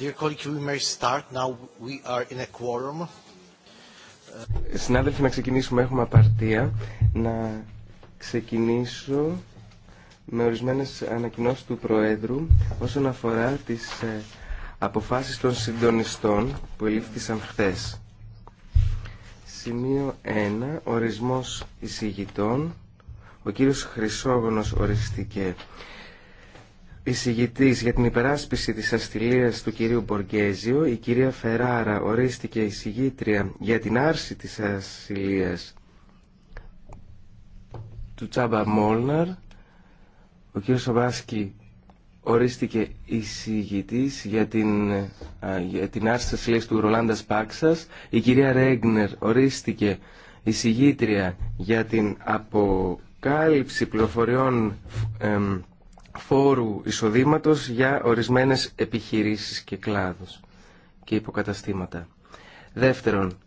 Dear Συνάδελφοι, να ξεκινήσουμε. Έχουμε απαρτία. Να ξεκινήσω με ορισμένες ανακοινώσεις του Προέδρου όσον αφορά τις ε, αποφάσεις των συντονιστών που ελήφθησαν χθες. Σημείο 1. Ορισμός εισηγητών. Ο κύριος Χρυσόγονος οριστήκε εισηγητή για την υπεράσπιση της αστυλίας του κυρίου Μποργέζιο, η κυρία Φεράρα ορίστηκε εισηγήτρια για την άρση της αστυλίας του Τσάμπα Μόλναρ. Ο κύριος Σοβάσκι ορίστηκε εισηγητής για την, για την άρση της αστυλίας του Ρολάντα Πάξας. Η κυρία Ρέγνερ ορίστηκε εισηγήτρια για την αποκάλυψη πληροφοριών φόρου εισοδήματος για ορισμένες επιχειρήσεις και κλάδους και υποκαταστήματα. Δεύτερον,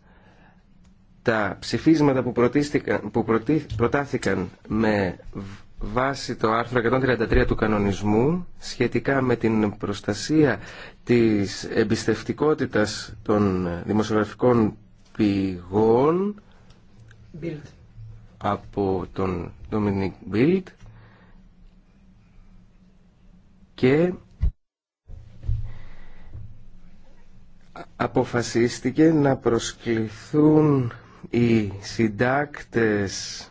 τα ψηφίσματα που, που προτάθηκαν με βάση το άρθρο 133 του κανονισμού σχετικά με την προστασία της εμπιστευτικότητας των δημοσιογραφικών πηγών από τον Dominic Bild και αποφασίστηκε να προσκληθούν οι συντάκτες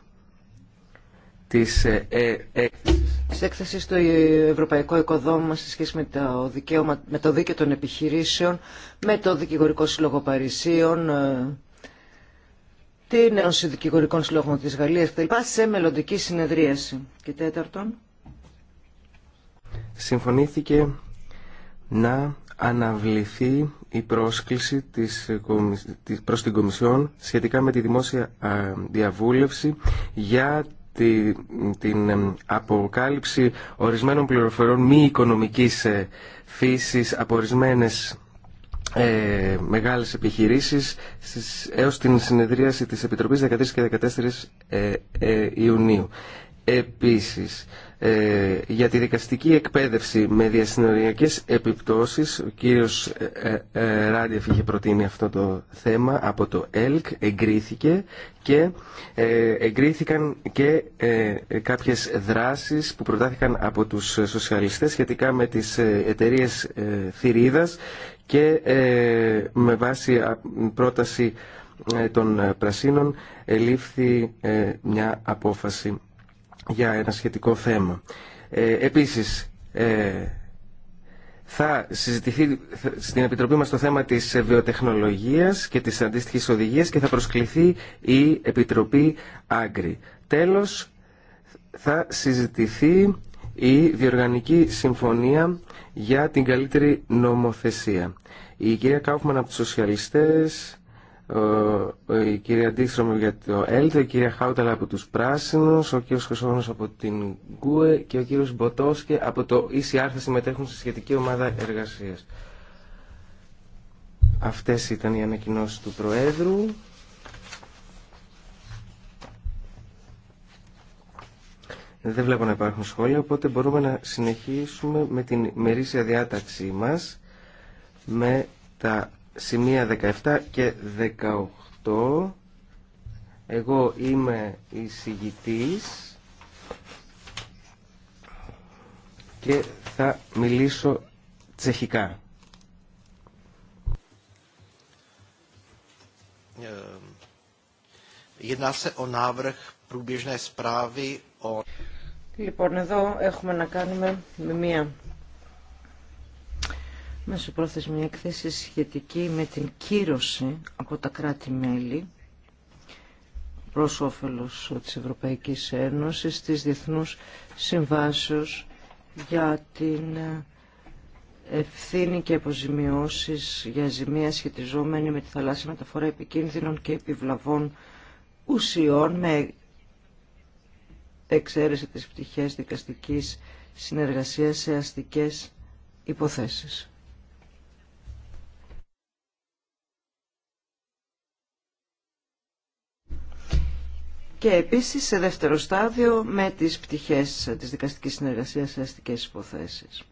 της ε, ε, έκθεσης. Της έκθεσης στο Ευρωπαϊκό Οικοδόμημα σε σχέση με το, δικαίωμα, με το δίκαιο των επιχειρήσεων, με το Δικηγορικό Σύλλογο Παρισίων, ε, την Ένωση Δικηγορικών Συλλόγων της Γαλλίας κτλ. σε μελλοντική συνεδρίαση. Και τέταρτον, συμφωνήθηκε να αναβληθεί η πρόσκληση της, προς την Κομισιόν σχετικά με τη δημόσια διαβούλευση για την αποκάλυψη ορισμένων πληροφοριών μη οικονομικής ε, φύσης από ορισμένες ε, μεγάλες επιχειρήσεις έως την συνεδρίαση της Επιτροπής 13 και 14 ε, ε, Ιουνίου. Επίσης, ε, για τη δικαστική εκπαίδευση με διασυνοριακές επιπτώσεις. Ο κύριος ε, ε, Ράντιεφ είχε προτείνει αυτό το θέμα από το ΕΛΚ, εγκρίθηκε και εγκρίθηκαν και κάποιες δράσεις που προτάθηκαν από τους σοσιαλιστές σχετικά με τις εταιρείες θηρίδας και με βάση πρόταση των Πρασίνων ελήφθη μια απόφαση για ένα σχετικό θέμα. Ε, επίσης, ε, θα συζητηθεί στην Επιτροπή μας το θέμα της βιοτεχνολογίας και της αντίστοιχης οδηγίας και θα προσκληθεί η Επιτροπή Άγκρη. Τέλος, θα συζητηθεί η Διοργανική Συμφωνία για την Καλύτερη Νομοθεσία. Η κυρία Κάουφμαν από τους Σοσιαλιστές η κυρία Ντίστρομ για το ΕΛΤΕ, η κυρία Χάουταλα από τους Πράσινους, ο κύριος Χρυσόγονος από την ΚΟΕ και ο κύριος Μποτόσκε από το ECR θα συμμετέχουν στη σχετική ομάδα εργασίας. Αυτές ήταν οι ανακοινώσεις του Προέδρου. Δεν βλέπω να υπάρχουν σχόλια, οπότε μπορούμε να συνεχίσουμε με την μερίσια διάταξή μας με τα σημεία 17 και 18. Εγώ είμαι εισηγητής και θα μιλήσω τσεχικά. Ε, λοιπόν, εδώ έχουμε να κάνουμε με μία πρόθεση μια έκθεση σχετική με την κύρωση από τα κράτη-μέλη προς όφελος της Ευρωπαϊκής Ένωσης της Διεθνούς Συμβάσεως για την ευθύνη και αποζημιώσεις για ζημία σχετιζόμενη με τη θαλάσσια μεταφορά επικίνδυνων και επιβλαβών ουσιών με εξαίρεση της πτυχές δικαστικής συνεργασίας σε αστικές υποθέσεις. και επίσης σε δεύτερο στάδιο με τις πτυχές της δικαστικής συνεργασίας σε αστικές υποθέσεις.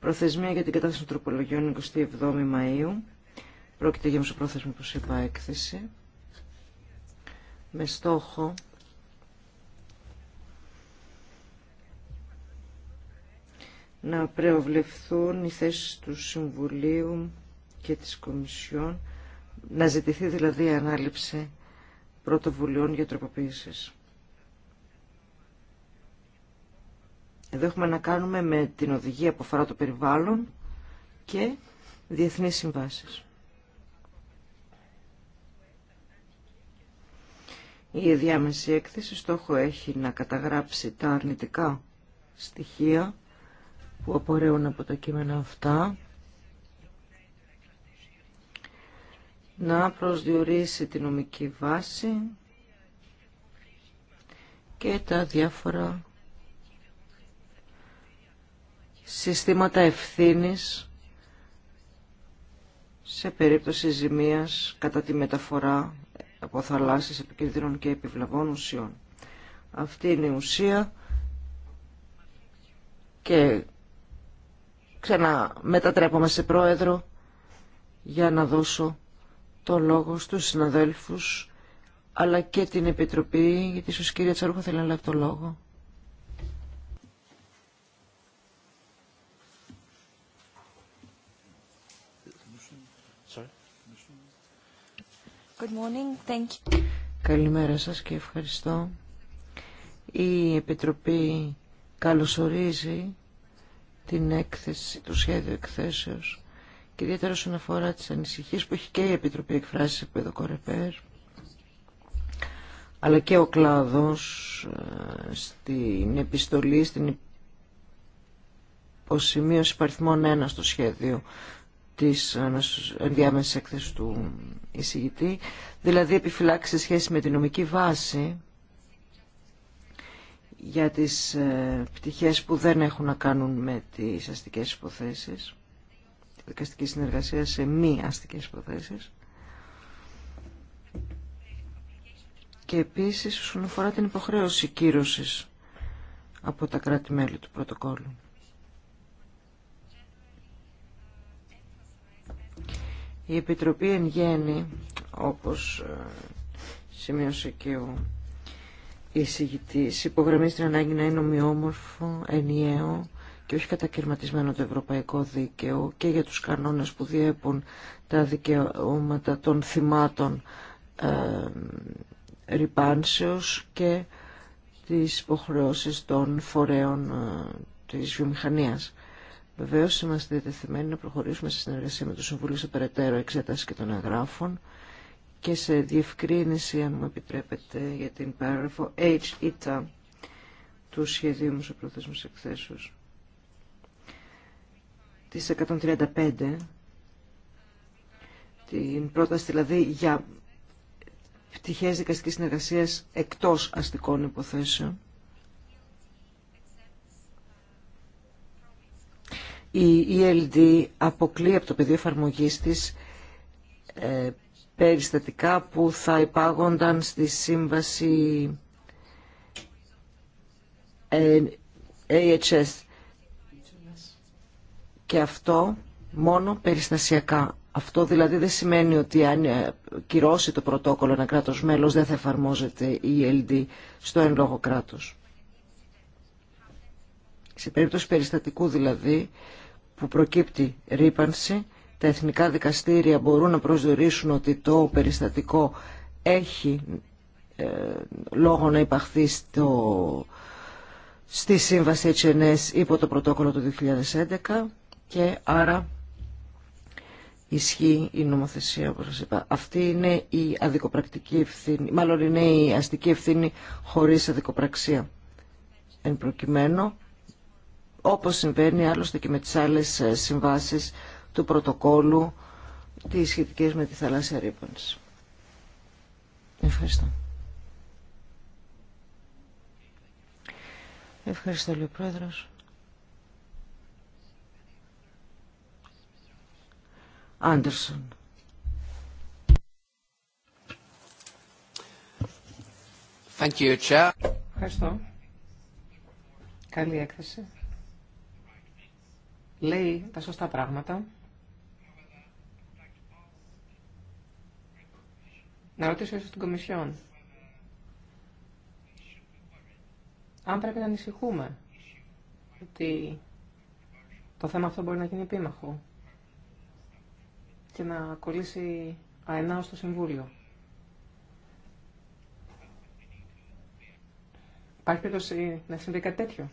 Προθεσμία για την κατάσταση των τροπολογιών 27 Μαΐου. Πρόκειται για μεσοπρόθεσμη, όπως είπα, έκθεση. Με στόχο να προβλεφθούν οι θέσεις του Συμβουλίου και της Κομισιόν, να ζητηθεί δηλαδή η ανάληψη πρωτοβουλειών για τροποποίησης. Εδώ έχουμε να κάνουμε με την οδηγία που αφορά το περιβάλλον και διεθνείς συμβάσεις. Η διάμεση έκθεση στόχο έχει να καταγράψει τα αρνητικά στοιχεία που απορρέουν από τα κείμενα αυτά να προσδιορίσει την νομική βάση και τα διάφορα συστήματα ευθύνης σε περίπτωση ζημίας κατά τη μεταφορά από θαλάσσιες επικίνδυνων και επιβλαβών ουσιών. Αυτή είναι η ουσία και ξαναμετατρέπομαι σε πρόεδρο για να δώσω το λόγο στους συναδέλφους αλλά και την Επιτροπή, γιατί ίσως κυρία Τσαρούχα θέλει να λάβει το λόγο. Good morning. Thank you. Καλημέρα σας και ευχαριστώ. Η Επιτροπή καλωσορίζει την έκθεση, το σχέδιου εκθέσεως και ιδιαίτερα όσον αφορά τις ανησυχίες που έχει και η Επιτροπή εκφράσει σε αλλά και ο κλάδος ε, στην επιστολή, στην υποσημείωση παριθμών 1 στο σχέδιο της ενδιάμεσης έκθεσης του εισηγητή, δηλαδή επιφυλάξει σε σχέση με την νομική βάση για τις ε, πτυχές που δεν έχουν να κάνουν με τις αστικές υποθέσεις, δικαστική συνεργασία σε μη αστικές υποθέσεις. Και επίσης όσον αφορά την υποχρέωση κύρωσης από τα κράτη-μέλη του πρωτοκόλλου. Η Επιτροπή εν γέννη, όπως ε, σημείωσε και ο εισηγητής υπογραμμίζει την ανάγκη να είναι ομοιόμορφο, ενιαίο και όχι κατακαιρματισμένο το ευρωπαϊκό δίκαιο και για τους κανόνες που διέπουν τα δικαιώματα των θυμάτων ε, ρηπάνσεως και τις υποχρεώσεις των φορέων ε, της βιομηχανίας. Βεβαίως είμαστε διατεθειμένοι να προχωρήσουμε στη συνεργασία με το Συμβούλιο σε περαιτέρω εξέταση και των εγγράφων και σε διευκρίνηση, αν μου επιτρέπετε, για την παράγραφο H ήταν του σχεδίου μου σε προθέσμους εκθέσεως της 135 την πρόταση δηλαδή για πτυχές δικαστικής συνεργασίας εκτός αστικών υποθέσεων Η ELD αποκλεί από το πεδίο εφαρμογή τη ε, περιστατικά που θα υπάγονταν στη σύμβαση AHS. Ε, Και αυτό μόνο περιστασιακά. Αυτό δηλαδή δεν σημαίνει ότι αν ε, κυρώσει το πρωτόκολλο ένα κράτος μέλος δεν θα εφαρμόζεται η ELD στο εν λόγω κράτος. Σε περίπτωση περιστατικού δηλαδή που προκύπτει ρήπανση τα εθνικά δικαστήρια μπορούν να προσδιορίσουν ότι το περιστατικό έχει ε, λόγο να υπαχθεί στο, στη Σύμβαση HNS υπό το πρωτόκολλο του 2011 και άρα ισχύει η νομοθεσία όπως Αυτή είναι η αδικοπρακτική ευθύνη, μάλλον είναι η αστική ευθύνη χωρίς αδικοπραξία. Εν προκειμένου, όπως συμβαίνει άλλωστε και με τις άλλες ε, συμβάσεις του πρωτοκόλου της σχετικής με τη θαλάσσια ρήπανση. Ευχαριστώ. Ευχαριστώ, λέει Πρόεδρος. Άντερσον. Ευχαριστώ. Καλή έκθεση. Λέει τα σωστά πράγματα. Να ρωτήσω ίσως την Κομισιόν. Αν πρέπει να ανησυχούμε ότι το θέμα αυτό μπορεί να γίνει επίμαχο και να κολλήσει αενάως στο Συμβούλιο. Υπάρχει περίπτωση να συμβεί κάτι τέτοιο.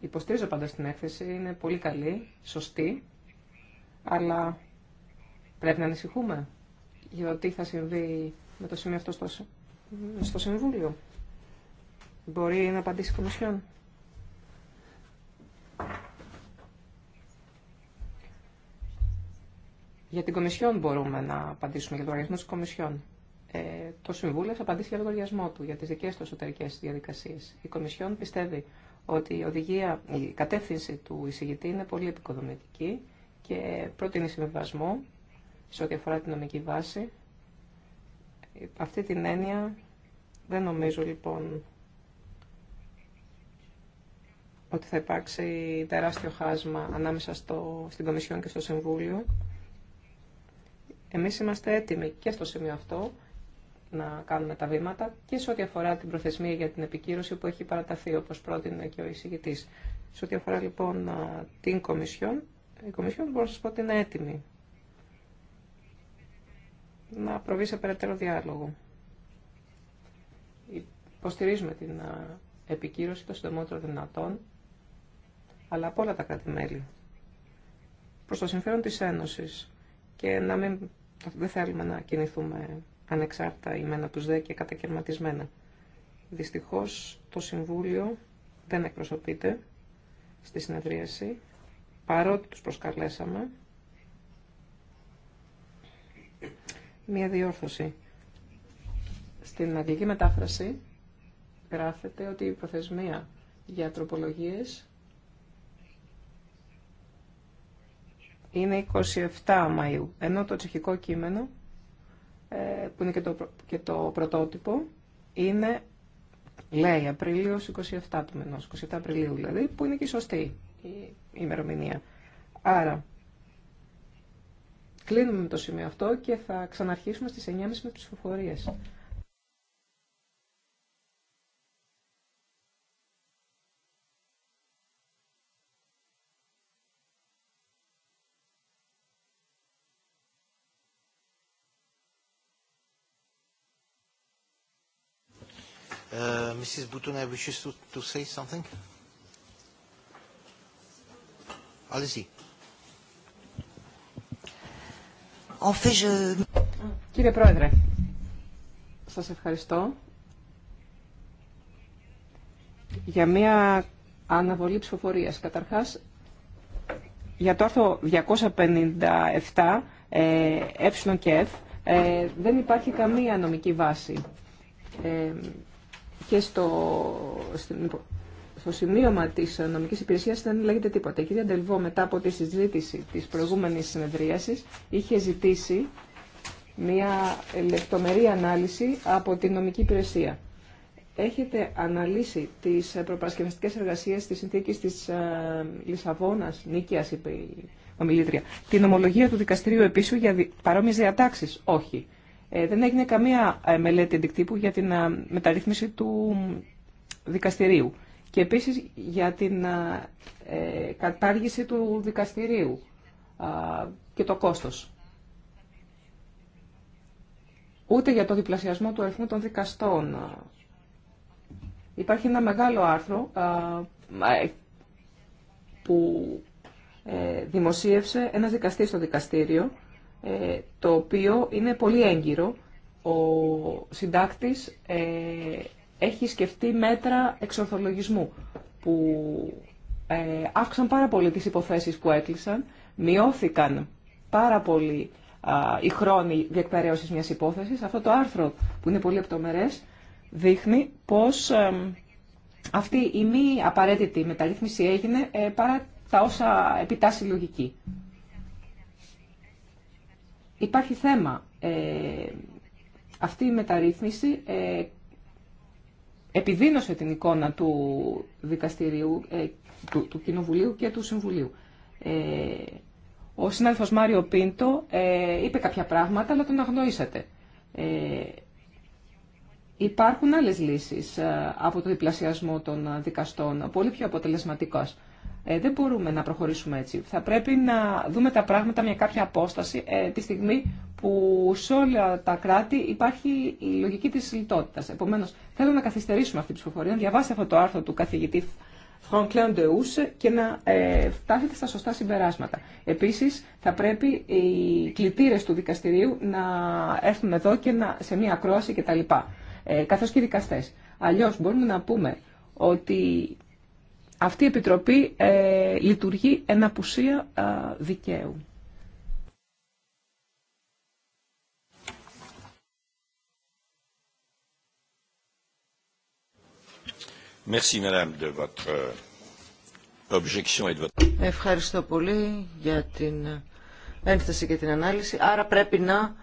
Υποστήριζω πάντα στην έκθεση, είναι πολύ καλή, σωστή, αλλά πρέπει να ανησυχούμε για το τι θα συμβεί με το σημείο αυτό στο, στο Συμβούλιο. Μπορεί να απαντήσει η Κομισιόν. Για την Κομισιόν μπορούμε να απαντήσουμε, για το λογαριασμό τη Κομισιόν. Ε, το Συμβούλιο θα απαντήσει για το λογαριασμό του, για τι δικέ του εσωτερικέ διαδικασίε. Η Κομισιόν πιστεύει ότι η, οδηγία, η κατεύθυνση του εισηγητή είναι πολύ επικοδομητική και πρότεινε συμβιβασμό σε ό,τι αφορά την νομική βάση. Αυτή την έννοια δεν νομίζω λοιπόν ότι θα υπάρξει τεράστιο χάσμα ανάμεσα στο, στην Κομισιόν και στο Συμβούλιο. Εμείς είμαστε έτοιμοι και στο σημείο αυτό να κάνουμε τα βήματα και σε ό,τι αφορά την προθεσμία για την επικύρωση που έχει παραταθεί, όπως πρότεινε και ο εισηγητής. Σε ό,τι αφορά λοιπόν την Κομισιόν, η Κομισιόν μπορώ να σας πω ότι είναι έτοιμη να προβεί σε περαιτέρω διάλογο. Υποστηρίζουμε την επικύρωση των συντομότερων δυνατών, αλλά από όλα τα κράτη-μέλη. το συμφέρον της Ένωση. και να μην, δεν θέλουμε να κινηθούμε ανεξάρτητα ημένα του δε και κατακαιρματισμένα. Δυστυχώ, το Συμβούλιο δεν εκπροσωπείται στη συνεδρίαση, παρότι τους προσκαλέσαμε μία διόρθωση. Στην αγγλική μετάφραση γράφεται ότι η προθεσμία για τροπολογίες είναι 27 Μαΐου, ενώ το τσεχικό κείμενο, ε, που είναι και το, το πρωτότυπο, είναι, λέει, Απρίλιος 27 του μηνός, 27 Απριλίου δηλαδή, που είναι και η σωστή η ημερομηνία. Άρα, Κλείνουμε το σημείο αυτό και θα ξαναρχίσουμε στις 9.30 με ψηφοφορίες. Uh, Mrs. Boutonnet wishes to, to say something. Allez-y. Κύριε Πρόεδρε, σας ευχαριστώ για μια αναβολή ψηφοφορίας. Καταρχάς, για το άρθρο 257 ε, ε, και ε, δεν υπάρχει καμία νομική βάση. Ε, και στο, στην στο σημείωμα τη νομική υπηρεσία δεν λέγεται τίποτα. Η κυρία Ντελβό μετά από τη συζήτηση τη προηγούμενη συνεδρίασης είχε ζητήσει μια λεπτομερή ανάλυση από την νομική υπηρεσία. Έχετε αναλύσει τι προπαρασκευαστικές εργασίες τη συνθήκη τη ε, Λισαβόνα, Νίκαια, είπε η ομιλήτρια. Την ομολογία του δικαστηρίου επίση, για παρόμοιε διατάξει. όχι. Ε, δεν έγινε καμία ε, μελέτη αντικτύπου για την μεταρρύθμιση του δικαστηρίου και επίσης για την ε, ε, κατάργηση του δικαστηρίου και το κόστος. Ούτε για το διπλασιασμό του αριθμού των δικαστών. Υπάρχει ένα μεγάλο άρθρο ε, που δημοσίευσε ένας δικαστής στο δικαστήριο, το οποίο είναι πολύ έγκυρο. Ο συντάκτης έχει σκεφτεί μέτρα εξορθολογισμού που ε, αύξαν πάρα πολύ τις υποθέσεις που έκλεισαν, μειώθηκαν πάρα πολύ α, οι χρόνοι διεκπαιρέωσης μιας υπόθεσης. Αυτό το άρθρο που είναι πολύ επτομερές δείχνει πως αυτή η μη απαραίτητη μεταρρύθμιση έγινε ε, παρά τα όσα επιτάσσει λογική. Υπάρχει θέμα. Ε, αυτή η μεταρρύθμιση ε, επιδίνωσε την εικόνα του δικαστηρίου, ε, του, του Κοινοβουλίου και του Συμβουλίου. Ε, ο συνάδελφος Μάριο Πίντο ε, είπε κάποια πράγματα, αλλά τον αγνοήσατε. Υπάρχουν άλλες λύσεις από το διπλασιασμό των δικαστών, πολύ πιο αποτελεσματικός. Ε, δεν μπορούμε να προχωρήσουμε έτσι. Θα πρέπει να δούμε τα πράγματα με κάποια απόσταση ε, τη στιγμή που σε όλα τα κράτη υπάρχει η λογική της λιτότητας. Επομένως, θέλω να καθυστερήσουμε αυτή τη ψηφοφορία, να διαβάσετε αυτό το άρθρο του καθηγητή Φρόνκλεον de και να ε, φτάσετε στα σωστά συμπεράσματα. Επίσης, θα πρέπει οι κλητήρες του δικαστηρίου να έρθουν εδώ και να, σε μια ακρόαση κτλ. Ε, καθώς και οι δικαστές. Αλλιώς μπορούμε να πούμε ότι αυτή η Επιτροπή ε, λειτουργεί εν απουσία δικαίου. Ευχαριστώ πολύ για την ε, ένσταση και την ανάλυση. Άρα πρέπει να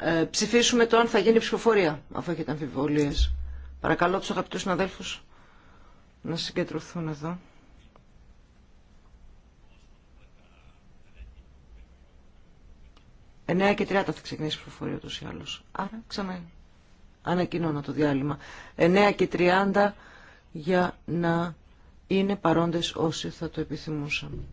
ε, ψηφίσουμε το αν θα γίνει ψηφοφορία, αφού έχετε αμφιβολίες. Παρακαλώ τους αγαπητούς συναδέλφους να συγκεντρωθούν εδώ. Εννέα και 30 θα ξεκινήσει η προφορία τους ή άλλως. Άρα ξανά ανακοινώνω το διάλειμμα. 9 και 30 για να είναι παρόντες όσοι θα το επιθυμούσαν.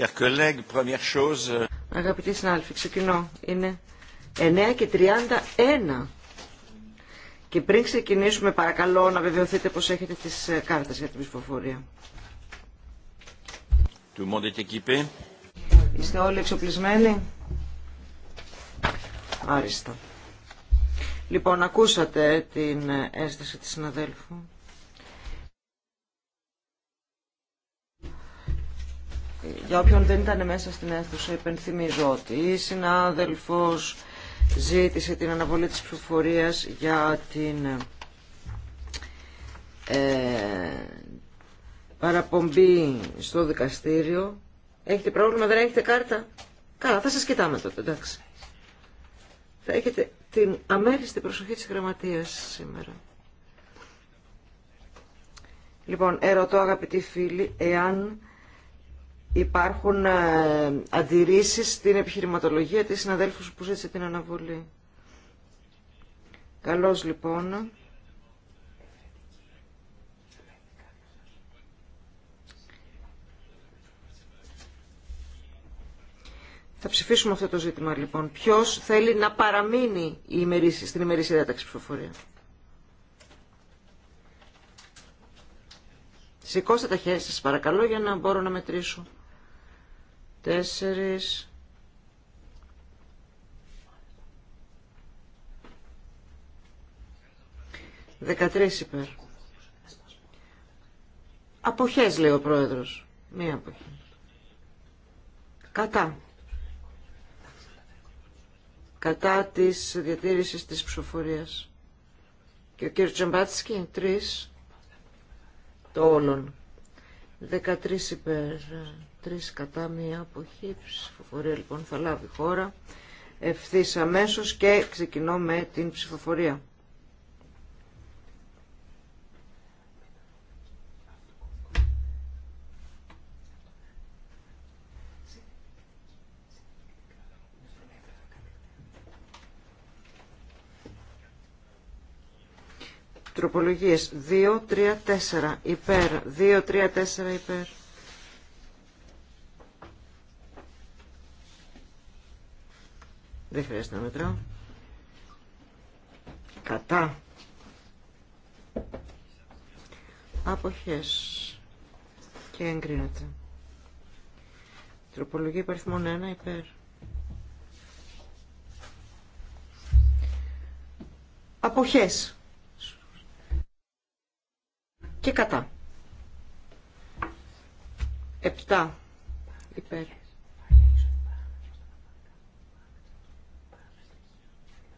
Euh, Αγαπητοί συνάδελφοι, ξεκινώ. Είναι 9 και 31. Και πριν ξεκινήσουμε παρακαλώ να βεβαιωθείτε πως έχετε τις ε, κάρτες για την ψηφοφορία. Είστε όλοι εξοπλισμένοι. Άριστα. Λοιπόν, ακούσατε την έσταση ε, της συναδέλφου. για όποιον δεν ήταν μέσα στην αίθουσα, υπενθυμίζω ότι η συνάδελφος ζήτησε την αναβολή της ψηφοφορία για την ε, παραπομπή στο δικαστήριο. Έχετε πρόβλημα, δεν έχετε κάρτα. Καλά, θα σας κοιτάμε τότε, εντάξει. Θα έχετε την αμέριστη προσοχή της γραμματείας σήμερα. Λοιπόν, ερωτώ αγαπητοί φίλοι, εάν υπάρχουν ε, αντιρρήσεις στην επιχειρηματολογία της συναδέλφου που ζήτησε την αναβολή. Καλώς λοιπόν. Θα ψηφίσουμε αυτό το ζήτημα λοιπόν. Ποιος θέλει να παραμείνει η στην ημερήσια διάταξη ψηφοφορία. Σηκώστε τα χέρια σας παρακαλώ για να μπορώ να μετρήσω. Τέσσερις. Δεκατρεις υπέρ. Αποχές λέει ο πρόεδρος. Μία αποχή. Κατά. Κατά της διατήρησης της ψηφοφορίας. Και ο κύριος Τζεμπάτσκι, τρεις. Το όλον. 13 υπέρ, 3 κατά μία αποχή. Ψηφοφορία λοιπόν θα λάβει χώρα ευθύς αμέσως και ξεκινώ με την ψηφοφορία. Τροπολογίες 2, 3, 4 υπέρ. 2, 3, 4 υπέρ. Δεν χρειάζεται να μετράω. Κατά. Αποχές. Και εγκρίνεται. Τροπολογία υπαριθμών 1 υπέρ. Αποχές και κατά. 7 υπέρ.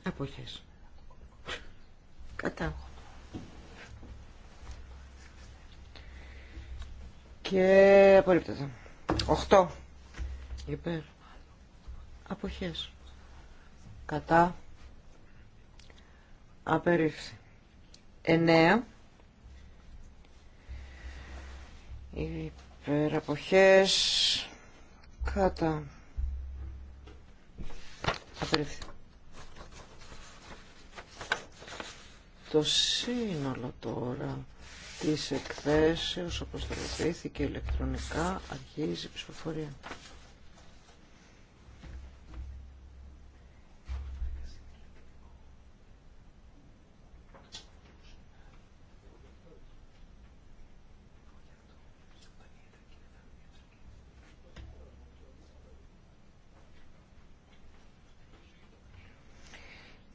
Αποχές. Κατά. Και απορρίπτεται. 8 υπέρ. Αποχές. Κατά. Απερίφθη. 9 Υπεραποχές κατά Απερίφθη το σύνολο τώρα της εκθέσεως όπως τελετήθηκε ηλεκτρονικά αρχίζει η ψηφοφορία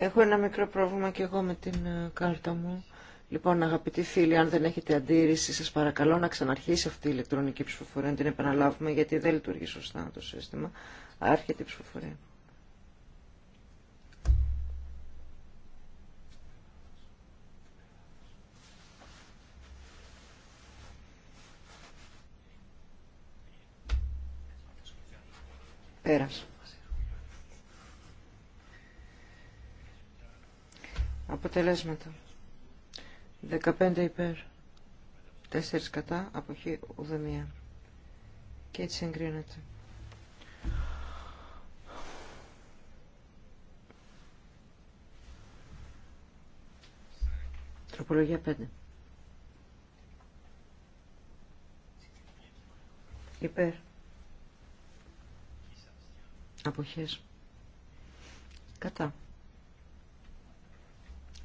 Έχω ένα μικρό πρόβλημα και εγώ με την ε, κάρτα μου. Λοιπόν, αγαπητοί φίλοι, αν δεν έχετε αντίρρηση, σας παρακαλώ να ξαναρχίσει αυτή η ηλεκτρονική ψηφοφορία, να την επαναλάβουμε, γιατί δεν λειτουργεί σωστά το σύστημα. Άρχεται η ψηφοφορία. Αποτελέσματα. 15 υπέρ. 4 κατά. Αποχή ουδεμία. Και έτσι εγκρίνεται. Τροπολογία 5. Υπέρ. Αποχές. Κατά.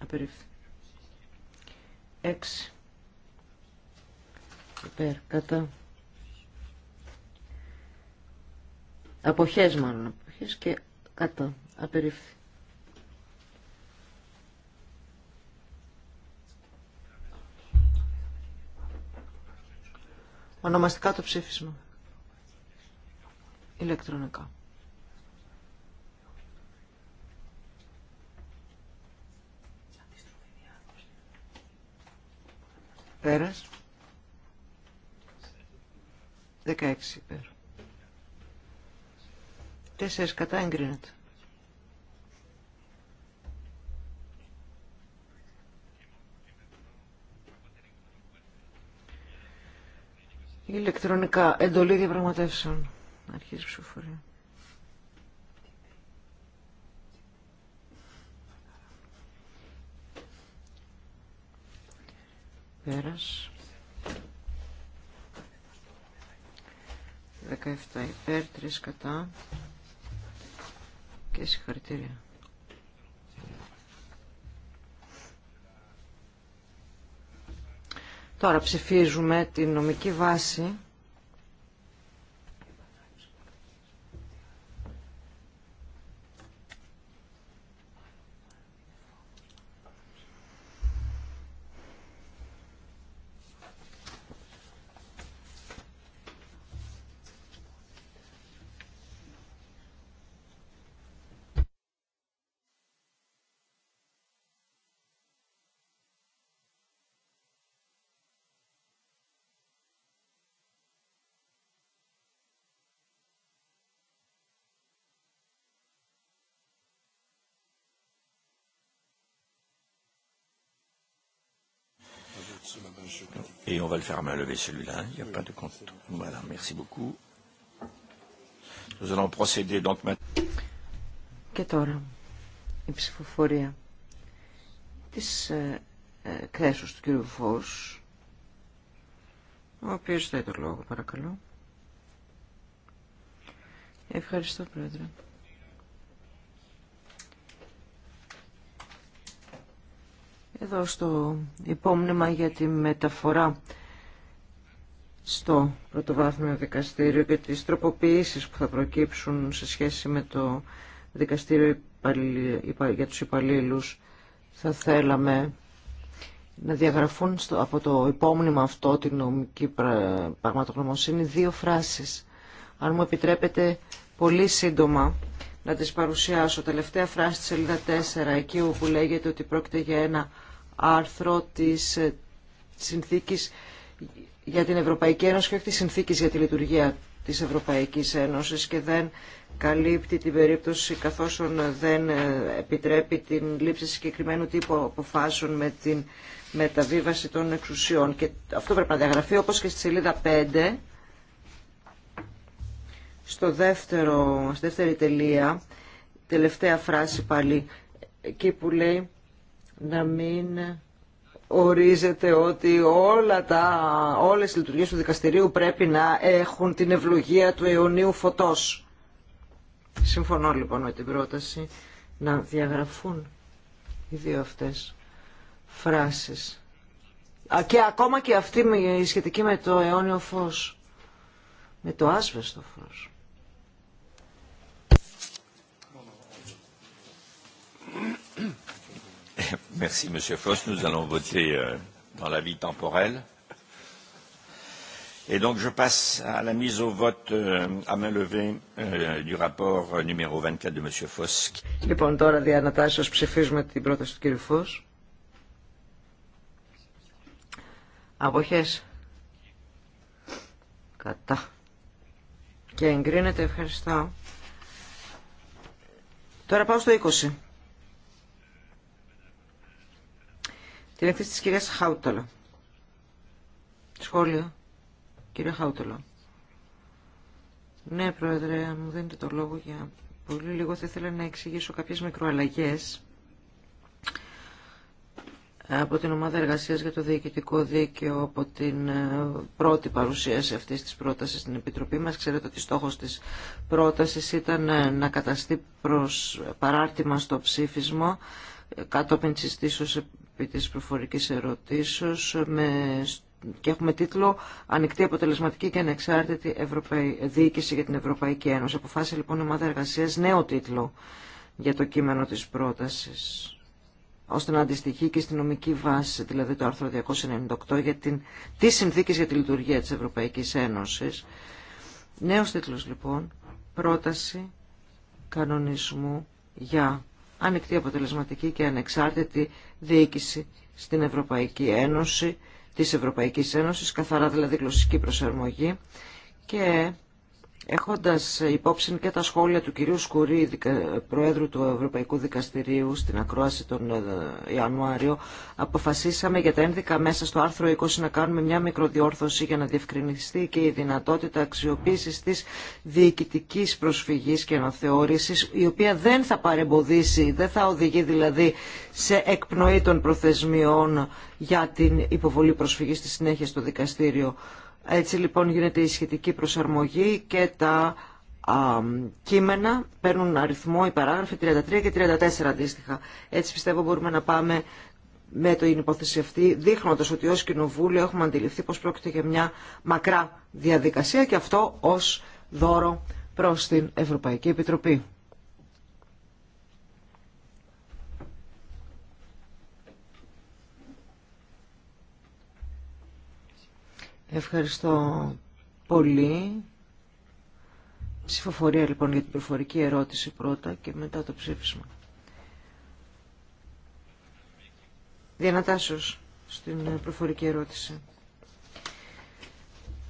Απερίφθη. 6. Υπέρ. Κατά. Αποχές μάλλον. Αποχές και κατά. Απερίφθη. Ονομαστικά το ψήφισμα. Ηλεκτρονικά. Πέρας. 16 υπέρ. 4 κατά εγκρίνεται. Ηλεκτρονικά εντολή διαπραγματεύσεων. Αρχίζει η ψηφοφορία. Πέρας. 17 υπέρ, 3 κατά και συγχαρητήρια. Τώρα ψηφίζουμε την νομική βάση Et on va le faire à celui celui-là. Il a pas Και τώρα η ψηφοφορία της ε, ε του κύριου Φως, ο οποίος το λόγο, παρακαλώ. Ευχαριστώ, Πρόεδρε. Εδώ στο υπόμνημα για τη μεταφορά στο πρωτοβάθμιο δικαστήριο και τις τροποποιήσεις που θα προκύψουν σε σχέση με το δικαστήριο για τους υπαλλήλου θα θέλαμε να διαγραφούν στο, από το υπόμνημα αυτό την νομική πραγματογνωμοσύνη δύο φράσεις. Αν μου επιτρέπετε πολύ σύντομα να τις παρουσιάσω. Τελευταία φράση της σελίδα 4, εκεί όπου λέγεται ότι πρόκειται για ένα άρθρο της ε, συνθήκης για την Ευρωπαϊκή Ένωση και όχι της συνθήκης για τη λειτουργία της Ευρωπαϊκής Ένωσης και δεν καλύπτει την περίπτωση καθώς ε, δεν ε, επιτρέπει την λήψη συγκεκριμένου τύπου αποφάσεων με την μεταβίβαση των εξουσιών. Και αυτό πρέπει να διαγραφεί όπως και στη σελίδα 5 στο δεύτερο, στη δεύτερη τελεία, τελευταία φράση πάλι, εκεί που λέει να μην ορίζεται ότι όλα τα, όλες οι λειτουργίες του δικαστηρίου πρέπει να έχουν την ευλογία του αιωνίου φωτός. Συμφωνώ λοιπόν με την πρόταση να διαγραφούν οι δύο αυτές φράσεις. Και ακόμα και αυτή σχετική με το αιώνιο φως, με το άσβεστο φως. Merci, Monsieur Foss. Nous allons voter dans la vie temporelle. Et donc, je passe à la mise au vote à main levée du rapport numéro 24 de Monsieur Foss. Λοιπόν, τώρα δια ψηφίζουμε την 20. την εκθέση της κυρίας Χάουταλα. Σχόλιο. Κύριε Χάουταλα. Ναι, Πρόεδρε, μου δίνετε το λόγο για πολύ λίγο. Θα ήθελα να εξηγήσω κάποιες μικροαλλαγές από την ομάδα εργασίας για το διοικητικό δίκαιο από την ε, πρώτη παρουσίαση αυτής της πρότασης στην Επιτροπή μας. Ξέρετε ότι στόχος της πρότασης ήταν ε, να καταστεί προς παράρτημα στο ψήφισμα ε, κατόπιν της επί της προφορικής ερωτήσεως με... και έχουμε τίτλο «Ανοιχτή αποτελεσματική και ανεξάρτητη Ευρωπαϊ... διοίκηση για την Ευρωπαϊκή Ένωση». Αποφάσισε λοιπόν η ομάδα εργασίας νέο τίτλο για το κείμενο της πρότασης ώστε να αντιστοιχεί και στην νομική βάση, δηλαδή το άρθρο 298 για την, τις συνθήκες για τη λειτουργία της Ευρωπαϊκής Ένωσης. Νέος τίτλος λοιπόν, πρόταση κανονισμού για ανοιχτή, αποτελεσματική και ανεξάρτητη διοίκηση στην Ευρωπαϊκή Ένωση, της Ευρωπαϊκής Ένωσης, καθαρά δηλαδή γλωσσική προσαρμογή και Έχοντας υπόψη και τα σχόλια του κυρίου Σκουρή, Προέδρου του Ευρωπαϊκού Δικαστηρίου στην ακρόαση τον ε, Ιανουάριο, αποφασίσαμε για τα ένδικα μέσα στο άρθρο 20 να κάνουμε μια μικροδιόρθωση για να διευκρινιστεί και η δυνατότητα αξιοποίησης της διοικητικής προσφυγής και αναθεώρησης, η οποία δεν θα παρεμποδίσει, δεν θα οδηγεί δηλαδή σε εκπνοή των προθεσμιών για την υποβολή προσφυγής στη συνέχεια στο δικαστήριο. Έτσι λοιπόν γίνεται η σχετική προσαρμογή και τα κείμενα παίρνουν αριθμό οι παράγραφοι 33 και 34 αντίστοιχα. Έτσι πιστεύω μπορούμε να πάμε με την υπόθεση αυτή, δείχνοντας ότι ως Κοινοβούλιο έχουμε αντιληφθεί πως πρόκειται για μια μακρά διαδικασία και αυτό ως δώρο προς την Ευρωπαϊκή Επιτροπή. Ευχαριστώ πολύ. Ψηφοφορία λοιπόν για την προφορική ερώτηση πρώτα και μετά το ψήφισμα. Διανατάσσεως στην προφορική ερώτηση.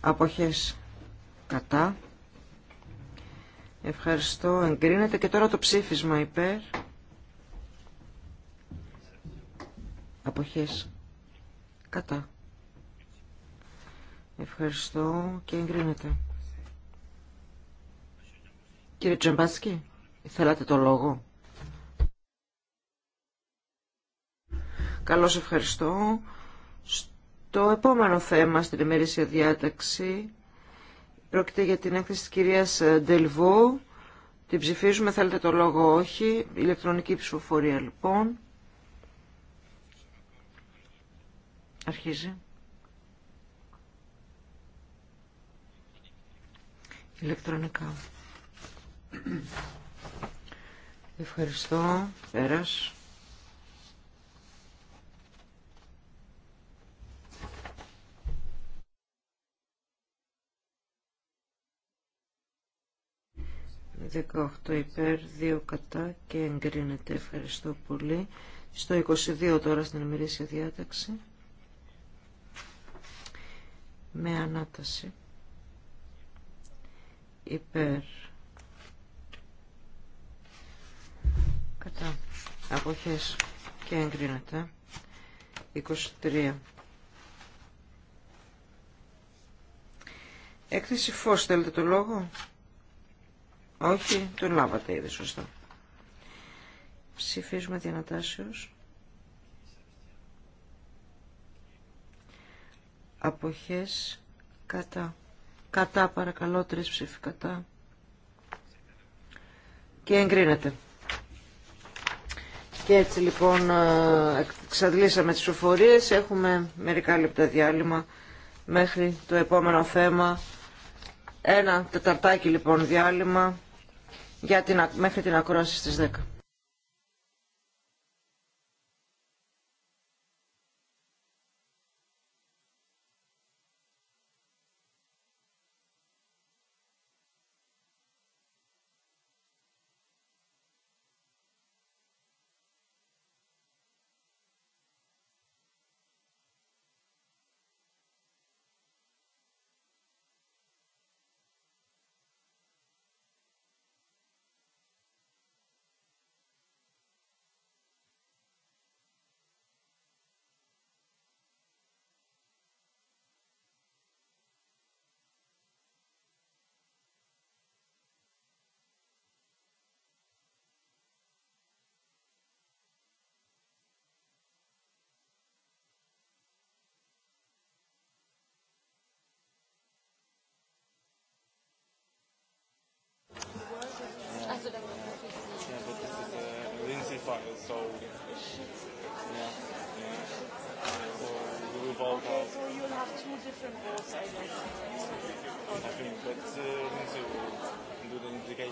Αποχές κατά. Ευχαριστώ. Εγκρίνεται και τώρα το ψήφισμα υπέρ. Αποχές κατά. Ευχαριστώ και εγκρίνεται. Κύριε Τζαμπάσκι, θέλατε το λόγο. Καλώς ευχαριστώ. Στο επόμενο θέμα στην ημερήσια διάταξη πρόκειται για την έκθεση της κυρίας Ντελβό. Την ψηφίζουμε, θέλετε το λόγο όχι. Ηλεκτρονική ψηφοφορία λοιπόν. Αρχίζει. ηλεκτρονικά. Ευχαριστώ. Πέρας. 18 υπέρ, δύο κατά και εγκρίνεται. Ευχαριστώ πολύ. Στο 22 τώρα στην ημερήσια διάταξη. Με ανάταση υπέρ κατά αποχές και εγκρίνεται 23 Έκθεση φως θέλετε το λόγο Όχι τον λάβατε ήδη σωστά Ψηφίζουμε διανατάσεως Αποχές κατά Κατά παρακαλώ τρεις ψήφοι κατά. Και εγκρίνεται. Και έτσι λοιπόν ε, εξαντλήσαμε τις οφορίες. Έχουμε μερικά λεπτά διάλειμμα μέχρι το επόμενο θέμα. Ένα τεταρτάκι λοιπόν διάλειμμα για την, μέχρι την ακρόαση στις 10.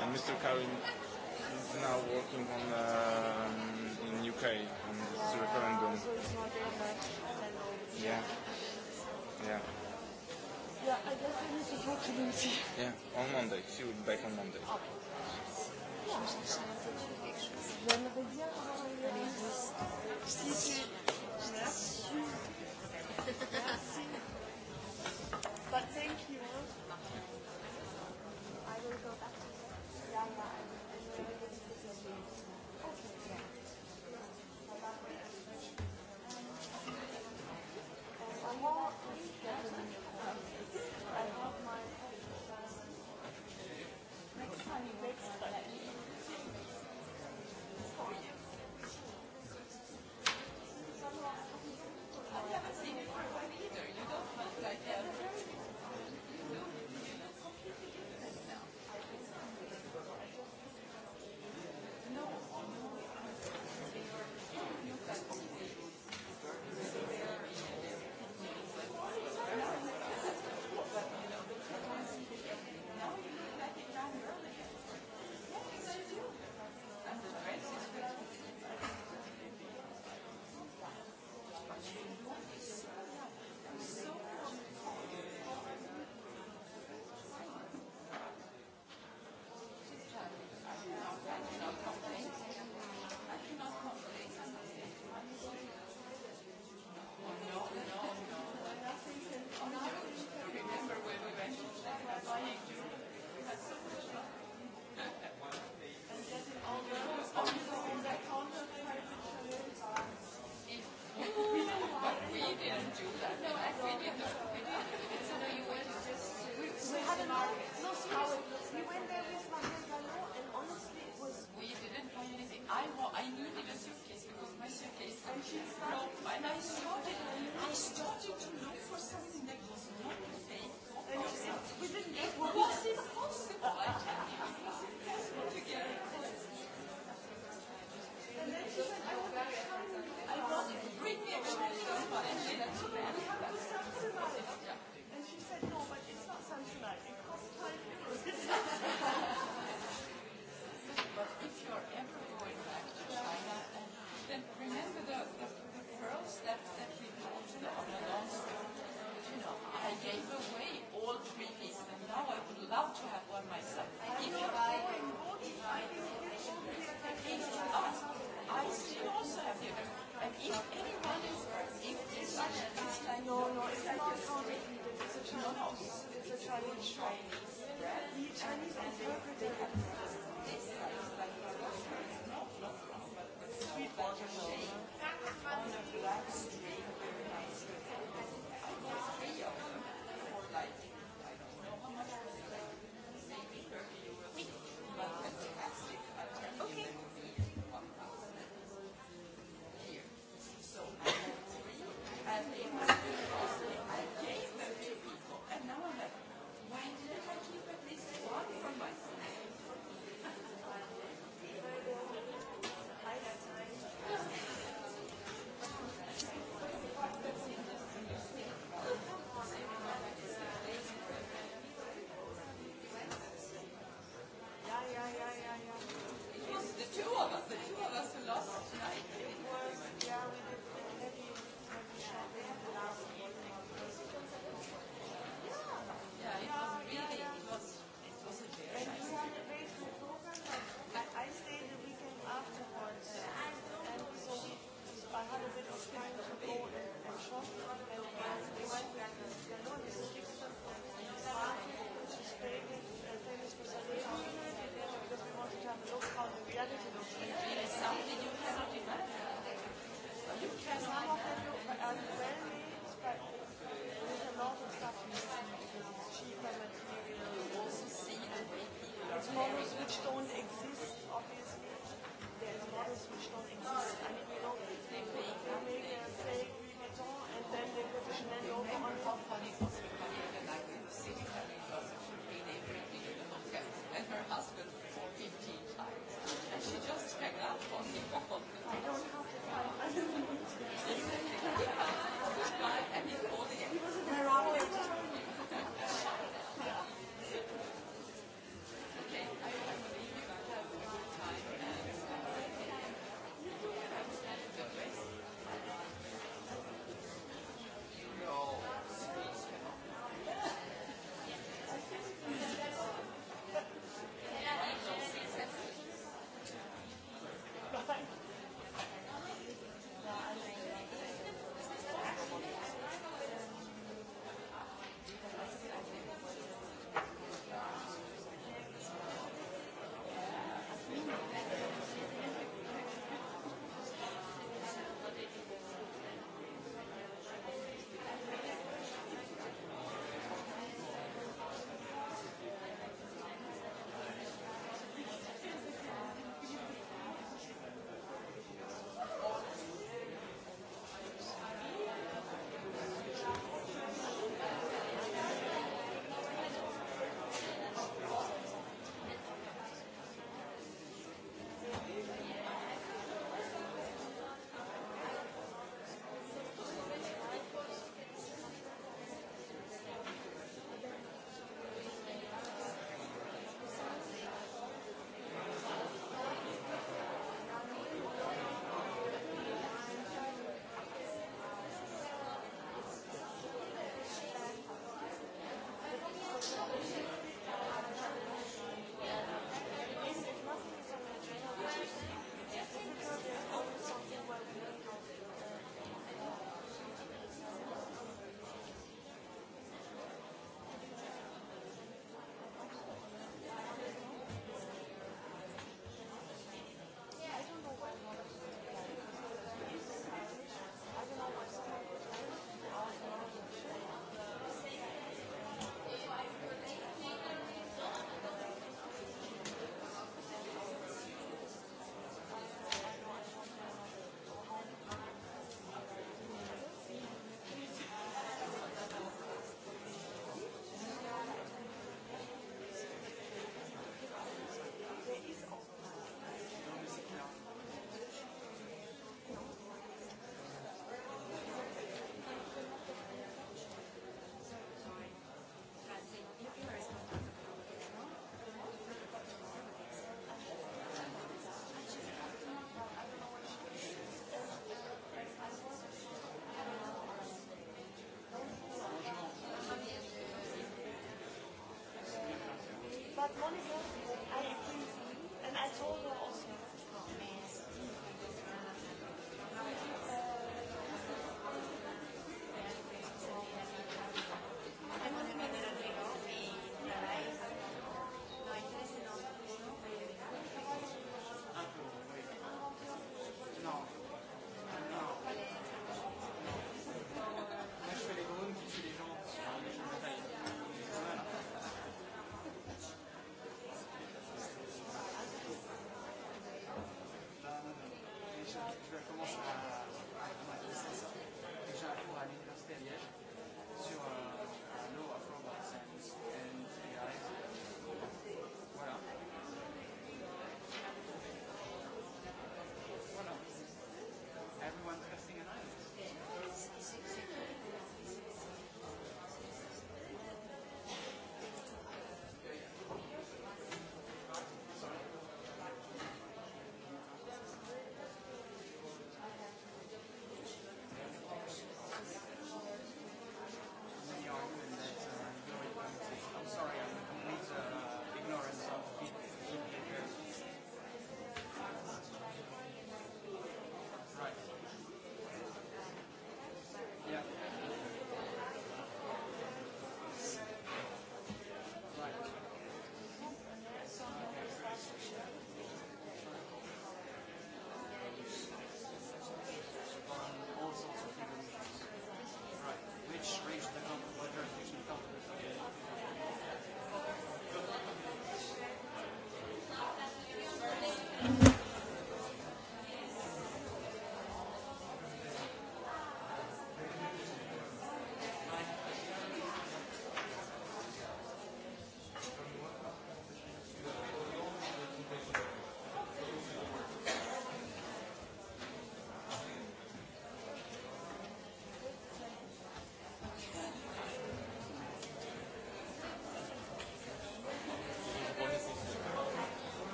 And Mr. Karim is now working on in UK on this referendum. Yeah. Yeah. Yeah, I guess need to talk to Yeah, on Monday. She will be back on Monday. Όχι όχι there's models which don't exist, obviously. There's models which don't exist. I mean, you know, they make a say, Louis and then they put Chanel logo on it. her husband for 15 times. And she just hung up on the phone. Morning,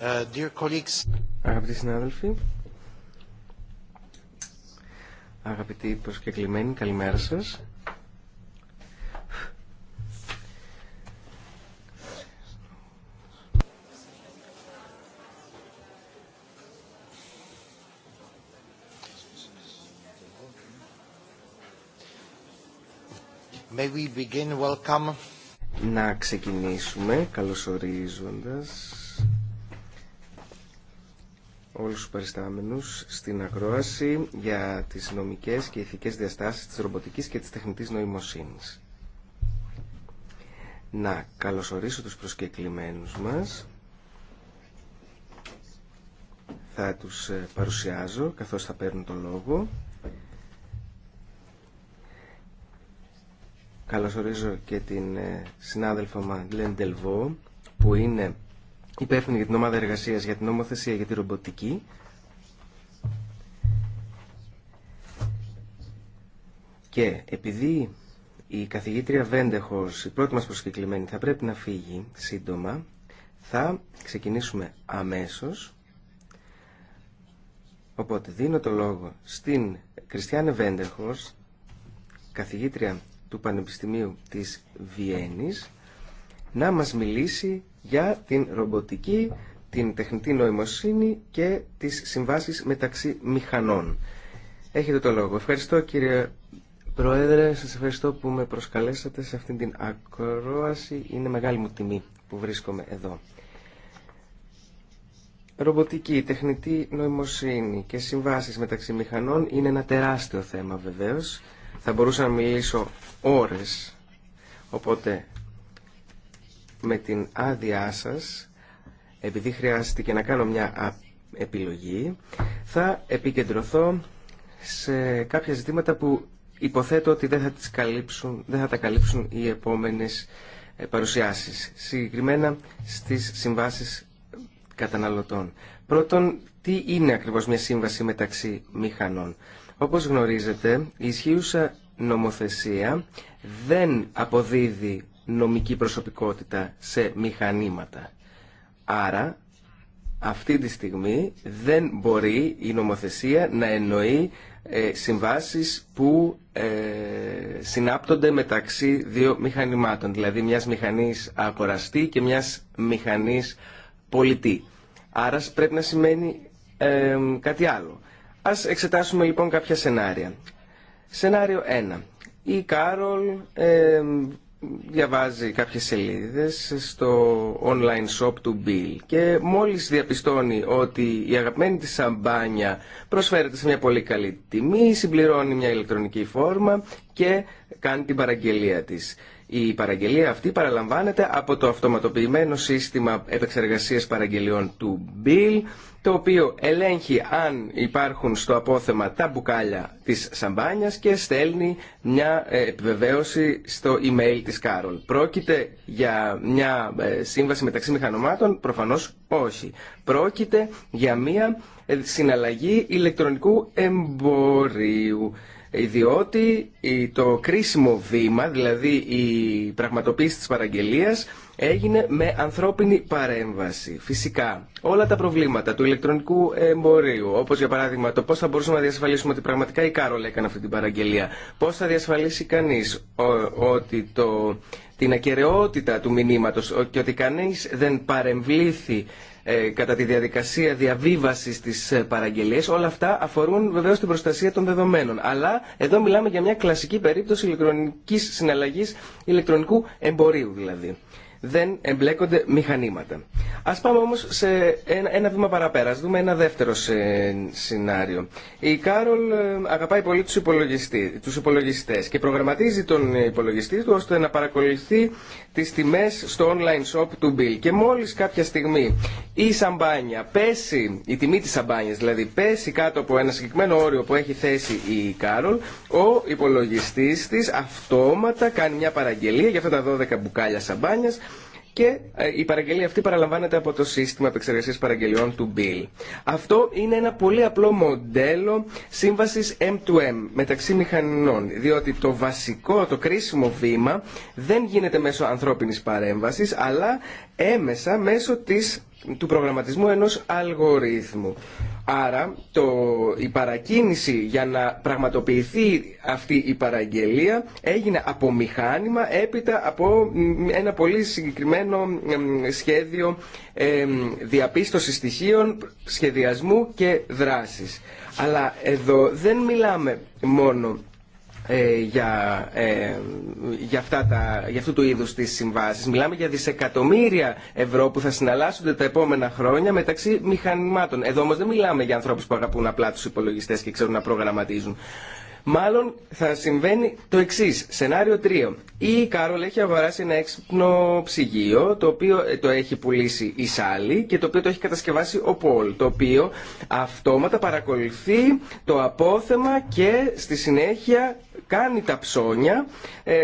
Uh, αγαπητοί συνάδελφοι, αγαπητοί προσκεκλημένοι, καλημέρα σας. May we begin welcome. Να ξεκινήσουμε καλωσορίζοντας όλους τους παριστάμενους στην ακρόαση για τις νομικές και ηθικές διαστάσεις της ρομποτικής και της τεχνητής νοημοσύνης. Να καλωσορίσω τους προσκεκλημένους μας. Θα τους ε, παρουσιάζω καθώς θα παίρνουν το λόγο. Καλωσορίζω και την ε, συνάδελφο Μαγκλέν Τελβό που είναι υπεύθυνη για την ομάδα εργασίας για την νομοθεσία για τη ρομποτική. Και επειδή η καθηγήτρια Βέντεχος, η πρώτη μας προσκεκλημένη, θα πρέπει να φύγει σύντομα, θα ξεκινήσουμε αμέσως. Οπότε δίνω το λόγο στην Κριστιάνε Βέντεχος, καθηγήτρια του Πανεπιστημίου της Βιέννης, να μας μιλήσει για την ρομποτική, την τεχνητή νοημοσύνη και τις συμβάσεις μεταξύ μηχανών. Έχετε το λόγο. Ευχαριστώ κύριε Πρόεδρε, σας ευχαριστώ που με προσκαλέσατε σε αυτήν την ακρόαση. Είναι μεγάλη μου τιμή που βρίσκομαι εδώ. Ρομποτική, τεχνητή νοημοσύνη και συμβάσεις μεταξύ μηχανών είναι ένα τεράστιο θέμα βεβαίως. Θα μπορούσα να μιλήσω ώρες, οπότε με την άδειά σας, επειδή χρειάστηκε να κάνω μια επιλογή, θα επικεντρωθώ σε κάποια ζητήματα που υποθέτω ότι δεν θα, τις καλύψουν, δεν θα τα καλύψουν οι επόμενες ε, παρουσιάσεις, συγκεκριμένα στις συμβάσεις καταναλωτών. Πρώτον, τι είναι ακριβώς μια σύμβαση μεταξύ μηχανών. Όπως γνωρίζετε, η ισχύουσα νομοθεσία δεν αποδίδει νομική προσωπικότητα σε μηχανήματα. Άρα, αυτή τη στιγμή δεν μπορεί η νομοθεσία να εννοεί ε, συμβάσεις που ε, συνάπτονται μεταξύ δύο μηχανημάτων, δηλαδή μιας μηχανής αγοραστή και μιας μηχανής πολιτή. Άρα πρέπει να σημαίνει ε, κάτι άλλο. Ας εξετάσουμε λοιπόν κάποια σενάρια. Σενάριο 1. Η Κάρολ διαβάζει κάποιες σελίδες στο online shop του Bill και μόλις διαπιστώνει ότι η αγαπημένη της σαμπάνια προσφέρεται σε μια πολύ καλή τιμή, συμπληρώνει μια ηλεκτρονική φόρμα και κάνει την παραγγελία της. Η παραγγελία αυτή παραλαμβάνεται από το αυτοματοποιημένο σύστημα επεξεργασίας παραγγελιών του Bill, το οποίο ελέγχει αν υπάρχουν στο απόθεμα τα μπουκάλια της σαμπάνιας και στέλνει μια ε, επιβεβαίωση στο email της Κάρολ. Πρόκειται για μια ε, σύμβαση μεταξύ μηχανωμάτων, προφανώς όχι. Πρόκειται για μια ε, συναλλαγή ηλεκτρονικού εμπορίου διότι το κρίσιμο βήμα, δηλαδή η πραγματοποίηση της παραγγελίας, έγινε με ανθρώπινη παρέμβαση. Φυσικά, όλα τα προβλήματα του ηλεκτρονικού εμπορίου, όπως για παράδειγμα το πώς θα μπορούσαμε να διασφαλίσουμε ότι πραγματικά η Κάρολα έκανε αυτή την παραγγελία, πώς θα διασφαλίσει κανείς ότι το, την ακαιρεότητα του μηνύματος και ότι κανείς δεν παρεμβλήθη ε, κατά τη διαδικασία διαβίβασης της ε, παραγγελίας. Όλα αυτά αφορούν βεβαίως την προστασία των δεδομένων. Αλλά εδώ μιλάμε για μια κλασική περίπτωση ηλεκτρονικής συναλλαγής, ηλεκτρονικού εμπορίου δηλαδή δεν εμπλέκονται μηχανήματα. Α πάμε όμω σε ένα, ένα βήμα παραπέρα, Α δούμε ένα δεύτερο σενάριο. Η Κάρολ ε, αγαπάει πολύ του υπολογιστέ υπολογιστές και προγραμματίζει τον υπολογιστή του ώστε να παρακολουθεί τι τιμέ στο online shop του Bill. Και μόλι κάποια στιγμή η σαμπάνια πέσει, η τιμή τη σαμπάνια, δηλαδή πέσει κάτω από ένα συγκεκριμένο όριο που έχει θέσει η Κάρολ, ο υπολογιστή τη αυτόματα κάνει μια παραγγελία για αυτά τα 12 μπουκάλια σαμπάνια και ε, η παραγγελία αυτή παραλαμβάνεται από το σύστημα επεξεργασίας παραγγελιών του Bill. Αυτό είναι ένα πολύ απλό μοντέλο σύμβασης M2M μεταξύ μηχανών, διότι το βασικό, το κρίσιμο βήμα δεν γίνεται μέσω ανθρώπινης παρέμβασης, αλλά έμεσα μέσω της του προγραμματισμού ενός αλγορίθμου. Άρα το, η παρακίνηση για να πραγματοποιηθεί αυτή η παραγγελία έγινε από μηχάνημα έπειτα από ένα πολύ συγκεκριμένο σχέδιο ε, διαπίστωση στοιχείων, σχεδιασμού και δράσης. Αλλά εδώ δεν μιλάμε μόνο ε, για, ε, για, αυτά τα, για αυτού του είδους τις συμβάσεις. Μιλάμε για δισεκατομμύρια ευρώ που θα συναλλάσσονται τα επόμενα χρόνια μεταξύ μηχανημάτων. Εδώ όμως δεν μιλάμε για ανθρώπους που αγαπούν απλά τους υπολογιστές και ξέρουν να προγραμματίζουν. Μάλλον θα συμβαίνει το εξή. Σενάριο 3. Η Κάρολ έχει αγοράσει ένα έξυπνο ψυγείο, το οποίο ε, το έχει πουλήσει η Σάλη και το οποίο το έχει κατασκευάσει ο Πολ, το οποίο αυτόματα παρακολουθεί το απόθεμα και στη συνέχεια κάνει τα ψώνια ε,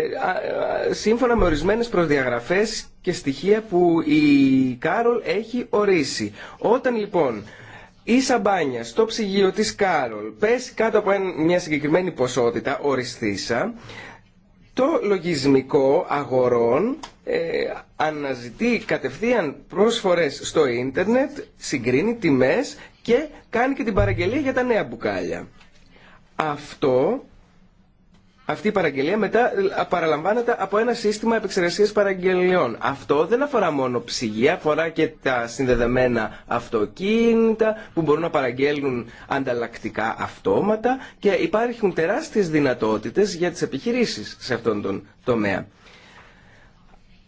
σύμφωνα με ορισμένες προδιαγραφές και στοιχεία που η Κάρολ έχει ορίσει. Όταν λοιπόν η σαμπάνια στο ψυγείο της Κάρολ πέσει κάτω από μια συγκεκριμένη ποσότητα οριστήσα, το λογισμικό αγορών ε, αναζητεί κατευθείαν πρόσφορες στο ίντερνετ, συγκρίνει τιμές και κάνει και την παραγγελία για τα νέα μπουκάλια. Αυτό αυτή η παραγγελία μετά παραλαμβάνεται από ένα σύστημα επεξεργασίας παραγγελιών. Αυτό δεν αφορά μόνο ψυγεία, αφορά και τα συνδεδεμένα αυτοκίνητα που μπορούν να παραγγέλνουν ανταλλακτικά αυτόματα και υπάρχουν τεράστιες δυνατότητες για τις επιχειρήσεις σε αυτόν τον τομέα.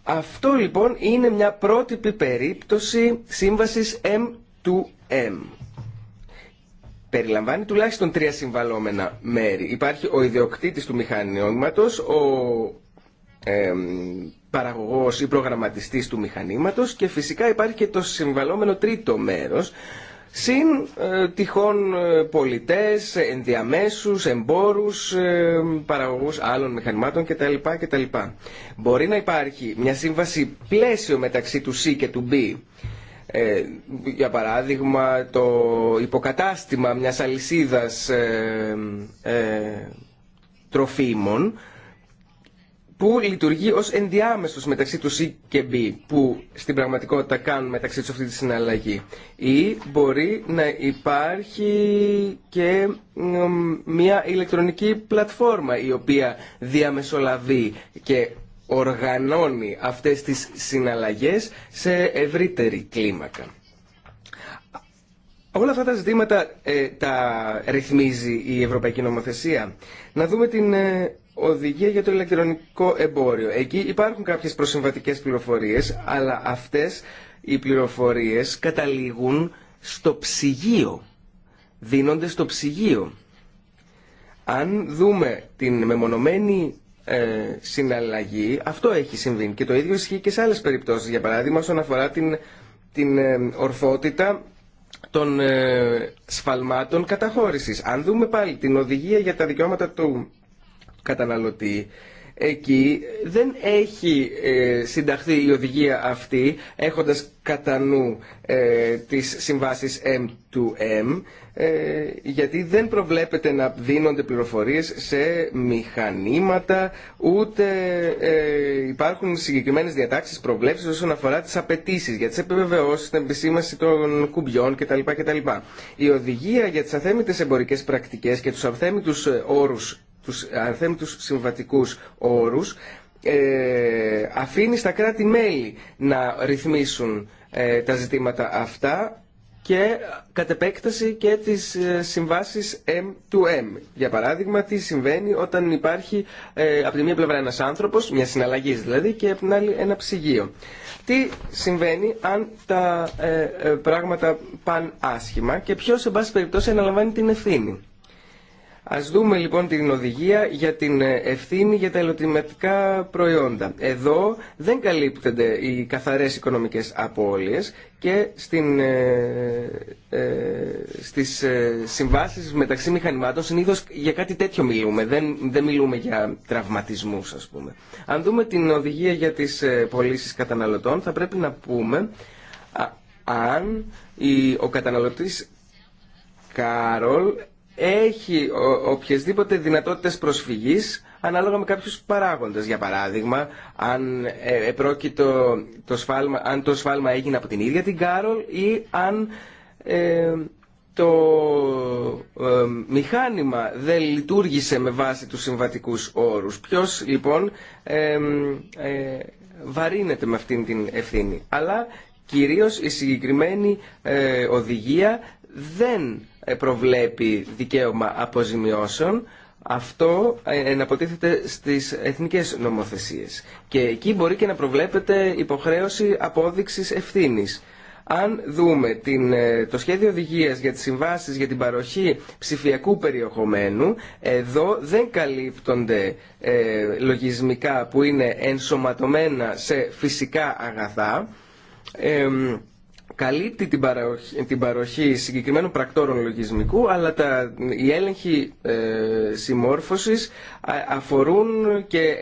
Αυτό λοιπόν είναι μια πρότυπη περίπτωση σύμβασης M2M περιλαμβάνει τουλάχιστον τρία συμβαλόμενα μέρη. Υπάρχει ο ιδιοκτήτης του μηχανήματος, ο ε, παραγωγός ή προγραμματιστής του μηχανήματος και φυσικά υπάρχει και το συμβαλόμενο τρίτο μέρος, συν ε, τυχόν ε, πολιτές, ενδιαμέσους, εμπόρους, ε, παραγωγούς άλλων μηχανημάτων κτλ. κτλ. Μπορεί να υπάρχει μια σύμβαση πλαίσιο μεταξύ του C και του B ε, για παράδειγμα το υποκατάστημα μιας αλυσίδας ε, ε, τροφίμων που λειτουργεί ως ενδιάμεσος μεταξύ του C και B που στην πραγματικότητα κάνουν μεταξύ τους αυτή τη συναλλαγή ή μπορεί να υπάρχει και μια ηλεκτρονική πλατφόρμα η οποία διαμεσολαβεί και οργανώνει αυτές τις συναλλαγές σε ευρύτερη κλίμακα. Όλα αυτά τα ζητήματα ε, τα ρυθμίζει η Ευρωπαϊκή Νομοθεσία. Να δούμε την ε, οδηγία για το ηλεκτρονικό εμπόριο. Εκεί υπάρχουν κάποιες προσυμβατικές πληροφορίες, αλλά αυτές οι πληροφορίες καταλήγουν στο ψυγείο. Δίνονται στο ψυγείο. Αν δούμε την μεμονωμένη ε, συναλλαγή. Αυτό έχει συμβεί και το ίδιο ισχύει και σε άλλες περιπτώσεις. Για παράδειγμα, όσον αφορά την, την ε, των ε, σφαλμάτων καταχώρησης. Αν δούμε πάλι την οδηγία για τα δικαιώματα του καταναλωτή, εκεί δεν έχει ε, συνταχθεί η οδηγία αυτή έχοντας κατά νου ε, τις συμβάσεις M2M ε, γιατί δεν προβλέπεται να δίνονται πληροφορίες σε μηχανήματα ούτε ε, υπάρχουν συγκεκριμένες διατάξεις προβλέψεις όσον αφορά τις απαιτήσει για τις επιβεβαιώσεις, την επισήμαση των κουμπιών κτλ. Η οδηγία για τις αθέμητες εμπορικές πρακτικές και τους αθέμητους όρους τους, αν συμβατικούς όρους, ε, αφήνει στα κράτη-μέλη να ρυθμίσουν ε, τα ζητήματα αυτά και κατ' επέκταση και τις ε, συμβάσεις M2M. Για παράδειγμα, τι συμβαίνει όταν υπάρχει ε, από τη μία πλευρά ένας άνθρωπος, μια συναλλαγή δηλαδή, και από την άλλη ένα ψυγείο. Τι συμβαίνει αν τα πράγματα πάνε άσχημα και ποιος, σε πάση περιπτώσει, αναλαμβάνει την ευθύνη. Ας δούμε λοιπόν την οδηγία για την ε, ευθύνη για τα ελωτηματικά προϊόντα. Εδώ δεν καλύπτονται οι καθαρές οικονομικές απώλειες και στην, ε, ε στις ε, συμβάσεις μεταξύ μηχανημάτων συνήθως για κάτι τέτοιο μιλούμε, δεν, δεν μιλούμε για τραυματισμούς ας πούμε. Αν δούμε την οδηγία για τις πωλήσει καταναλωτών θα πρέπει να πούμε αν η, ο καταναλωτής Κάρολ έχει οποιασδήποτε δυνατότητες προσφυγής ανάλογα με κάποιους παράγοντες. Για παράδειγμα, αν, ε, το, το σφάλμα, αν το σφάλμα έγινε από την ίδια την Κάρολ ή αν ε, το ε, μηχάνημα δεν λειτουργήσε με βάση τους συμβατικούς όρους. Ποιος λοιπόν ε, βαρύνεται με αυτήν την ευθύνη. Αλλά κυρίως η συγκεκριμένη οδηγία δεν ε, προβλέπει δικαίωμα αποζημιώσεων, αυτό ε, εναποτίθεται στις εθνικές νομοθεσίες. Και εκεί μπορεί και να προβλέπεται υποχρέωση απόδειξης ευθύνης. Αν δούμε την, ε, το σχέδιο οδηγίας για τις συμβάσεις για την παροχή ψηφιακού περιεχομένου, εδώ δεν καλύπτονται λογισμικά που είναι ενσωματωμένα σε φυσικά αγαθά, καλύπτει την παροχή, την παροχή συγκεκριμένων πρακτόρων λογισμικού, αλλά τα, οι έλεγχοι ε, συμμόρφωσης αφορούν και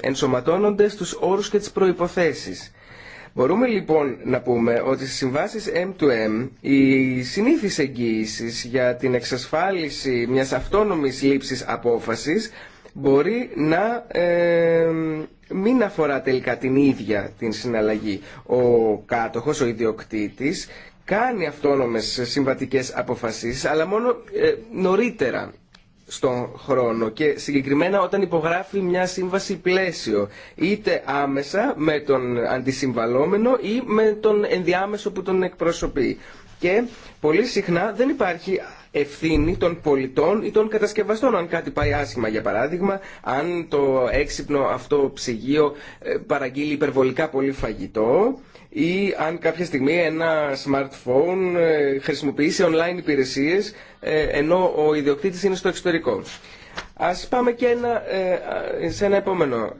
ενσωματώνονται στους όρους και τις προϋποθέσεις. Μπορούμε λοιπόν να πούμε ότι στις συμβάσεις M2M οι συνήθεις εγγύησεις για την εξασφάλιση μιας αυτόνομης λήψης απόφασης μπορεί να ε, μην αφορά τελικά την ίδια την συναλλαγή. Ο κάτοχος, ο ιδιοκτήτης, κάνει αυτόνομες συμβατικές αποφασίσεις, αλλά μόνο ε, νωρίτερα στον χρόνο και συγκεκριμένα όταν υπογράφει μια σύμβαση πλαίσιο είτε άμεσα με τον αντισυμβαλόμενο ή με τον ενδιάμεσο που τον εκπροσωπεί και πολύ συχνά δεν υπάρχει ευθύνη των πολιτών ή των κατασκευαστών. Αν κάτι πάει άσχημα, για παράδειγμα, αν το έξυπνο αυτό ψυγείο ε, παραγγείλει υπερβολικά πολύ φαγητό ή αν κάποια στιγμή ένα smartphone ε, χρησιμοποιήσει online υπηρεσίες ε, ενώ ο ιδιοκτήτης είναι στο εξωτερικό. Ας πάμε και ένα, σε ένα επόμενο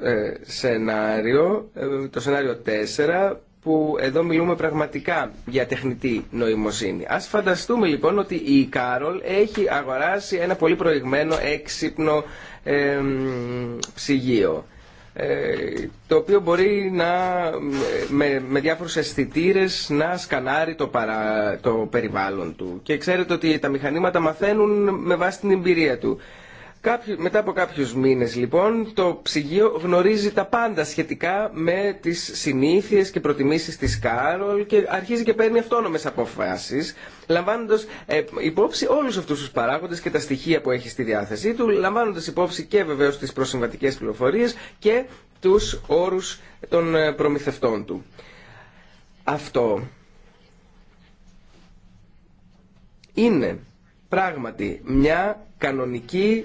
σενάριο, το σενάριο 4 που εδώ μιλούμε πραγματικά για τεχνητή νοημοσύνη. Ας φανταστούμε λοιπόν ότι η Κάρολ έχει αγοράσει ένα πολύ προηγμένο έξυπνο ψυγείο ε, το οποίο μπορεί να, με, με διάφορους αισθητήρε να σκανάρει το, το περιβάλλον του. Και ξέρετε ότι τα μηχανήματα μαθαίνουν με βάση την εμπειρία του μετά από κάποιους μήνες λοιπόν το ψυγείο γνωρίζει τα πάντα σχετικά με τις συνήθειες και προτιμήσεις της Κάρολ και αρχίζει και παίρνει αυτόνομες αποφάσεις λαμβάνοντας ε, υπόψη όλους αυτούς τους παράγοντες και τα στοιχεία που έχει στη διάθεσή του λαμβάνοντας υπόψη και βεβαίως τις προσυμβατικές πληροφορίες και τους όρους των ε, προμηθευτών του. Αυτό είναι πράγματι μια κανονική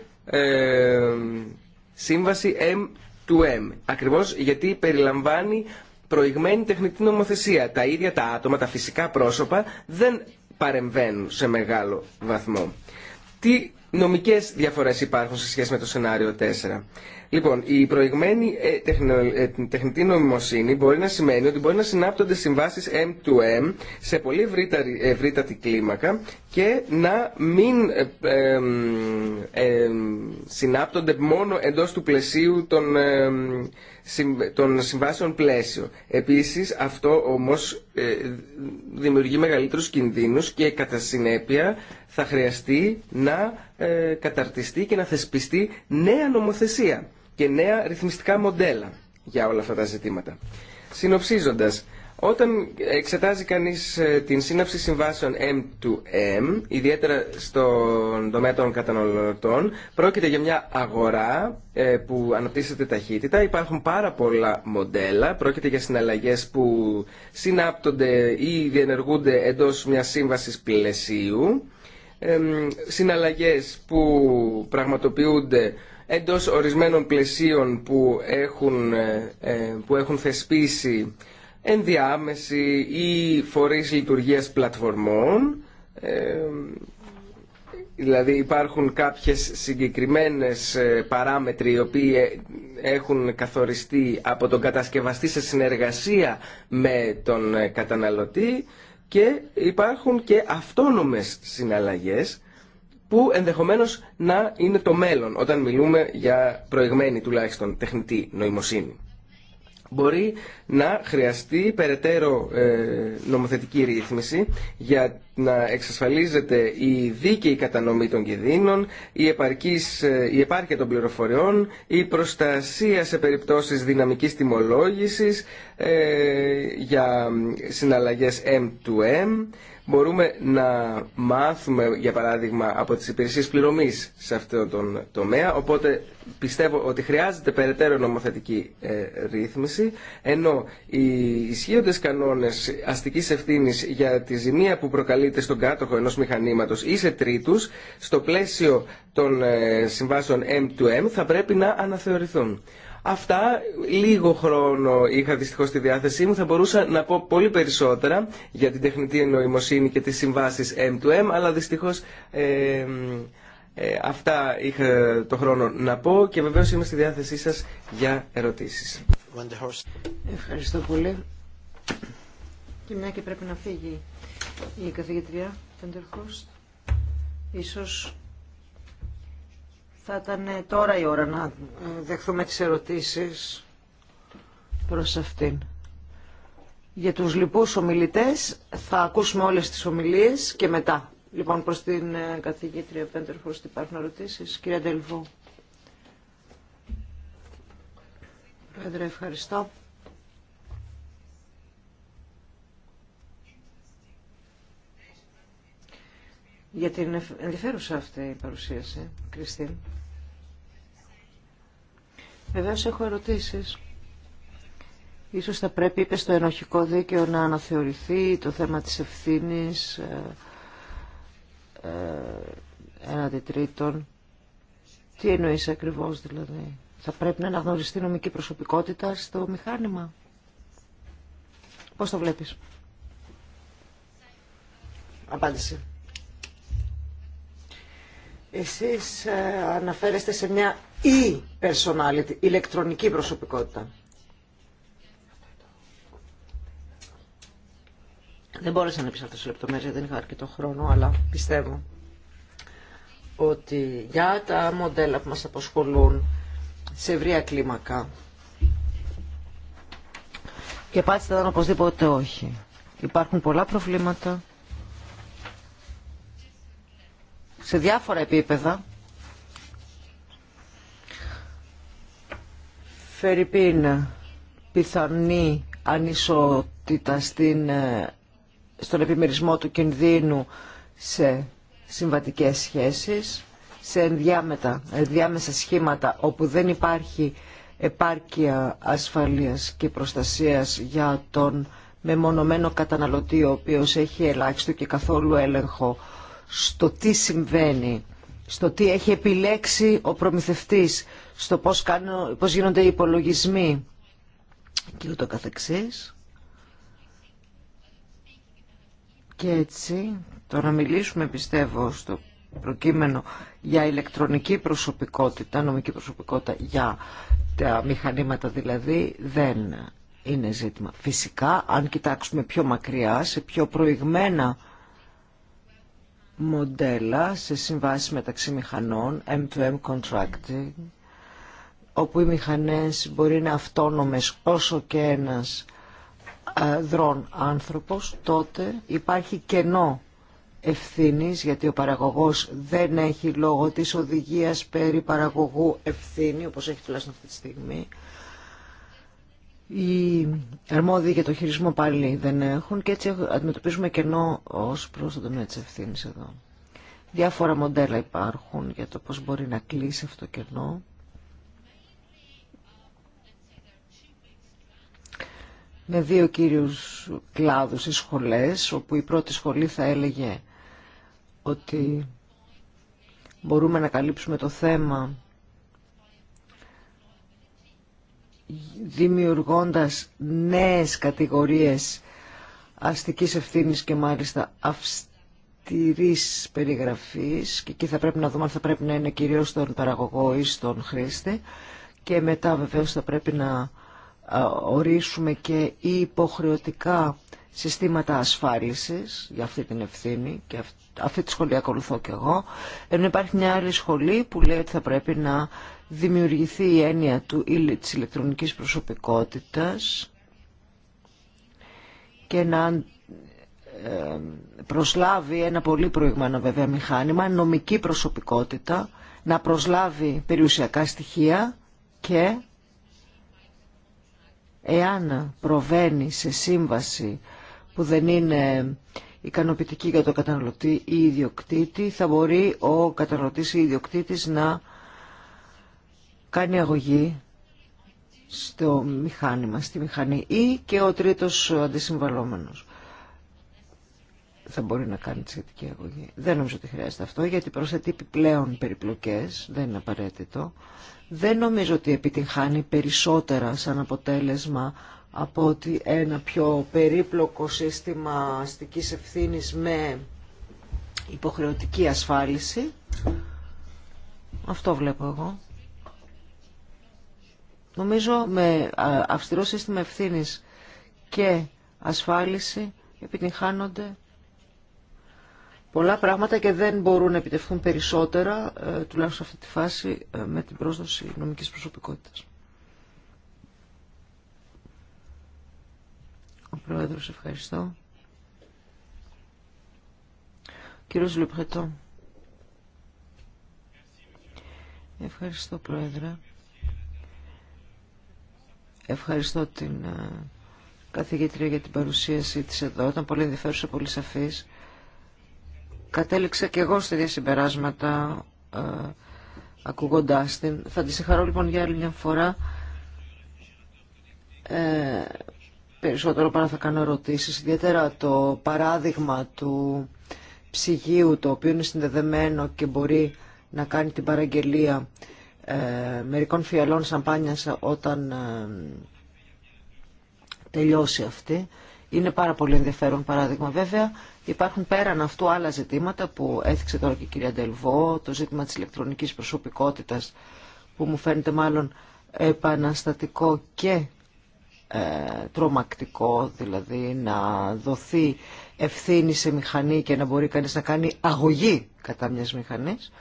σύμβαση M2M. Ακριβώς γιατί περιλαμβάνει προηγμένη τεχνητή νομοθεσία. Τα ίδια τα άτομα, τα φυσικά πρόσωπα δεν παρεμβαίνουν σε μεγάλο βαθμό. Τι Νομικέ διαφορές υπάρχουν σε σχέση με το σενάριο 4. Λοιπόν, η προηγμένη ε, ε, τεχνητή νομιμοσύνη μπορεί να σημαίνει ότι μπορεί να συναπτονται συμβασει συμβάσεις M2M σε πολύ ευρύτατη κλίμακα και να μην ε, συνάπτονται μόνο εντό του πλαισίου των, των συμβάσεων πλαίσιο. Επίσης, αυτό όμως δημιουργεί μεγαλύτερου κινδύνους και κατά συνέπεια θα χρειαστεί να ε, καταρτιστεί και να θεσπιστεί νέα νομοθεσία και νέα ρυθμιστικά μοντέλα για όλα αυτά τα ζητήματα. Συνοψίζοντας, όταν εξετάζει κανείς ε, την σύναψη συμβάσεων M2M, ιδιαίτερα στον τομέα των καταναλωτών, πρόκειται για μια αγορά ε, που αναπτύσσεται ταχύτητα. Υπάρχουν πάρα πολλά μοντέλα, πρόκειται για συναλλαγές που συνάπτονται ή διενεργούνται εντός μιας σύμβασης πλαισίου συναλλαγές που πραγματοποιούνται εντός ορισμένων πλαισίων που έχουν, ε, ε, που έχουν θεσπίσει ενδιάμεση ή φορείς λειτουργίας πλατφορμών δηλαδή υπάρχουν κάποιες συγκεκριμένες ε, παράμετροι οι οποίοι έχουν καθοριστεί από τον κατασκευαστή σε συνεργασία με τον καταναλωτή και υπάρχουν και αυτόνομες συναλλαγές που ενδεχομένως να είναι το μέλλον όταν μιλούμε για προηγμένη τουλάχιστον τεχνητή νοημοσύνη μπορεί να χρειαστεί περαιτέρω ε, νομοθετική ρύθμιση για να εξασφαλίζεται η δίκαιη κατανομή των κινδύνων, η, επαρκής, ε, η επάρκεια των πληροφοριών, η προστασία σε περιπτώσεις δυναμικής τιμολόγησης ε, για συναλλαγές M2M, μπορούμε να μάθουμε, για παράδειγμα, από τις υπηρεσίες πληρωμής σε αυτόν τον τομέα, οπότε πιστεύω ότι χρειάζεται περαιτέρω νομοθετική ε, ρύθμιση, ενώ οι ισχύοντες κανόνες αστικής ευθύνης για τη ζημία που προκαλείται στον κάτοχο ενός μηχανήματος ή σε τρίτους, στο πλαίσιο των ε, συμβάσεων M2M θα πρέπει να αναθεωρηθούν. Αυτά λίγο χρόνο είχα δυστυχώς στη διάθεσή μου. Θα μπορούσα να πω πολύ περισσότερα για την τεχνητή νοημοσύνη και τις συμβάσεις M2M, αλλά δυστυχώς ε, ε, αυτά είχα το χρόνο να πω και βεβαίως είμαι στη διάθεσή σας για ερωτήσεις. Ευχαριστώ πολύ. Και μια και πρέπει να φύγει η καθηγητρία Χόστ. Ίσως θα ήταν τώρα η ώρα να ε, δεχθούμε τις ερωτήσεις προς αυτήν. Για τους λοιπούς ομιλητές θα ακούσουμε όλες τις ομιλίες και μετά. Λοιπόν, προς την ε, καθηγήτρια Πέντερφος υπάρχουν ερωτήσεις. Κύριε Ντελβού. Πρόεδρε, ευχαριστώ. για την ενδιαφέρουσα αυτή η παρουσίαση, Κριστίν. Βεβαίω έχω ερωτήσεις. Ίσως θα πρέπει, είπε, στο ενοχικό δίκαιο να αναθεωρηθεί το θέμα της ευθύνης ε, ε, έναντι τρίτων. Τι εννοείς ακριβώς δηλαδή. Θα πρέπει να αναγνωριστεί νομική προσωπικότητα στο μηχάνημα. Πώς το βλέπεις. Απάντηση. Εσείς ε, αναφέρεστε σε μια e-personality, ηλεκτρονική προσωπικότητα. Δεν μπόρεσα να επισέλθω σε λεπτομέρειες, δεν είχα αρκετό χρόνο, αλλά πιστεύω ότι για τα μοντέλα που μας αποσχολούν σε ευρεία κλίμακα και πάτησε ήταν οπωσδήποτε όχι. Υπάρχουν πολλά προβλήματα σε διάφορα επίπεδα. Φερρυπίν, πιθανή ανισότητα ε, στον επιμερισμό του κινδύνου σε συμβατικές σχέσεις, σε ενδιάμετα, ενδιάμεσα σχήματα όπου δεν υπάρχει επάρκεια ασφαλείας και προστασίας για τον μεμονωμένο καταναλωτή ο οποίος έχει ελάχιστο και καθόλου έλεγχο στο τι συμβαίνει, στο τι έχει επιλέξει ο προμηθευτής, στο πώς, κάνω, πώς γίνονται οι υπολογισμοί και ούτω καθεξής. Και έτσι, το να μιλήσουμε πιστεύω στο προκείμενο για ηλεκτρονική προσωπικότητα, νομική προσωπικότητα για τα μηχανήματα δηλαδή, δεν είναι ζήτημα. Φυσικά, αν κοιτάξουμε πιο μακριά, σε πιο προηγμένα μοντέλα σε συμβασει μεταξυ μεταξύ μηχανών, M2M contracting, όπου οι μηχανές μπορεί να είναι αυτόνομες όσο και ένας ε, δρόν άνθρωπος, τότε υπάρχει κενό ευθύνης, γιατί ο παραγωγός δεν έχει λόγω της οδηγίας περί παραγωγού ευθύνη, όπως έχει τουλάχιστον αυτή τη στιγμή, οι αρμόδιοι για το χειρισμό πάλι δεν έχουν και έτσι αντιμετωπίζουμε κενό ως προς το τομέα της ευθύνης εδώ. Διάφορα μοντέλα υπάρχουν για το πώς μπορεί να κλείσει αυτό το κενό. Με δύο κύριους κλάδους ή σχολές, όπου η πρώτη σχολή θα έλεγε ότι μπορούμε να καλύψουμε το θέμα δημιουργώντας νέες κατηγορίες αστικής ευθύνης και μάλιστα αυστηρής περιγραφής και εκεί θα πρέπει να δούμε αν θα πρέπει να είναι κυρίως στον παραγωγό ή στον χρήστη και μετά βεβαίως θα πρέπει να ορίσουμε και υποχρεωτικά συστήματα ασφάλισης για αυτή την ευθύνη και αυτή τη σχολή ακολουθώ και εγώ ενώ υπάρχει μια άλλη σχολή που λέει ότι θα πρέπει να δημιουργηθεί η έννοια του, της ηλεκτρονικής προσωπικότητας και να ε, προσλάβει ένα πολύ προηγμένο βέβαια μηχάνημα, νομική προσωπικότητα, να προσλάβει περιουσιακά στοιχεία και εάν προβαίνει σε σύμβαση που δεν είναι ικανοποιητική για το καταναλωτή ή ιδιοκτήτη, θα μπορεί ο καταναλωτής ή ιδιοκτήτης να κάνει αγωγή στο μηχάνημα, στη μηχανή ή και ο τρίτος αντισυμβαλόμενος θα μπορεί να κάνει τη σχετική αγωγή. Δεν νομίζω ότι χρειάζεται αυτό γιατί προσθέτει επιπλέον περιπλοκές, δεν είναι απαραίτητο. Δεν νομίζω ότι επιτυγχάνει περισσότερα σαν αποτέλεσμα από ότι ένα πιο περίπλοκο σύστημα αστικής ευθύνης με υποχρεωτική ασφάλιση. Αυτό βλέπω εγώ. Νομίζω με αυστηρό σύστημα ευθύνη και ασφάλιση επιτυγχάνονται πολλά πράγματα και δεν μπορούν να επιτευχθούν περισσότερα, ε, τουλάχιστον σε αυτή τη φάση, ε, με την πρόσδοση νομικής προσωπικότητας. Ο Πρόεδρος, ευχαριστώ. Κύριος Λεπρετό. Ευχαριστώ, Πρόεδρε. Ευχαριστώ την ε, καθηγήτρια για την παρουσίαση της εδώ. Ήταν πολύ ενδιαφέρουσα, πολύ σαφής. Κατέληξα και εγώ στις δύο συμπεράσματα ε, ακούγοντάς την. Θα τη συγχαρώ λοιπόν για άλλη μια φορά. Ε, περισσότερο παρά θα κάνω ερωτήσεις. Ιδιαίτερα το παράδειγμα του ψυγείου το οποίο είναι συνδεδεμένο και μπορεί να κάνει την παραγγελία ε, μερικών φιαλών σαμπάνιας όταν ε, τελειώσει αυτή. Είναι πάρα πολύ ενδιαφέρον παράδειγμα βέβαια. Υπάρχουν πέραν αυτού άλλα ζητήματα που έθιξε τώρα και η κυρία Ντελβό, το ζήτημα της ηλεκτρονικής προσωπικότητας που μου φαίνεται μάλλον επαναστατικό και ε, τρομακτικό, δηλαδή να δοθεί ευθύνη σε μηχανή και να μπορεί κανείς να κάνει αγωγή κατά μιας μηχανής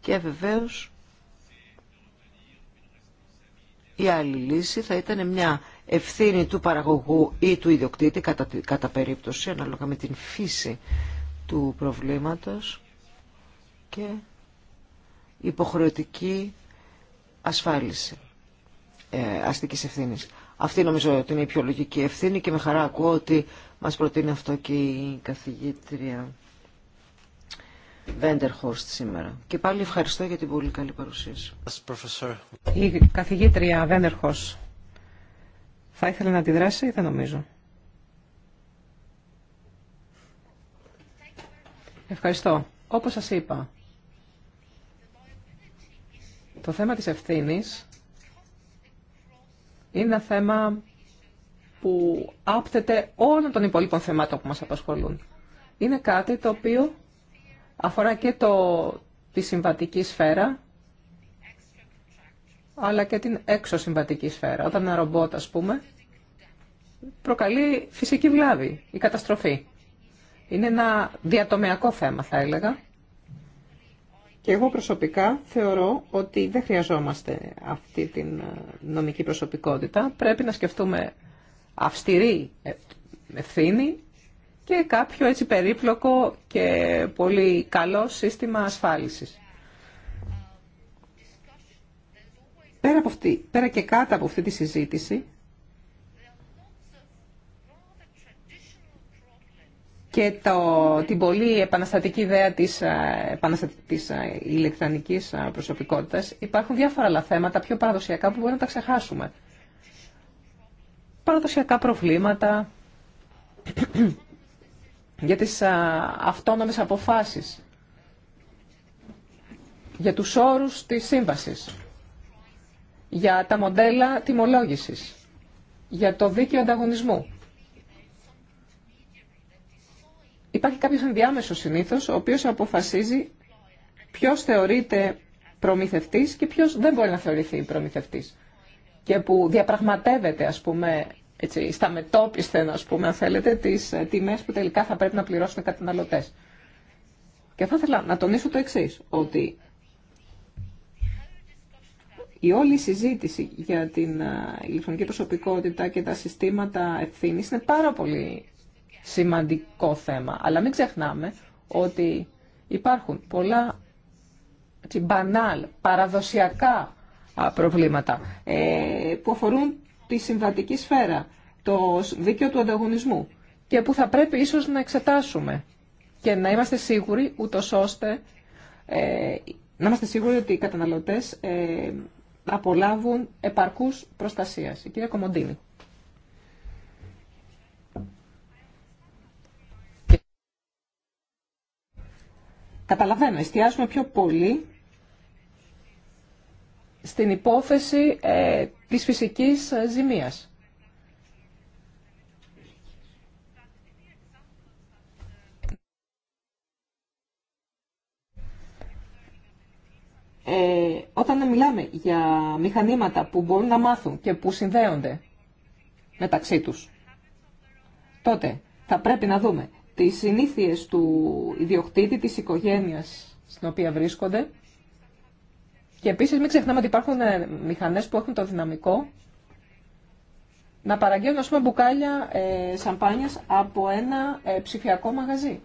και βεβαίως Η άλλη λύση θα ήταν μια ευθύνη του παραγωγού ή του ιδιοκτήτη κατά, κατά περίπτωση, ανάλογα με την φύση του προβλήματος και υποχρεωτική ασφάλιση ε, αστικής ευθύνης. Αυτή νομίζω ότι είναι η πιο λογική ευθύνη και με χαρά ακούω ότι μας προτείνει αυτό και η καθηγήτρια Βέντερχορστ σήμερα. Και πάλι ευχαριστώ για την πολύ καλή παρουσίαση. Η καθηγήτρια Βέντερχορστ θα ήθελε να αντιδράσει ή δεν νομίζω. Ευχαριστώ. Όπως σας είπα, το θέμα της ευθύνης είναι ένα θέμα που άπτεται όλων των υπόλοιπων θεμάτων που μας απασχολούν. Είναι κάτι το οποίο Αφορά και το, τη συμβατική σφαίρα, αλλά και την έξω συμβατική σφαίρα. Όταν ένα ρομπότ, ας πούμε, προκαλεί φυσική βλάβη ή καταστροφή. Είναι ένα διατομιακό θέμα, θα έλεγα. Και εγώ προσωπικά θεωρώ ότι δεν χρειαζόμαστε αυτή την ε, νομική προσωπικότητα. Πρέπει να σκεφτούμε αυστηρή ευθύνη και κάποιο έτσι περίπλοκο και πολύ καλό σύστημα ασφάλισης. Πέρα, από αυτή, πέρα και κάτω από αυτή τη συζήτηση και το, την πολύ επαναστατική ιδέα της, ε, της ε, ηλεκτρονικής ε, προσωπικότητας υπάρχουν διάφορα άλλα θέματα πιο παραδοσιακά που μπορούμε να τα ξεχάσουμε. Παραδοσιακά προβλήματα για τις αυτόνομες αποφάσεις, για τους όρους της σύμβασης, για τα μοντέλα τιμολόγησης, για το δίκαιο ανταγωνισμού. Υπάρχει κάποιος ενδιάμεσος συνήθως, ο οποίος αποφασίζει ποιος θεωρείται προμηθευτής και ποιος δεν μπορεί να θεωρηθεί προμηθευτής και που διαπραγματεύεται, ας πούμε, έτσι, στα μετόπιστε, να πούμε, αν θέλετε, τις ε, τιμές που τελικά θα πρέπει να πληρώσουν οι καταναλωτές. Και θα ήθελα να τονίσω το εξή ότι η όλη συζήτηση για την ε, ηλεκτρονική προσωπικότητα και τα συστήματα ευθύνη είναι πάρα πολύ σημαντικό θέμα. Αλλά μην ξεχνάμε ότι υπάρχουν πολλά μπανάλ, παραδοσιακά προβλήματα ε, που αφορούν τη συμβατική σφαίρα, το δίκαιο του ανταγωνισμού και που θα πρέπει ίσως να εξετάσουμε και να είμαστε σίγουροι ούτως ώστε ε, να είμαστε σίγουροι ότι οι καταναλωτές ε, απολάβουν επαρκούς προστασίας. Η κυρία Κομοντίνη. Καταλαβαίνω, εστιάζουμε πιο πολύ στην υπόθεση ε, της φυσικής ε, ζημίας. Ε, όταν μιλάμε για μηχανήματα που μπορούν να μάθουν και που συνδέονται μεταξύ τους, τότε θα πρέπει να δούμε τις συνήθειες του ιδιοκτήτη, της οικογένειας στην οποία βρίσκονται, και επίση μην ξεχνάμε ότι υπάρχουν ε, μηχανέ που έχουν το δυναμικό να παραγγέλνουν ας πούμε μπουκάλια ε, σαμπάνιας από ένα ε, ψηφιακό μαγαζί.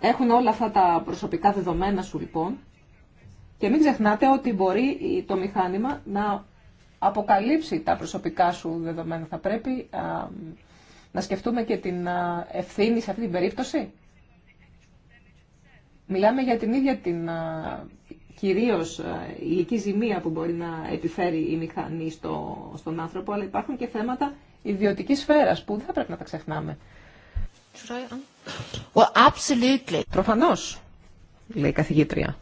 Έχουν όλα αυτά τα προσωπικά δεδομένα σου λοιπόν και μην ξεχνάτε ότι μπορεί το μηχάνημα να αποκαλύψει τα προσωπικά σου δεδομένα. Θα πρέπει να σκεφτούμε και την ευθύνη σε αυτή την περίπτωση. Μιλάμε για την ίδια την κυρίως ηλική ζημία που μπορεί να επιφέρει η μηχανή στο, στον άνθρωπο, αλλά υπάρχουν και θέματα ιδιωτικής σφαίρας που δεν θα πρέπει να τα ξεχνάμε. Well, absolutely. Προφανώς, λέει η καθηγήτρια.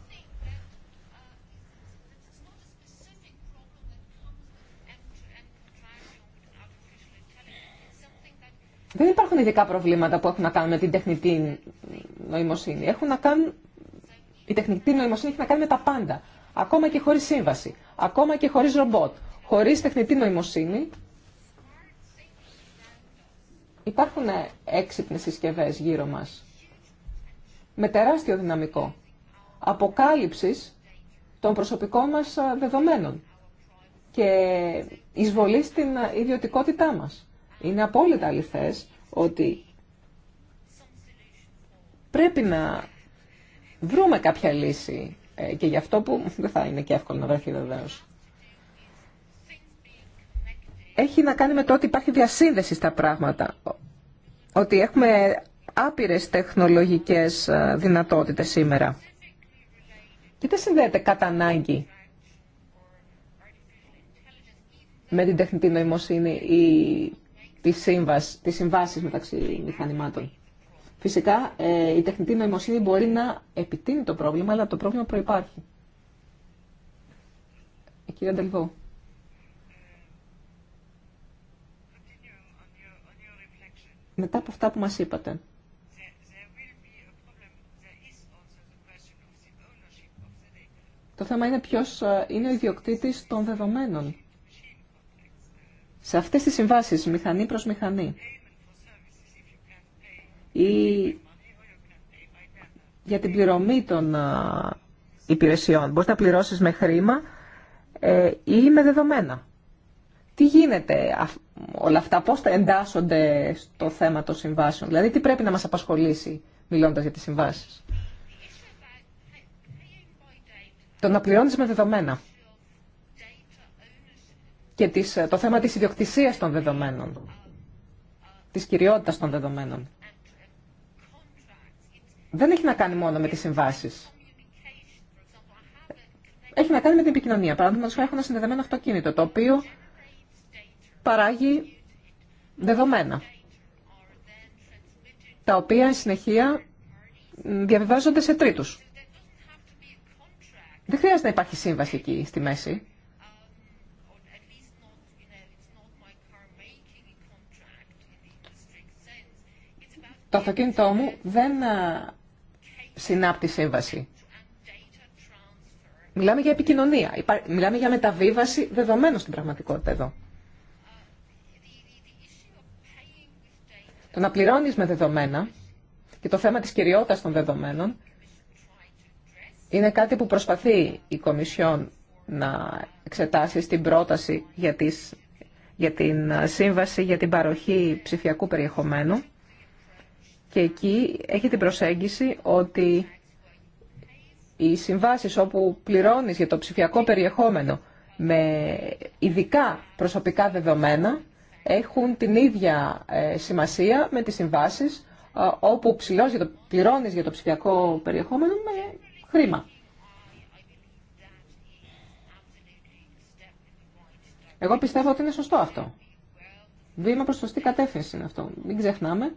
Δεν υπάρχουν ειδικά προβλήματα που έχουν να κάνουν με την τεχνητή νοημοσύνη. Έχουν να κάνουν... Η τεχνητή νοημοσύνη έχει να κάνει με τα πάντα. Ακόμα και χωρίς σύμβαση. Ακόμα και χωρίς ρομπότ. Χωρίς τεχνητή νοημοσύνη υπάρχουν έξυπνε συσκευέ γύρω μας. Με τεράστιο δυναμικό. Αποκάλυψης των προσωπικών μας ε, δεδομένων και εισβολή στην ε, ιδιωτικότητά μας. Είναι απόλυτα αληθές ότι πρέπει να βρούμε κάποια λύση ε, και γι' αυτό που δεν θα είναι και εύκολο να βρεθεί βεβαίω. Έχει να κάνει με το ότι υπάρχει διασύνδεση στα πράγματα. Ότι έχουμε άπειρες τεχνολογικές ε, δυνατότητες σήμερα. Και δεν συνδέεται κατά ανάγκη με την τεχνητή νοημοσύνη ή τις, σύμβασ, τις συμβάσεις μεταξύ μηχανημάτων. Φυσικά, ε, η τεχνητή νοημοσύνη μπορεί να επιτείνει το πρόβλημα, αλλά το πρόβλημα προϋπάρχει. Κύριε Κύριε Ντελβό. Μετά από αυτά που μας είπατε, το θέμα είναι ποιος ε, είναι ο ιδιοκτήτης των δεδομένων σε αυτές τις συμβάσεις μηχανή προς μηχανή ή για την πληρωμή των υπηρεσιών. Μπορείς να πληρώσεις με χρήμα ε, ή με δεδομένα. Τι γίνεται όλα αυτά, πώς εντάσσονται στο θέμα των συμβάσεων, δηλαδή τι πρέπει να μας απασχολήσει μιλώντας για τις συμβάσεις. Το να πληρώνεις με δεδομένα και ε, το θέμα της ιδιοκτησίας των δεδομένων, της κυριότητας των δεδομένων. Δεν έχει να κάνει μόνο με τις συμβάσεις. Έχει να κάνει με την επικοινωνία. Παραδείγματος, έχω ένα συνδεδεμένο αυτοκίνητο, το οποίο παράγει δεδομένα, τα οποία συνεχεία διαβιβάζονται σε τρίτους. Δεν χρειάζεται να υπάρχει σύμβαση εκεί στη μέση. το αυτοκίνητό μου δεν συνάπτει σύμβαση. Μιλάμε για επικοινωνία, μιλάμε για μεταβίβαση δεδομένων στην πραγματικότητα εδώ. Το να πληρώνεις με δεδομένα και το θέμα της κυριότητας των δεδομένων είναι κάτι που προσπαθεί η Κομισιόν να εξετάσει στην πρόταση για, τις, για την σύμβαση για την παροχή ψηφιακού περιεχομένου και εκεί έχει την προσέγγιση ότι οι συμβάσεις όπου πληρώνεις για το ψηφιακό περιεχόμενο με ειδικά προσωπικά δεδομένα έχουν την ίδια ε, σημασία με τις συμβάσεις ε, όπου πληρώνεις για το ψηφιακό περιεχόμενο με χρήμα. Εγώ πιστεύω ότι είναι σωστό αυτό. Βήμα προς σωστή κατεύθυνση είναι αυτό. Μην ξεχνάμε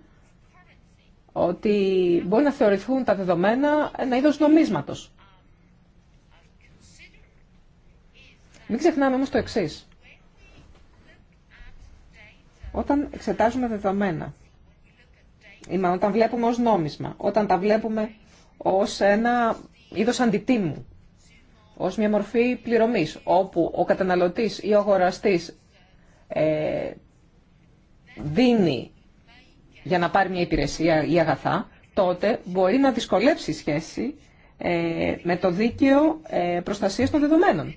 ότι μπορεί να θεωρηθούν τα δεδομένα ένα είδος νομίσματος. Μην ξεχνάμε όμως το εξής. Όταν εξετάζουμε δεδομένα, ή μάλλον όταν βλέπουμε ως νόμισμα, όταν τα βλέπουμε ως ένα είδος αντιτίμου, ως μια μορφή πληρωμής, όπου ο καταναλωτής ή ο αγοραστής ε, δίνει για να πάρει μια υπηρεσία ή αγαθά, τότε μπορεί να δυσκολεύσει η αγαθα τοτε μπορει να δυσκολέψει η σχεση ε, με το δίκαιο ε, προστασίας των δεδομένων.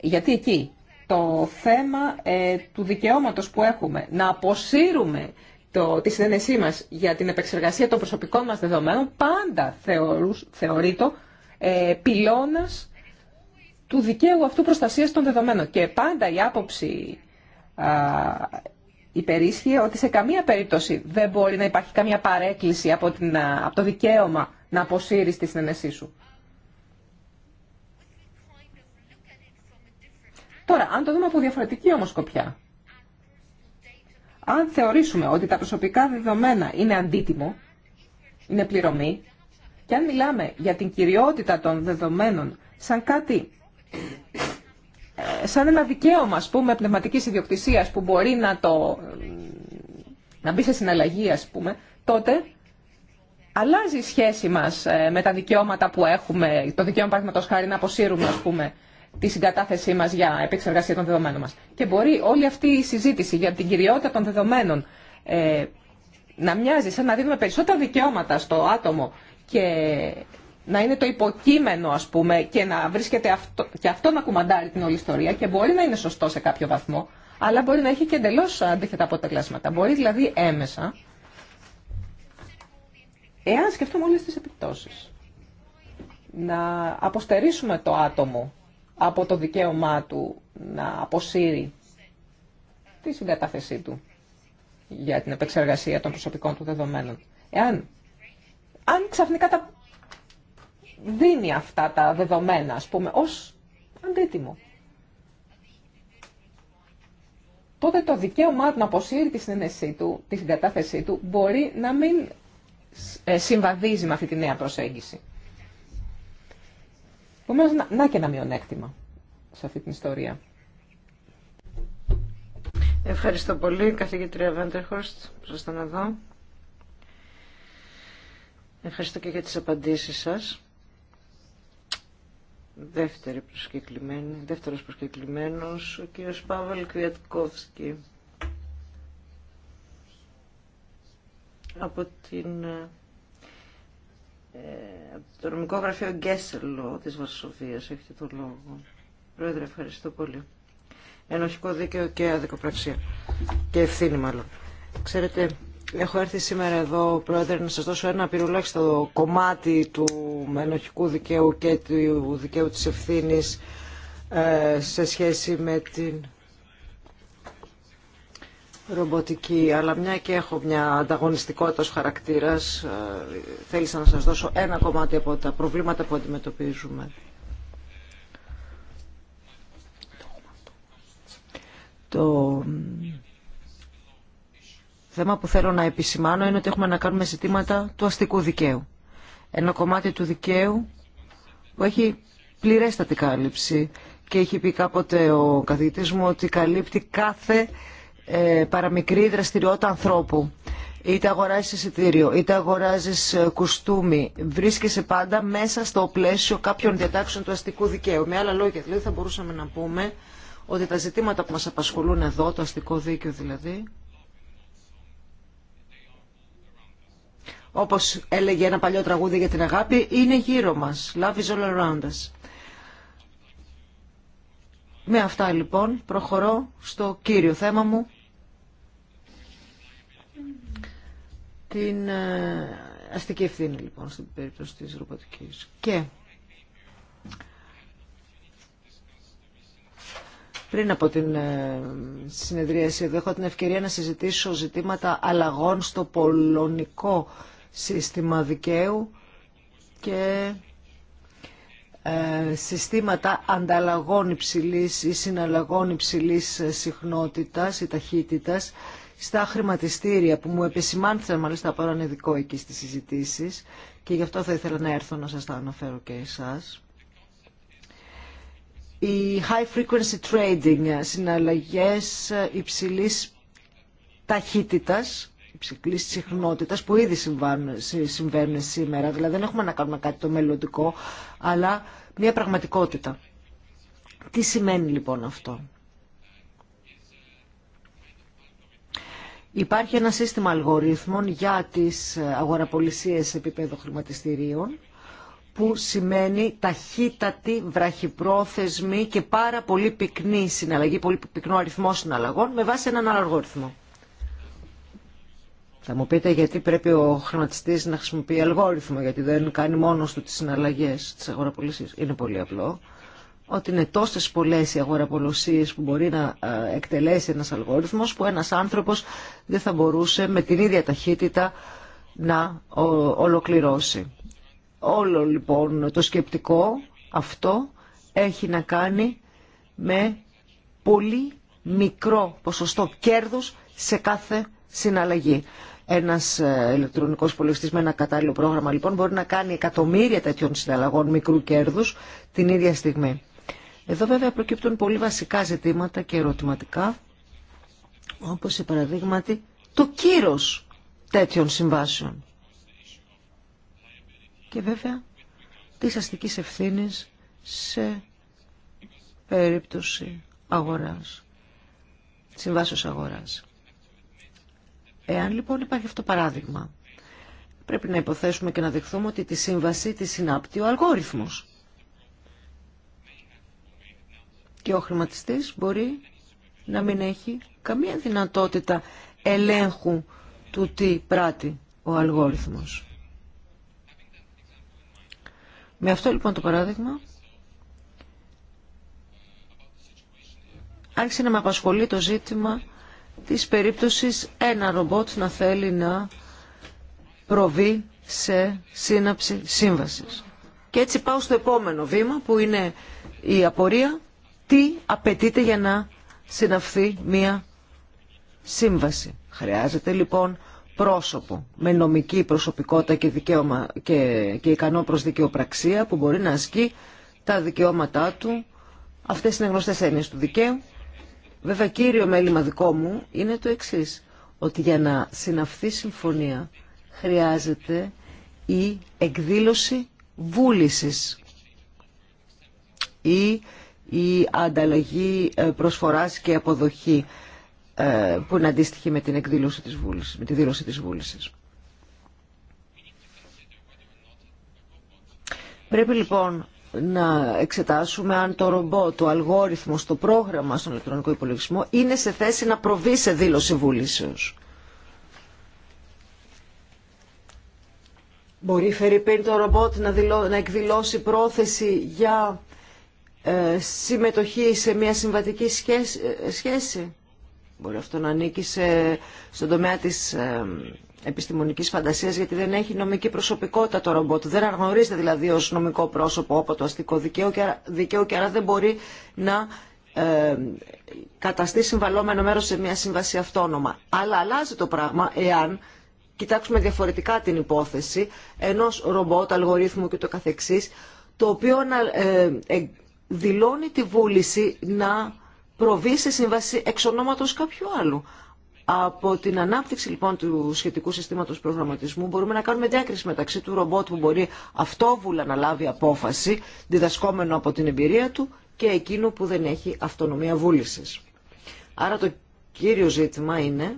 Γιατί εκεί το θέμα ε, του δικαιώματος που έχουμε να αποσύρουμε το, τη συνένεσή μας για την επεξεργασία των προσωπικών μας δεδομένων πάντα θεωρούς, θεωρεί πυλώνας του δικαίου αυτού προστασίας των δεδομένων. Και πάντα η άποψη υπερίσχυε ότι σε καμία περίπτωση δεν μπορεί να υπάρχει καμία παρέκκληση από, την, από το δικαίωμα να αποσύρεις τη συνένεσή σου. Τώρα, αν το δούμε από διαφορετική όμως σκοπιά, αν θεωρήσουμε ότι τα προσωπικά δεδομένα είναι αντίτιμο, είναι πληρωμή, και αν μιλάμε για την κυριότητα των δεδομένων σαν κάτι ε, σαν ένα δικαίωμα, ας πούμε, πνευματικής ιδιοκτησίας που μπορεί να, το, να μπει σε συναλλαγή, ας πούμε, τότε αλλάζει η σχέση μας ε, με τα δικαιώματα που έχουμε, το δικαίωμα παραδείγματος χάρη να αποσύρουμε, ας πούμε, τη συγκατάθεσή μας για επεξεργασία των δεδομένων μας. Και μπορεί όλη αυτή η συζήτηση για την κυριότητα των δεδομένων ε, να μοιάζει σαν να δίνουμε περισσότερα δικαιώματα στο άτομο και να είναι το υποκείμενο ας πούμε και να βρίσκεται αυτό, και αυτό να κουμαντάρει την όλη ιστορία και μπορεί να είναι σωστό σε κάποιο βαθμό αλλά μπορεί να έχει και εντελώ αντίθετα αποτελέσματα. Μπορεί δηλαδή έμεσα, εάν σκεφτούμε όλες τις επιπτώσεις, να αποστερήσουμε το άτομο από το δικαίωμά του να αποσύρει τη συγκατάθεσή του για την επεξεργασία των προσωπικών του δεδομένων. Εάν αν ξαφνικά τα δίνει αυτά τα δεδομένα, ας πούμε, ως αντίτιμο. Τότε το δικαίωμά του να αποσύρει τη συνένεσή του, τη συγκατάθεσή του, μπορεί να μην ε, συμβαδίζει με αυτή τη νέα προσέγγιση. Επομένω, να, να και ένα μειονέκτημα σε αυτή την ιστορία. Ευχαριστώ πολύ, καθηγήτρια Βέντερχορστ, που ήσασταν εδώ. Ευχαριστώ και για τις απαντήσεις σας. Δεύτερη προσκεκλημένη, δεύτερος προσκεκλημένος, ο κ. Παύλ Κριατκόφσκι από την ε, το νομικό γραφείο Γκέσελο της Βαρσοβίας. Έχετε το λόγο. Πρόεδρε, ευχαριστώ πολύ. Ενοχικό δίκαιο και αδικοπραξία. Και ευθύνη μάλλον. Ξέρετε, Έχω έρθει σήμερα εδώ, Πρόεδρε, να σας δώσω ένα πυρουλάχιστο κομμάτι του ενοχικού δικαίου και του δικαίου της ευθύνης ε, σε σχέση με την ρομποτική. Αλλά μια και έχω μια ανταγωνιστικότητα χαρακτήρας, ε, θέλησα να σας δώσω ένα κομμάτι από τα προβλήματα που αντιμετωπίζουμε. Το θέμα που θέλω να επισημάνω είναι ότι έχουμε να κάνουμε ζητήματα του αστικού δικαίου. Ένα κομμάτι του δικαίου που έχει πληρέστατη κάλυψη και έχει πει κάποτε ο καθηγητής μου ότι καλύπτει κάθε ε, παραμικρή δραστηριότητα ανθρώπου. Είτε αγοράζει εισιτήριο, είτε αγοράζει ε, κουστούμι, βρίσκεσαι πάντα μέσα στο πλαίσιο κάποιων διατάξεων του αστικού δικαίου. Με άλλα λόγια, δηλαδή θα μπορούσαμε να πούμε ότι τα ζητήματα που μας απασχολούν εδώ, το αστικό δίκαιο δηλαδή, όπως έλεγε ένα παλιό τραγούδι για την αγάπη, είναι γύρω μας. Love is all around us. Με αυτά λοιπόν προχωρώ στο κύριο θέμα μου, την ε, αστική ευθύνη λοιπόν στην περίπτωση της ρομποτικής. Και πριν από την ε, συνεδρίαση εδώ έχω την ευκαιρία να συζητήσω ζητήματα αλλαγών στο πολωνικό σύστημα δικαίου και ε, συστήματα ανταλλαγών υψηλής ή συναλλαγών υψηλής ε, συχνότητας ή ταχύτητας στα χρηματιστήρια που μου επισημάνθησαν μάλιστα από έναν ειδικό εκεί στις συζητήσεις και γι' αυτό θα ήθελα να έρθω να σας τα αναφέρω και εσάς. Η high frequency trading, ε, συναλλαγές υψηλής ταχύτητας ψηκλής συχνότητα που ήδη συμβαίνει συμβαίνουν σήμερα. Δηλαδή δεν έχουμε να κάνουμε κάτι το μελλοντικό, αλλά μια πραγματικότητα. Τι σημαίνει λοιπόν αυτό. Υπάρχει ένα σύστημα αλγορίθμων για τις ε, αγοραπολισίες σε επίπεδο χρηματιστηρίων που σημαίνει ταχύτατη, βραχυπρόθεσμη και πάρα πολύ πυκνή συναλλαγή, πολύ πυκνό αριθμό συναλλαγών με βάση έναν άλλο θα μου πείτε γιατί πρέπει ο χρηματιστή να χρησιμοποιεί αλγόριθμο, γιατί δεν κάνει μόνο του τι συναλλαγέ τη αγοραπολισία. Είναι πολύ απλό ότι είναι τόσες πολλές οι αγοραπολισίε που μπορεί να ε, εκτελέσει ένας αλγόριθμος που ένας άνθρωπος δεν θα μπορούσε με την ίδια ταχύτητα να ολοκληρώσει. Όλο λοιπόν το σκεπτικό αυτό έχει να κάνει με πολύ μικρό ποσοστό κέρδους σε κάθε συναλλαγή. Ένα ε, ηλεκτρονικός υπολογιστή με ένα κατάλληλο πρόγραμμα λοιπόν μπορεί να κάνει εκατομμύρια τέτοιων συναλλαγών μικρού κέρδου την ίδια στιγμή. Εδώ βέβαια προκύπτουν πολύ βασικά ζητήματα και ερωτηματικά όπως σε παραδείγματι το κύρος τέτοιων συμβάσεων. Και βέβαια τη αστική ευθύνη σε περίπτωση αγοράς, συμβάσεως αγοράς. Εάν λοιπόν υπάρχει αυτό το παράδειγμα, πρέπει να υποθέσουμε και να δεχθούμε ότι τη σύμβαση τη συνάπτει ο αλγόριθμος. Και ο χρηματιστής μπορεί να μην έχει καμία δυνατότητα ελέγχου του τι πράττει ο αλγόριθμος. Με αυτό λοιπόν το παράδειγμα άρχισε να με απασχολεί το ζήτημα της περίπτωσης ένα ρομπότ να θέλει να προβεί σε σύναψη σύμβασης. Και έτσι πάω στο επόμενο βήμα που είναι η απορία τι απαιτείται για να συναυθεί μία σύμβαση. Χρειάζεται λοιπόν πρόσωπο με νομική προσωπικότητα και, δικαίωμα, και, και ικανό προς δικαιοπραξία που μπορεί να ασκεί τα δικαιώματά του. Αυτές είναι γνωστές έννοιες του δικαίου Βέβαια κύριο μέλημα δικό μου είναι το εξή: ότι για να συναυθεί συμφωνία χρειάζεται η εκδήλωση βούλησης ή η ανταλλαγή ε, προσφοράς και αποδοχή ε, που είναι αντίστοιχη με την εκδήλωση της βούλησης, με τη δήλωση της βούλησης. Πρέπει λοιπόν να εξετάσουμε αν το ρομπότ, ο αλγόριθμο, το πρόγραμμα στον ηλεκτρονικό υπολογισμό είναι σε θέση να προβεί σε δήλωση βουλήσεως. Μπορεί φερειπίν το ρομπότ να, να εκδηλώσει πρόθεση για ε, συμμετοχή σε μια συμβατική ε, σχέση. Μπορεί αυτό να ανήκει σε, στον τομέα της ε, επιστημονικής φαντασίας γιατί δεν έχει νομική προσωπικότητα το ρομπότ. Δεν αναγνωρίζεται δηλαδή ως νομικό πρόσωπο από το αστικό δικαίωμα και, και άρα δεν μπορεί να ε, καταστεί συμβαλόμενο μέρος σε μια σύμβαση αυτόνομα. Αλλά αλλάζει το πράγμα εάν κοιτάξουμε διαφορετικά την υπόθεση ενός ρομπότ, αλγορίθμου και το καθεξής το οποίο ε, ε, δηλώνει τη βούληση να προβεί σε σύμβαση εξ ονόματος κάποιου άλλου. Από την ανάπτυξη λοιπόν του σχετικού συστήματος προγραμματισμού μπορούμε να κάνουμε διάκριση μεταξύ του ρομπότ που μπορεί αυτόβουλα να λάβει απόφαση διδασκόμενο από την εμπειρία του και εκείνου που δεν έχει αυτονομία βούλησης. Άρα το κύριο ζήτημα είναι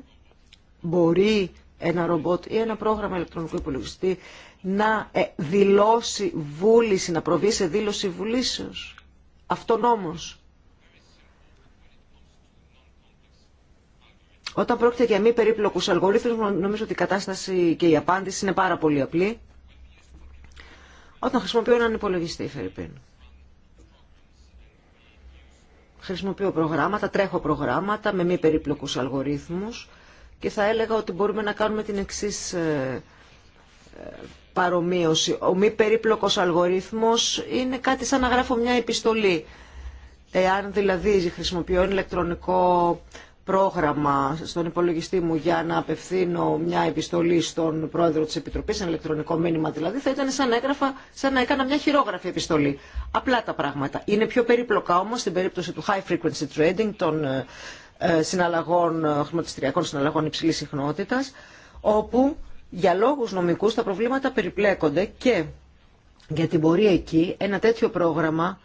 μπορεί ένα ρομπότ ή ένα πρόγραμμα ηλεκτρονικού υπολογιστή να ε, δηλώσει βούληση, να προβεί σε δήλωση βουλήσεως, αυτονόμως. Όταν πρόκειται για μη περίπλοκους αλγορίθμους, νομίζω ότι η κατάσταση και η απάντηση είναι πάρα πολύ απλή. Όταν χρησιμοποιώ έναν υπολογιστή, Φερρυπίν. Χρησιμοποιώ προγράμματα, τρέχω προγράμματα με μη περίπλοκους αλγορίθμους και θα έλεγα ότι μπορούμε να κάνουμε την εξής ε, ε, παρομοίωση. Ο μη περίπλοκος αλγορίθμος είναι κάτι σαν να γράφω μια επιστολή. Εάν δηλαδή χρησιμοποιώ ηλεκτρονικό πρόγραμμα στον υπολογιστή μου για να απευθύνω μια επιστολή στον πρόεδρο της Επιτροπής, ένα ηλεκτρονικό μήνυμα δηλαδή, θα ήταν σαν να, έγραφα, σαν να έκανα μια χειρόγραφη επιστολή. Απλά τα πράγματα. Είναι πιο περίπλοκα όμως στην περίπτωση του high frequency trading, των ε, ε, συναλλαγών, ε, χρηματιστηριακών συναλλαγών υψηλής συχνότητας, όπου για λόγους νομικούς τα προβλήματα περιπλέκονται και γιατί μπορεί εκεί ένα τέτοιο πρόγραμμα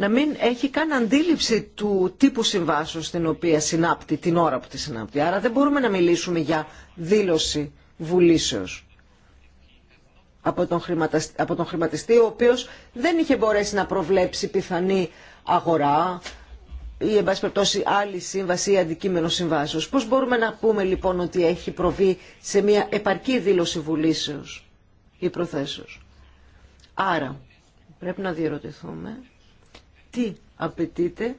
να μην έχει καν αντίληψη του τύπου συμβάσεως την οποία συνάπτει, την ώρα που τη συνάπτει. Άρα δεν μπορούμε να μιλήσουμε για δήλωση βουλήσεως από τον, από χρηματιστή, ο οποίος δεν είχε μπορέσει να προβλέψει πιθανή αγορά ή εν πάση περιπτώσει άλλη σύμβαση ή αντικείμενο συμβάσεως. Πώς μπορούμε να πούμε λοιπόν ότι έχει προβεί σε μια επαρκή δήλωση βουλήσεως ή προθέσεως. Άρα πρέπει να διερωτηθούμε τι απαιτείται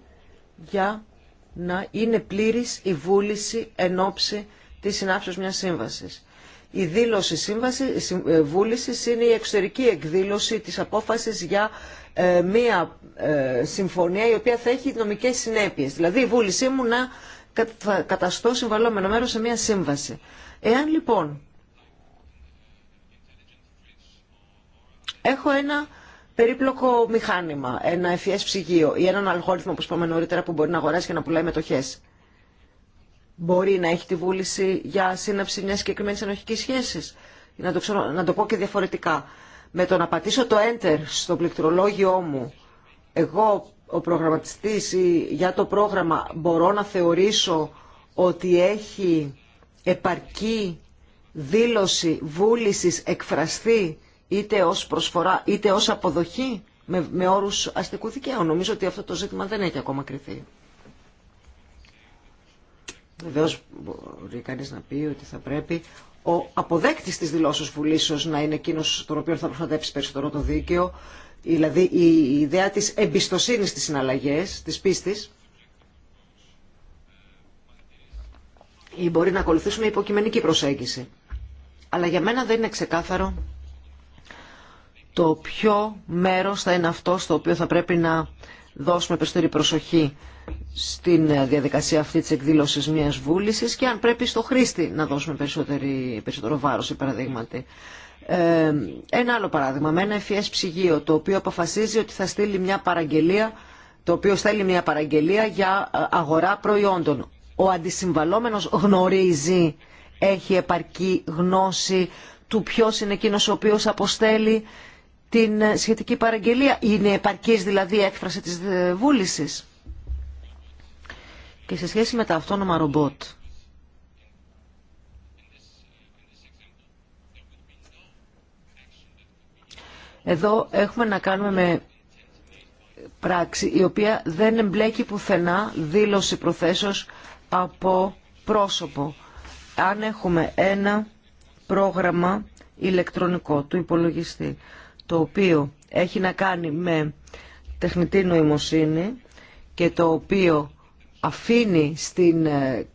για να είναι πλήρης η βούληση εν ώψη της συνάψεως μιας σύμβασης. Η δήλωση σύμβαση, η ε, βούληση είναι η εξωτερική εκδήλωση της απόφασης για ε, μία ε, συμφωνία η οποία θα έχει νομικές συνέπειες. Δηλαδή η βούλησή μου να καταστώ συμβαλόμενο μέρος σε μία σύμβαση. Εάν λοιπόν έχω ένα περίπλοκο μηχάνημα, ένα ευφιέ e ψυγείο ή έναν αλγόριθμο, που είπαμε νωρίτερα, που μπορεί να αγοράσει και να πουλάει μετοχές. Μπορεί να έχει τη βούληση για σύναψη μια συγκεκριμένη ενοχική σχέση. Να το, να το πω και διαφορετικά. Με το να πατήσω το Enter στο πληκτρολόγιο μου, εγώ ο προγραμματιστής ή για το πρόγραμμα μπορώ να θεωρήσω ότι έχει επαρκή δήλωση βούλησης εκφραστεί είτε ως προσφορά είτε ως αποδοχή με, με όρους αστικού δικαίου. Νομίζω ότι αυτό το ζήτημα δεν έχει ακόμα κρυθεί. Βεβαίω μπορεί κανείς να πει ότι θα πρέπει ο αποδέκτης της δηλώσεως βουλήσεως να είναι εκείνος τον οποίο θα προστατεύσει περισσότερο το δίκαιο, δηλαδή η ιδέα της εμπιστοσύνης στις συναλλαγές, της πίστης, ή μπορεί να ακολουθήσουμε υποκειμενική προσέγγιση. Αλλά για μένα δεν είναι ξεκάθαρο το ποιο μέρος θα είναι αυτό στο οποίο θα πρέπει να δώσουμε περισσότερη προσοχή στην διαδικασία αυτή της εκδήλωσης μιας βούλησης και αν πρέπει στο χρήστη να δώσουμε περισσότερη, περισσότερο βάρος, παραδείγματι. Ε, ένα άλλο παράδειγμα, με ένα ευφυές ψυγείο το οποίο αποφασίζει ότι θα στείλει μια παραγγελία το οποίο στέλνει μια παραγγελία για ε, αγορά προϊόντων. Ο αντισυμβαλόμενος γνωρίζει, έχει επαρκή γνώση του ποιος είναι εκείνος ο οποίος αποστέλει την σχετική παραγγελία. Είναι επαρκή δηλαδή η έκφραση τη βούληση. Και σε σχέση με τα αυτόνομα ρομπότ. Εδώ έχουμε να κάνουμε με πράξη η οποία δεν εμπλέκει πουθενά δήλωση προθέσεως από πρόσωπο. Αν έχουμε ένα πρόγραμμα ηλεκτρονικό του υπολογιστή το οποίο έχει να κάνει με τεχνητή νοημοσύνη και το οποίο αφήνει στην ε,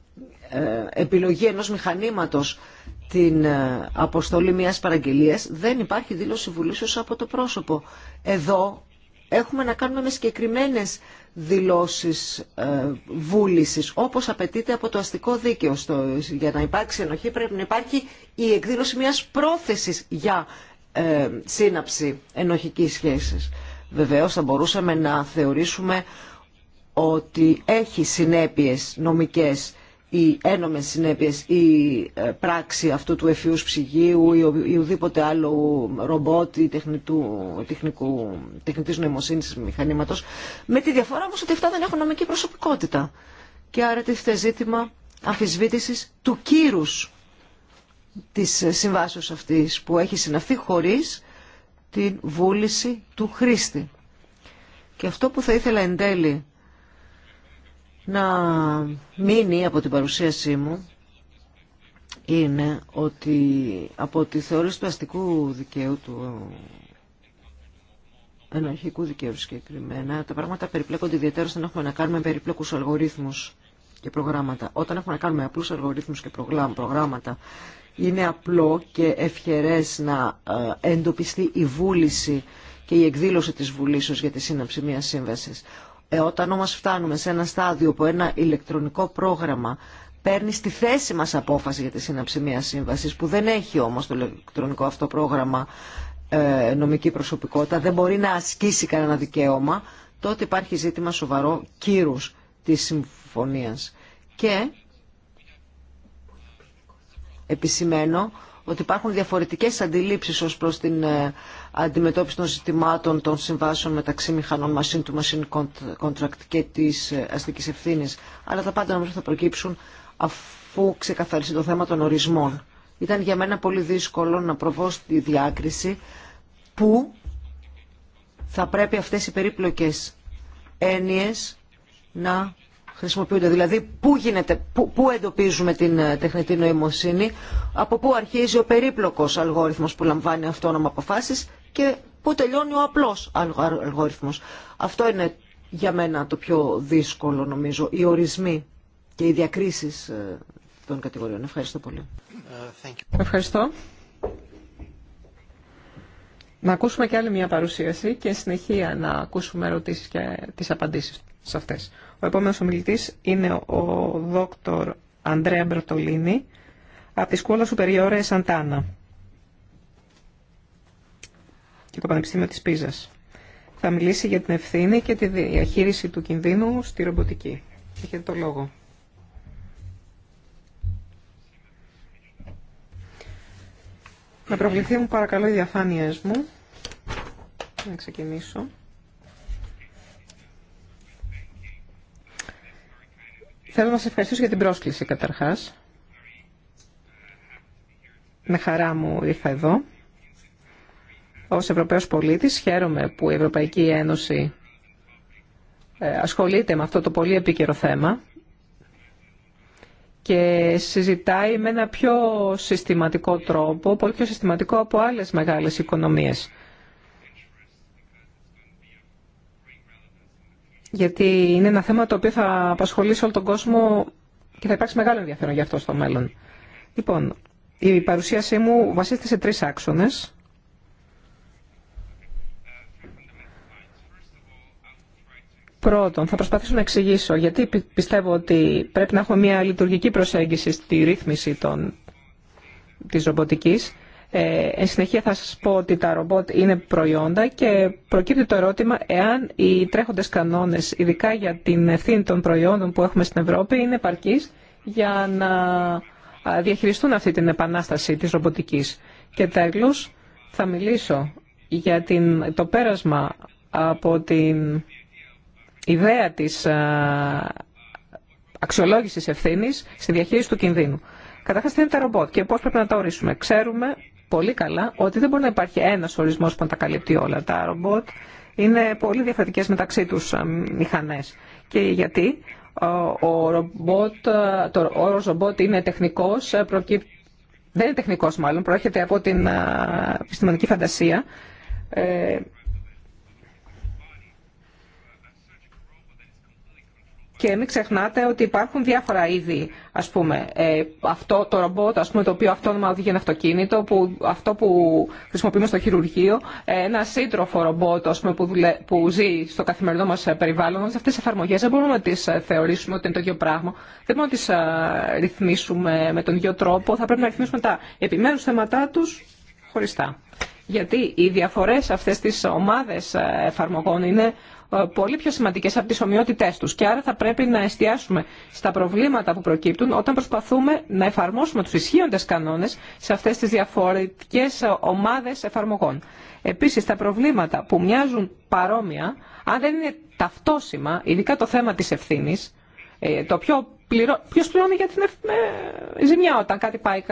ε, επιλογή ενός μηχανήματος την ε, αποστολή μιας παραγγελίας δεν υπάρχει δήλωση βουλήσεως από το πρόσωπο. Εδώ έχουμε να κάνουμε με συγκεκριμένε δηλώσεις ε, βούλησης όπως απαιτείται από το αστικό δίκαιο. για να υπάρξει ενοχή πρέπει να υπάρχει η εκδήλωση μιας πρόθεσης για ε, σύναψη ενοχικής σχέσης. Βεβαίως θα μπορούσαμε να θεωρήσουμε ότι έχει συνέπειες νομικές η ένομες συνέπειες, η ε, πράξη αυτού του εφιούς ψυγείου ή ουδήποτε άλλο ρομπότ ή τεχνητού, τεχνικού, τεχνητής νοημοσύνης μηχανήματος, με τη διαφορά όμως ότι αυτά δεν έχουν νομική προσωπικότητα. Και άρα τίθεται ζήτημα αμφισβήτησης του κύρους της συμβάσεως αυτής που έχει συναφθεί χωρίς την βούληση του χρήστη. Και αυτό που θα ήθελα εν τέλει να μείνει από την παρουσίασή μου είναι ότι από τη θεώρηση του αστικού δικαίου, του ενοχικού δικαίου συγκεκριμένα, τα πράγματα περιπλέκονται ιδιαίτερα όταν έχουμε να κάνουμε περιπλέκους αλγορίθμους και προγράμματα. Όταν έχουμε να κάνουμε απλούς αλγορίθμους και προγράμματα είναι απλό και ευχερές να ε, εντοπιστεί η βούληση και η εκδήλωση της βουλήσεως για τη σύναψη μιας σύμβασης. Ε, όταν όμως φτάνουμε σε ένα στάδιο που ένα ηλεκτρονικό πρόγραμμα παίρνει στη θέση μας απόφαση για τη σύναψη μιας σύμβασης που δεν έχει όμως το ηλεκτρονικό αυτό πρόγραμμα ε, νομική προσωπικότητα, δεν μπορεί να ασκήσει κανένα δικαίωμα, τότε υπάρχει ζήτημα σοβαρό κύρους της συμφωνίας. Και επισημαίνω ότι υπάρχουν διαφορετικές αντιλήψεις ως προς την ε, αντιμετώπιση των ζητημάτων των συμβάσεων μεταξύ μηχανών machine to machine contract και της ε, αστικής ευθύνης. Αλλά τα πάντα νομίζω θα προκύψουν αφού ξεκαθαρίσει το θέμα των ορισμών. Ήταν για μένα πολύ δύσκολο να προβώ στη διάκριση που θα πρέπει αυτές οι περίπλοκες έννοιες να χρησιμοποιούνται, δηλαδή πού, γίνεται, πού, πού εντοπίζουμε την ε, τεχνητή νοημοσύνη, από πού αρχίζει ο περίπλοκος αλγόριθμος που λαμβάνει εντοπιζουμε αποφάσεις και πού τελειώνει ο απλός αλγόριθμος. Αυτό είναι για μένα το πιο δύσκολο νομίζω, οι ορισμοί και οι διακρίσεις ε, των κατηγοριών. Ευχαριστώ πολύ. Ευχαριστώ. Να ακούσουμε και άλλη μια παρουσίαση και συνεχεία να ακούσουμε ερωτήσεις και τις απαντήσεις σε αυτές. Ο επόμενος ομιλητής είναι ο δόκτωρ Ανδρέα Μπερτολίνη από τη Σκόλα Σουπεριόρε Σαντάνα και το Πανεπιστήμιο της Πίζας. Θα μιλήσει για την ευθύνη και τη διαχείριση του κινδύνου στη ρομποτική. Έχετε το λόγο. Να προβληθεί μου παρακαλώ οι διαφάνειες μου. Να ξεκινήσω. Θέλω να σας ευχαριστήσω για την πρόσκληση καταρχάς. Με χαρά μου ήρθα εδώ. Ως Ευρωπαίος πολίτης χαίρομαι που η Ευρωπαϊκή Ένωση ε, ασχολείται με αυτό το πολύ επίκαιρο θέμα και συζητάει με ένα πιο συστηματικό τρόπο, πολύ πιο συστηματικό από άλλες μεγάλες οικονομίες. γιατί είναι ένα θέμα το οποίο θα απασχολήσει όλο τον κόσμο και θα υπάρξει μεγάλο ενδιαφέρον για αυτό στο μέλλον. Λοιπόν, η παρουσίασή μου βασίζεται σε τρεις άξονες. Πρώτον, θα προσπαθήσω να εξηγήσω γιατί πιστεύω ότι πρέπει να έχουμε μια λειτουργική προσέγγιση στη ρύθμιση των, της ρομποτικής ε, εν συνεχεία θα σας πω ότι τα ρομπότ είναι προϊόντα και προκύπτει το ερώτημα εάν οι τρέχοντες κανόνες, ειδικά για την ευθύνη των προϊόντων που έχουμε στην Ευρώπη, είναι επαρκείς για να διαχειριστούν αυτή την επανάσταση της ρομποτικής. Και τέλος θα μιλήσω για την, το πέρασμα από την ιδέα της αξιολόγησης ευθύνης στη διαχείριση του κινδύνου. Καταρχάς τι είναι τα ρομπότ και πώς πρέπει να τα ορίσουμε. Ξέρουμε πολύ καλά ότι δεν μπορεί να υπάρχει ένας ορισμός που να τα καλύπτει όλα τα ρομπότ. Είναι πολύ διαφορετικές μεταξύ τους ε, μηχανές. Και γιατί ο, ρομπότ, ε, το όρος ρομπότ είναι τεχνικός, ε, προκύπτει δεν είναι τεχνικός μάλλον, προέρχεται από την επιστημονική φαντασία. Και μην ξεχνάτε ότι υπάρχουν διάφορα είδη, ας πούμε, ε, αυτό το ρομπότ, ας πούμε, το οποίο αυτόνομα οδηγεί ένα αυτοκίνητο, που, αυτό που χρησιμοποιούμε στο χειρουργείο, ε, ένα σύντροφο ρομπότ, ας πούμε, που, που ζει στο καθημερινό μας ε, περιβάλλον, αυτέ αυτές τις εφαρμογές δεν μπορούμε να τις θεωρήσουμε ότι είναι το ίδιο πράγμα. Δεν μπορούμε να τις ρυθμίσουμε με τον ίδιο τρόπο, θα πρέπει να ρυθμίσουμε τα επιμέρους θέματά τους χωριστά. Γιατί οι διαφορές αυτές τις ομάδες εφαρμογών είναι ε, πολύ πιο σημαντικές από τις ομοιότητές τους και άρα θα πρέπει να εστιάσουμε στα προβλήματα που προκύπτουν όταν προσπαθούμε να εφαρμόσουμε τους ισχύοντες κανόνες σε αυτές τις διαφορετικές ε, ομάδες εφαρμογών. Επίσης τα προβλήματα που μοιάζουν παρόμοια, αν δεν είναι ταυτόσιμα, ειδικά το θέμα της ευθύνη, ε, το πιο Ποιο πληρώνει για την ευ... ζημιά όταν κάτι πάει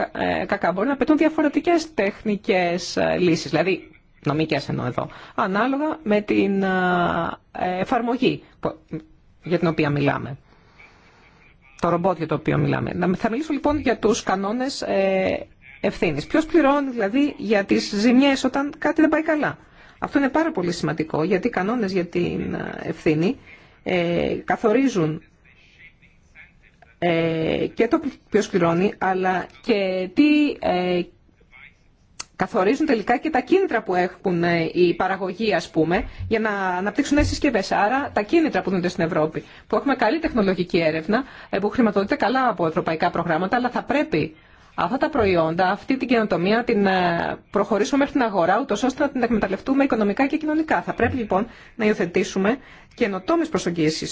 κακά. Μπορεί να πετούν διαφορετικέ τεχνικέ λύσει. Δηλαδή, νομικές εννοώ εδώ, ανάλογα με την ε, εφαρμογή για την οποία μιλάμε. Το ρομπότ για το οποίο μιλάμε. Θα μιλήσω λοιπόν για τους κανόνες ε, ευθύνη. Ποιο πληρώνει δηλαδή για τις ζημιές όταν κάτι δεν πάει καλά. Αυτό είναι πάρα πολύ σημαντικό γιατί οι κανόνες για την ε, ευθύνη ε, καθορίζουν ε, και το ποιος πληρώνει αλλά και τι ε, καθορίζουν τελικά και τα κίνητρα που έχουν ε, οι παραγωγοί, ας πούμε, για να αναπτύξουν νέε συσκευέ. Άρα τα κίνητρα που δίνονται στην Ευρώπη, που έχουμε καλή τεχνολογική έρευνα, ε, που χρηματοδοτείται καλά από ευρωπαϊκά προγράμματα, αλλά θα πρέπει αυτά τα προϊόντα, αυτή την καινοτομία, την ε, προχωρήσουμε μέχρι την αγορά, ούτω ώστε να την εκμεταλλευτούμε οικονομικά και κοινωνικά. Θα πρέπει λοιπόν να υιοθετήσουμε καινοτόμε προσεγγίσει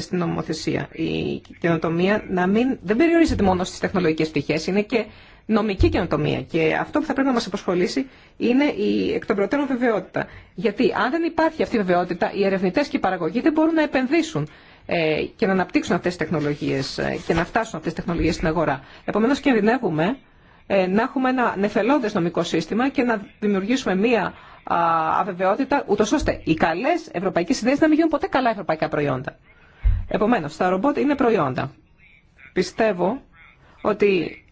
στην νομοθεσία. Η καινοτομία να μην, δεν περιορίζεται μόνο στι τεχνολογικέ πτυχέ, είναι και νομική καινοτομία. Και αυτό που θα πρέπει να μα απασχολήσει είναι η εκ των προτέρων βεβαιότητα. Γιατί αν δεν υπάρχει αυτή η βεβαιότητα, οι ερευνητέ και οι παραγωγοί δεν μπορούν να επενδύσουν ε, και να αναπτύξουν αυτέ τι τεχνολογίε ε, και να φτάσουν αυτέ τι τεχνολογίε στην αγορά. Επομένω, κινδυνεύουμε ε, να έχουμε ένα νεφελώδε νομικό σύστημα και να δημιουργήσουμε μία αβεβαιότητα, ούτω ώστε οι καλέ ευρωπαϊκέ ιδέε να μην γίνουν ποτέ καλά ευρωπαϊκά προϊόντα. Επομένω, τα ρομπότ είναι προϊόντα. Πιστεύω ότι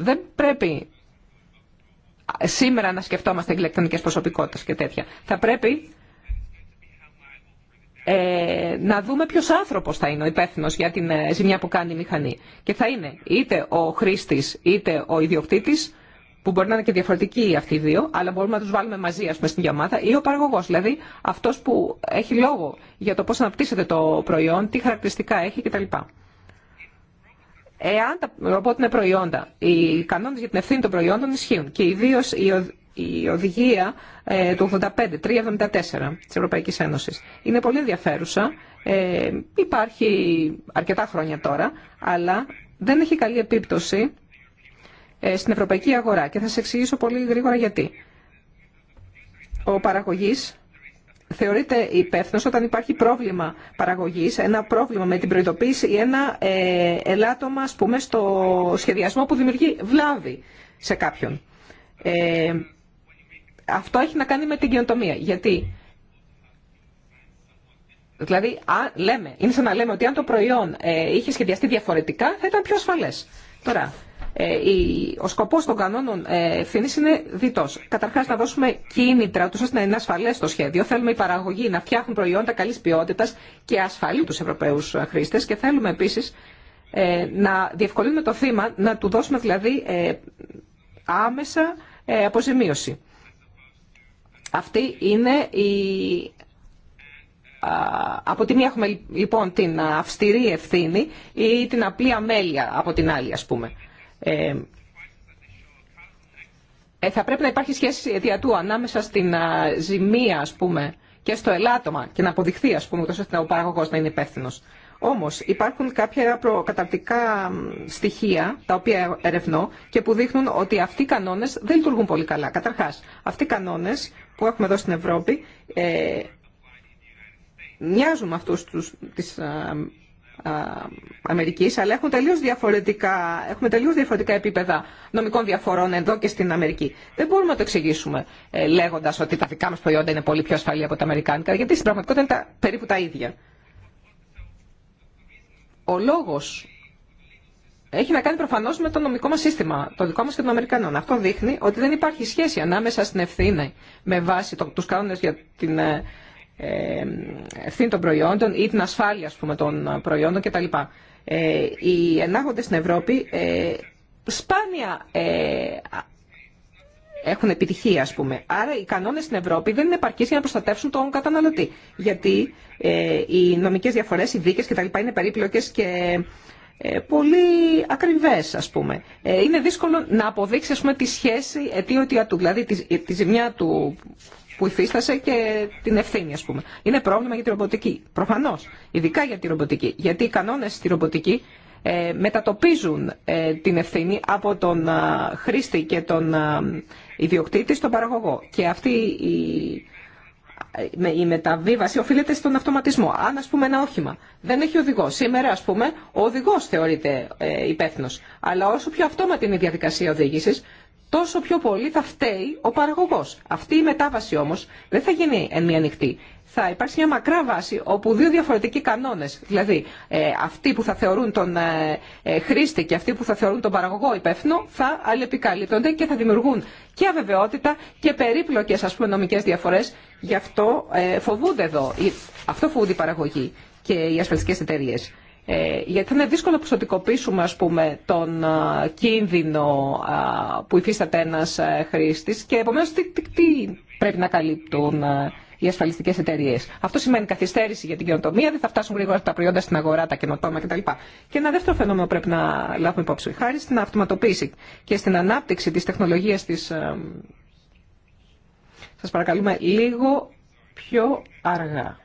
δεν πρέπει σήμερα να σκεφτόμαστε ηλεκτρονικές προσωπικότητες και τέτοια. Θα πρέπει ε, να δούμε ποιος άνθρωπος θα είναι ο υπεύθυνος για την ε, ζημιά που κάνει η μηχανή. Και θα είναι είτε ο χρήστης είτε ο ιδιοκτήτης, που μπορεί να είναι και διαφορετικοί αυτοί οι δύο, αλλά μπορούμε να τους βάλουμε μαζί ας πούμε, στην ομάδα, ή ο παραγωγός, δηλαδή αυτός που έχει λόγο για το πώς αναπτύσσεται το προϊόν, τι χαρακτηριστικά έχει κτλ. Εάν τα ρομπότ προϊόντα, οι κανόνες για την ευθύνη των προϊόντων ισχύουν και ιδίω η οδηγία ε, του 85, 374 της Ευρωπαϊκής Ένωσης. Είναι πολύ ενδιαφέρουσα, ε, υπάρχει αρκετά χρόνια τώρα, αλλά δεν έχει καλή επίπτωση ε, στην ευρωπαϊκή αγορά και θα σας εξηγήσω πολύ γρήγορα γιατί. Ο παραγωγής θεωρείται υπεύθυνο όταν υπάρχει πρόβλημα παραγωγής, ένα πρόβλημα με την προειδοποίηση ή ένα ε, ελάττωμα ας πούμε, στο σχεδιασμό που δημιουργεί βλάβη σε κάποιον. Ε, αυτό έχει να κάνει με την καινοτομία. Γιατί, δηλαδή, α, λέμε, είναι σαν να λέμε ότι αν το προϊόν ε, είχε σχεδιαστεί διαφορετικά θα ήταν πιο ασφαλές. Τώρα, ε, ο σκοπός των κανόνων ε, ευθύνης είναι διτός. Καταρχάς να δώσουμε κίνητρα τους ώστε να είναι ασφαλές το σχέδιο. Θέλουμε οι παραγωγή να φτιάχνουν προϊόντα καλής ποιότητας και ασφαλή τους Ευρωπαίους χρήστες και θέλουμε επίσης ε, να διευκολύνουμε το θύμα, να του δώσουμε δηλαδή άμεσα αποζημίωση. Αυτή είναι η... Από τη μία έχουμε λοιπόν την αυστηρή ευθύνη ή την απλή αμέλεια από την άλλη ας πούμε. Ε, ε, θα πρέπει να υπάρχει σχέση του ανάμεσα στην ζημία, ας πούμε, και στο ελάττωμα και να αποδειχθεί, ας πούμε, τόσο ο παραγωγός να είναι υπεύθυνο. Όμως υπάρχουν κάποια προκαταρτικά στοιχεία τα οποία ε, ερευνώ και που δείχνουν ότι αυτοί οι κανόνες δεν λειτουργούν πολύ καλά. Καταρχάς, αυτοί οι κανόνες που έχουμε εδώ στην Ευρώπη ε, μοιάζουν με αυτούς τους, ε, Αμερικής, αλλά έχουν τελείως διαφορετικά, έχουμε τελείως διαφορετικά επίπεδα νομικών διαφορών εδώ και στην Αμερική. Δεν μπορούμε να το εξηγήσουμε ε, λέγοντας ότι τα δικά μας προϊόντα είναι πολύ πιο ασφαλή από τα αμερικάνικα, γιατί στην πραγματικότητα είναι περίπου τα ίδια. Ο λόγος έχει να κάνει προφανώς με το νομικό μας σύστημα, το δικό μας και των Αμερικανών. Αυτό δείχνει ότι δεν υπάρχει σχέση ανάμεσα στην ευθύνη με βάση το, τους κανόνες για την ε, ε, ευθύνη των προϊόντων ή την ασφάλεια πούμε, των προϊόντων κτλ. Ε, οι ενάγοντες στην Ευρώπη ε, σπάνια ε, έχουν επιτυχία, ας πούμε. Άρα οι κανόνες στην Ευρώπη δεν είναι επαρκείς για να προστατεύσουν τον καταναλωτή. Γιατί ε, οι νομικές διαφορές, οι δίκες κτλ. είναι περίπλοκες και ε, πολύ ακριβές, πούμε. Ε, είναι δύσκολο να αποδείξει, ας πούμε, τη σχέση του, δηλαδή τη, τη ζημιά του που υφίστασε και την ευθύνη, α πούμε. Είναι πρόβλημα για τη ρομποτική. Προφανώ. ειδικά για τη ρομποτική. Γιατί οι κανόνε στη ρομποτική ε, μετατοπίζουν ε, την ευθύνη από τον ε, χρήστη και τον ιδιοκτήτη στον παραγωγό. Και αυτή η, μεταβίβαση οφείλεται στον αυτοματισμό. Αν, ας πούμε, ένα όχημα δεν έχει οδηγό. Σήμερα, ας πούμε, ο οδηγός θεωρείται ε, υπεύθυνο. Αλλά όσο πιο αυτόματη είναι η διαδικασία οδήγησης, τόσο πιο πολύ θα φταίει ο παραγωγός. Αυτή η μετάβαση όμως δεν θα γίνει εν μία νυχτή. Θα υπάρξει μια μακρά βάση όπου δύο διαφορετικοί κανόνες, δηλαδή ε, αυτοί που θα θεωρούν τον ε, ε, χρήστη και αυτοί που θα θεωρούν τον παραγωγό υπεύθυνο, θα αλληλεπικαλύπτονται και θα δημιουργούν και αβεβαιότητα και περίπλοκες νομικέ διαφορέ, Γι' αυτό φοβούνται εδώ, αυτό φοβούνται οι παραγωγοί και οι ασφαλιστικέ εταιρείε. Ε, γιατί θα είναι δύσκολο να προσωπικοποιήσουμε ας πούμε, τον ε, κίνδυνο που υφίσταται ένας ε, χρήστης και επομένως τι, τι, τι πρέπει να καλύπτουν οι ασφαλιστικέ εταιρείε. Αυτό σημαίνει καθυστέρηση για την καινοτομία, δεν θα φτάσουν γρήγορα τα προϊόντα στην αγορά, τα καινοτόμα κτλ. Και ένα δεύτερο φαινόμενο πρέπει να λάβουμε υπόψη. Χάρη στην αυτοματοποίηση και στην ανάπτυξη τη τεχνολογία τη. Σα παρακαλούμε λίγο πιο αργά.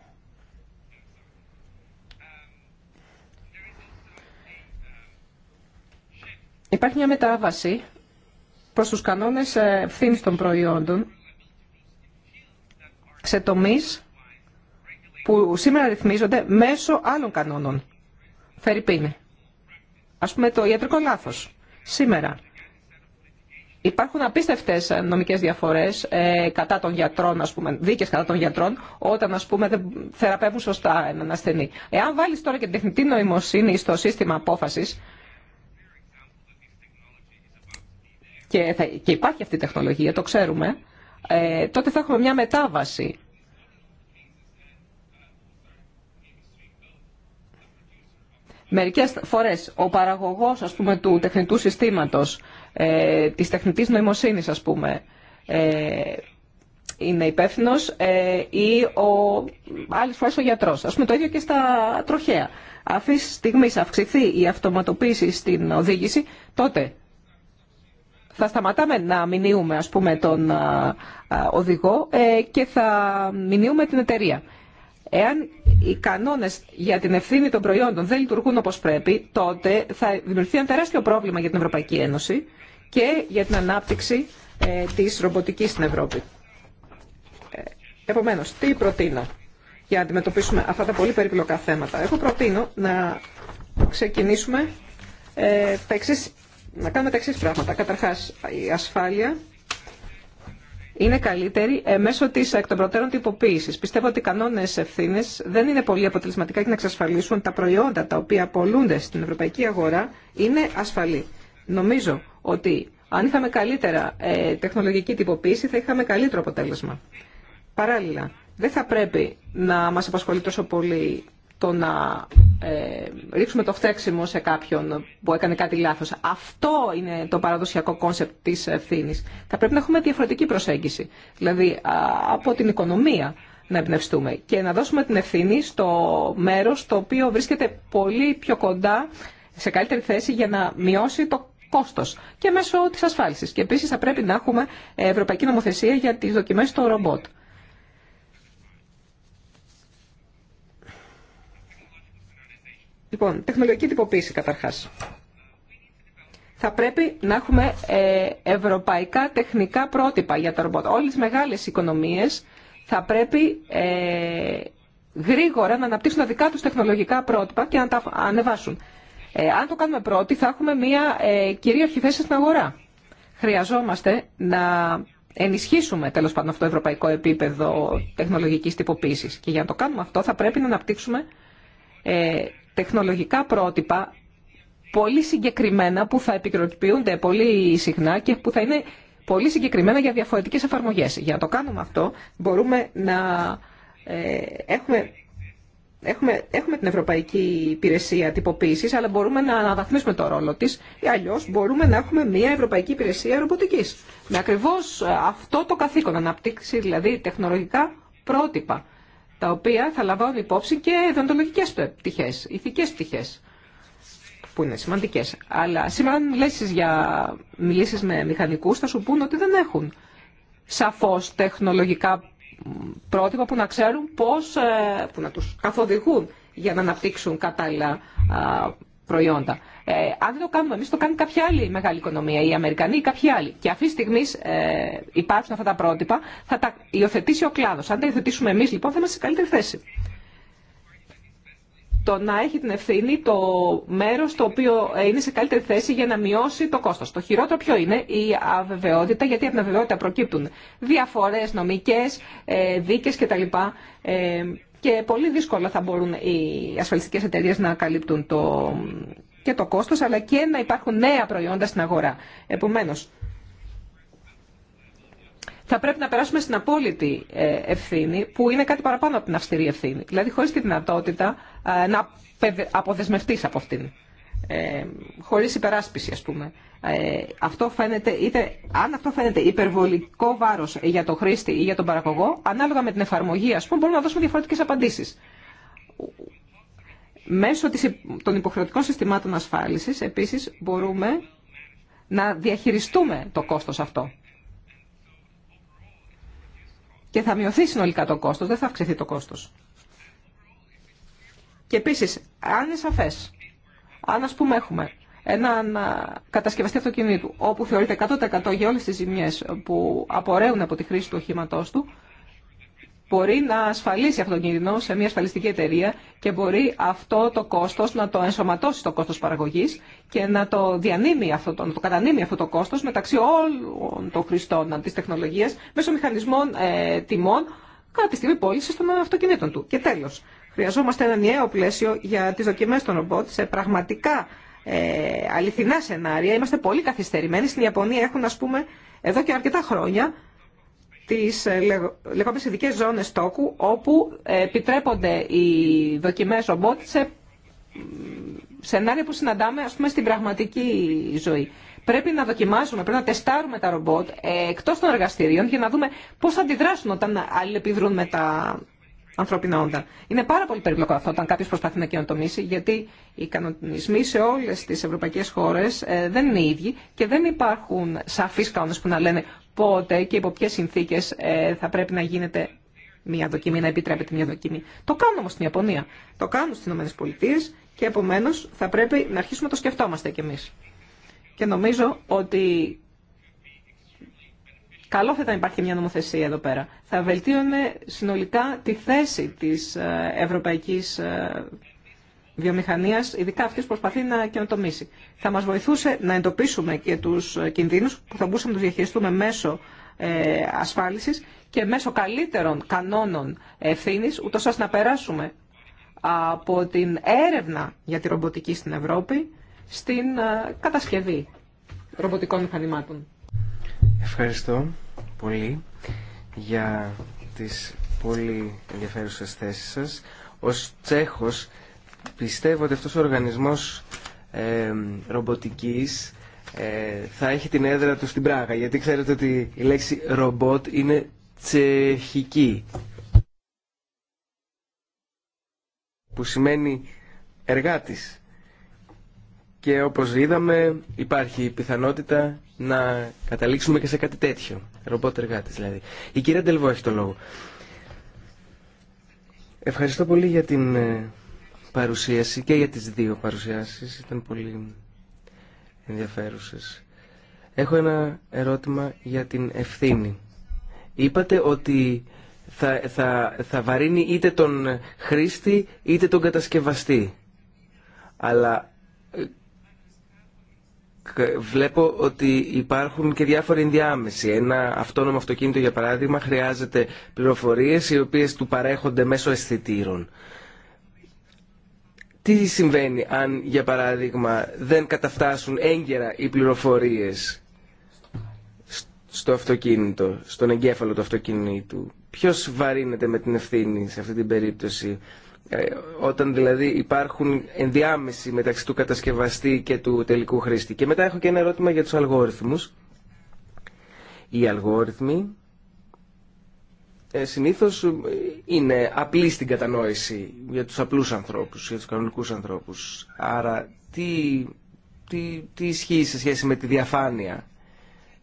Υπάρχει μια μετάβαση προς τους κανόνες ε, ευθύνη των προϊόντων σε τομείς που σήμερα ρυθμίζονται μέσω άλλων κανόνων. Φερρυπίνη. Ας πούμε το ιατρικό λάθος. Σήμερα υπάρχουν απίστευτες ε, νομικές διαφορές ε, κατά των γιατρών, ας πούμε, δίκες κατά των γιατρών, όταν ας πούμε δεν θεραπεύουν σωστά έναν ασθενή. Εάν βάλεις τώρα και την τεχνητή νοημοσύνη στο σύστημα απόφασης, και, θα, υπάρχει αυτή η τεχνολογία, το ξέρουμε, ε, τότε θα έχουμε μια μετάβαση. Μερικές φορές ο παραγωγός ας πούμε, του τεχνητού συστήματος, ε, της τεχνητής νοημοσύνης ας πούμε, ε, είναι υπεύθυνο ε, ή ο, άλλες φορές ο γιατρός. Ας πούμε το ίδιο και στα τροχέα. Αυτή τη αυξηθεί η αυτοματοποίηση στην οδήγηση, τότε θα σταματάμε να μηνύουμε ας πούμε τον οδηγό ε, και θα μηνύουμε την εταιρεία. Εάν οι κανόνε για την ευθύνη των προϊόντων δεν λειτουργούν όπω πρέπει, τότε θα δημιουργηθεί ένα τεράστιο πρόβλημα για την Ευρωπαϊκή Ένωση και για την ανάπτυξη ε, τη ρομποτική στην Ευρώπη. Ε, Επομένω, τι προτείνω για να αντιμετωπίσουμε αυτά τα πολύ περίπλοκα θέματα. Εγώ προτείνω να ξεκινήσουμε τα εξή να κάνουμε τα εξή πράγματα. Καταρχάς, η ασφάλεια είναι καλύτερη ε, μέσω της εκ των προτέρων τυποποίηση. Πιστεύω ότι οι κανόνε ευθύνε δεν είναι πολύ αποτελεσματικά για να εξασφαλίσουν τα προϊόντα τα οποία πολλούνται στην ευρωπαϊκή αγορά είναι ασφαλή. Νομίζω ότι αν είχαμε καλύτερα ε, τεχνολογική τυποποίηση θα είχαμε καλύτερο αποτέλεσμα. Παράλληλα, δεν θα πρέπει να μας απασχολεί τόσο πολύ το να ε, ρίξουμε το φταίξιμο σε κάποιον που έκανε κάτι λάθος. Αυτό είναι το παραδοσιακό κόνσεπτ της ευθύνη. Θα πρέπει να έχουμε διαφορετική προσέγγιση. Δηλαδή από την οικονομία να εμπνευστούμε και να δώσουμε την ευθύνη στο μέρος το οποίο βρίσκεται πολύ πιο κοντά σε καλύτερη θέση για να μειώσει το κόστος και μέσω της ασφάλισης. Και επίσης θα πρέπει να έχουμε ευρωπαϊκή νομοθεσία για τις δοκιμές στο ρομπότ. Λοιπόν, τεχνολογική τυποποίηση καταρχάς. Θα πρέπει να έχουμε ε, ευρωπαϊκά τεχνικά πρότυπα για τα ρομπότ. Όλες τις μεγάλες οικονομίες θα πρέπει ε, γρήγορα να αναπτύξουν τα δικά τους τεχνολογικά πρότυπα και να τα ανεβάσουν. Ε, αν το κάνουμε πρώτοι θα έχουμε μια ε, κυρίαρχη θέση στην αγορά. Χρειαζόμαστε να ενισχύσουμε τέλο πάντων αυτό το ευρωπαϊκό επίπεδο τεχνολογικής τυποποίησης. Και για να το κάνουμε αυτό θα πρέπει να αναπτύξουμε ε, τεχνολογικά πρότυπα πολύ συγκεκριμένα που θα επικροτηποιούνται πολύ συχνά και που θα είναι πολύ συγκεκριμένα για διαφορετικές εφαρμογές. Για να το κάνουμε αυτό μπορούμε να ε, έχουμε, έχουμε, έχουμε την Ευρωπαϊκή Υπηρεσία Τυποποίησης αλλά μπορούμε να αναδαθμίσουμε το ρόλο της ή αλλιώς μπορούμε να έχουμε μια Ευρωπαϊκή Υπηρεσία Ρομποτικής με ακριβώς αυτό το καθήκον, να αναπτύξει δηλαδή τεχνολογικά πρότυπα τα οποία θα λαμβάνουν υπόψη και δοντολογικές πτυχές, ηθικές πτυχές, που είναι σημαντικές. Αλλά σήμερα αν μιλήσεις, για, μιλήσεις με μηχανικούς θα σου πούν ότι δεν έχουν σαφώς τεχνολογικά πρότυπα που να ξέρουν πώς, ε, που να τους καθοδηγούν για να αναπτύξουν κατάλληλα προϊόντα. Ε, αν δεν το κάνουμε εμεί, το κάνει κάποια άλλη μεγάλη οικονομία, οι Αμερικανοί ή κάποιοι άλλοι. Και αυτή τη στιγμή ε, υπάρχουν αυτά τα πρότυπα, θα τα υιοθετήσει ο κλάδο. Αν τα υιοθετήσουμε εμεί, λοιπόν, θα είμαστε σε καλύτερη θέση. Το να έχει την ευθύνη το μέρο το οποίο ε, είναι σε καλύτερη θέση για να μειώσει το κόστο. Το χειρότερο ποιο είναι η αβεβαιότητα, γιατί από την αβεβαιότητα προκύπτουν διαφορέ νομικέ, ε, δίκε κτλ. Ε, και πολύ δύσκολα θα μπορούν οι ασφαλιστικές εταιρείες να καλύπτουν το, και το κόστος αλλά και να υπάρχουν νέα προϊόντα στην αγορά. Επομένως, θα πρέπει να περάσουμε στην απόλυτη ε, ευθύνη που είναι κάτι παραπάνω από την αυστηρή ευθύνη. Δηλαδή χωρίς τη δυνατότητα ε, να αποδεσμευτείς από αυτήν ε, χωρίς υπεράσπιση ας πούμε. Ε, αυτό φαίνεται, είτε, αν αυτό φαίνεται υπερβολικό βάρος για το χρήστη ή για τον παραγωγό, ανάλογα με την εφαρμογή ας πούμε μπορούμε να δώσουμε διαφορετικές απαντήσεις. Μέσω της, των υποχρεωτικών συστημάτων ασφάλισης επίσης μπορούμε να διαχειριστούμε το κόστος αυτό. Και θα μειωθεί συνολικά το κόστος, δεν θα αυξηθεί το κόστος. Και επίσης, αν είναι σαφές αν α πούμε έχουμε έναν κατασκευαστή αυτοκινήτου όπου θεωρείται 100% για όλες τις ζημιές που απορρέουν από τη χρήση του οχήματό του, μπορεί να ασφαλίσει αυτόν τον κίνδυνο σε μια ασφαλιστική εταιρεία και μπορεί αυτό το κόστος να το ενσωματώσει στο κόστος παραγωγής και να το, διανύμει αυτό, το, να το κατανείμει αυτό το κόστος μεταξύ όλων των χρηστών της τεχνολογίας μέσω μηχανισμών ε, τιμών κατά τη στιγμή πώληση των αυτοκινήτων του. Και τέλος, Χρειαζόμαστε ένα νέο πλαίσιο για τις δοκιμές των ρομπότ σε πραγματικά ε, αληθινά σενάρια. Είμαστε πολύ καθυστερημένοι. Στην Ιαπωνία έχουν, ας πούμε, εδώ και αρκετά χρόνια τις ε, λεγόμενες ειδικέ ζώνες τόκου όπου ε, επιτρέπονται οι δοκιμές ρομπότ σε σενάρια που συναντάμε ας πούμε στην πραγματική ζωή. Πρέπει να δοκιμάσουμε, πρέπει να τεστάρουμε τα ρομπότ ε, εκτός των εργαστηρίων για να δούμε πώς θα αντιδράσουν όταν αλληλεπιδρούν με τα ανθρώπινα όντα. Είναι πάρα πολύ περίπλοκο αυτό όταν κάποιο προσπαθεί να καινοτομήσει, γιατί οι κανονισμοί σε όλε τι ευρωπαϊκέ χώρε ε, δεν είναι οι ίδιοι και δεν υπάρχουν σαφεί κανόνε που να λένε πότε και υπό ποιε συνθήκε ε, θα πρέπει να γίνεται μια δοκιμή, να επιτρέπεται μια δοκιμή. Το κάνουν όμω στην Ιαπωνία, το κάνουν στι ΗΠΑ και επομένω θα πρέπει να αρχίσουμε να το σκεφτόμαστε κι εμεί. Και νομίζω ότι καλό θα ήταν να υπάρχει μια νομοθεσία εδώ πέρα θα βελτίωνε συνολικά τη θέση της ε, ευρωπαϊκής ε, βιομηχανίας, ειδικά αυτή που προσπαθεί να καινοτομήσει. Θα μας βοηθούσε να εντοπίσουμε και τους ε, κινδύνους που θα μπορούσαμε να τους διαχειριστούμε μέσω ασφάλισης και μέσω καλύτερων κανόνων ευθύνη, ούτω ώστε να περάσουμε από την έρευνα για τη ρομποτική στην Ευρώπη στην κατασκευή ρομποτικών μηχανημάτων. Ευχαριστώ πολύ για τις πολύ ενδιαφέρουσες θέσεις σας. Ως Τσέχος πιστεύω ότι αυτός ο οργανισμός ε, ρομποτικής θα έχει την έδρα του στην Πράγα, γιατί ξέρετε ότι η λέξη ρομπότ είναι τσεχική, που σημαίνει εργάτης. Και όπως είδαμε υπάρχει η πιθανότητα να καταλήξουμε και σε κάτι τέτοιο ρομπότ εργάτης δηλαδή. Η κυρία Ντελβό έχει το λόγο. Ευχαριστώ πολύ για την ε, παρουσίαση και για τις δύο παρουσιάσεις. Ήταν πολύ ενδιαφέρουσες. Έχω ένα ερώτημα για την ευθύνη. Είπατε ότι θα, θα, θα βαρύνει είτε τον χρήστη είτε τον κατασκευαστή. Αλλά Βλέπω ότι υπάρχουν και διάφοροι ενδιάμεσοι. Ένα αυτόνομο αυτοκίνητο, για παράδειγμα, χρειάζεται πληροφορίες οι οποίες του παρέχονται μέσω αισθητήρων. Τι συμβαίνει αν, για παράδειγμα, δεν καταφτάσουν έγκαιρα οι πληροφορίες στο αυτοκίνητο, στον εγκέφαλο του αυτοκίνητου. Ποιος βαρύνεται με την ευθύνη σε αυτή την περίπτωση. Ε, όταν δηλαδή υπάρχουν ενδιάμεση μεταξύ του κατασκευαστή και του τελικού χρήστη. Και μετά έχω και ένα ερώτημα για τους αλγόριθμους. Οι αλγόριθμοι ε, συνήθως ε, είναι απλοί στην κατανόηση για τους απλούς ανθρώπους, για τους κανονικούς ανθρώπους. Άρα τι, τι, τι ισχύει σε σχέση με τη διαφάνεια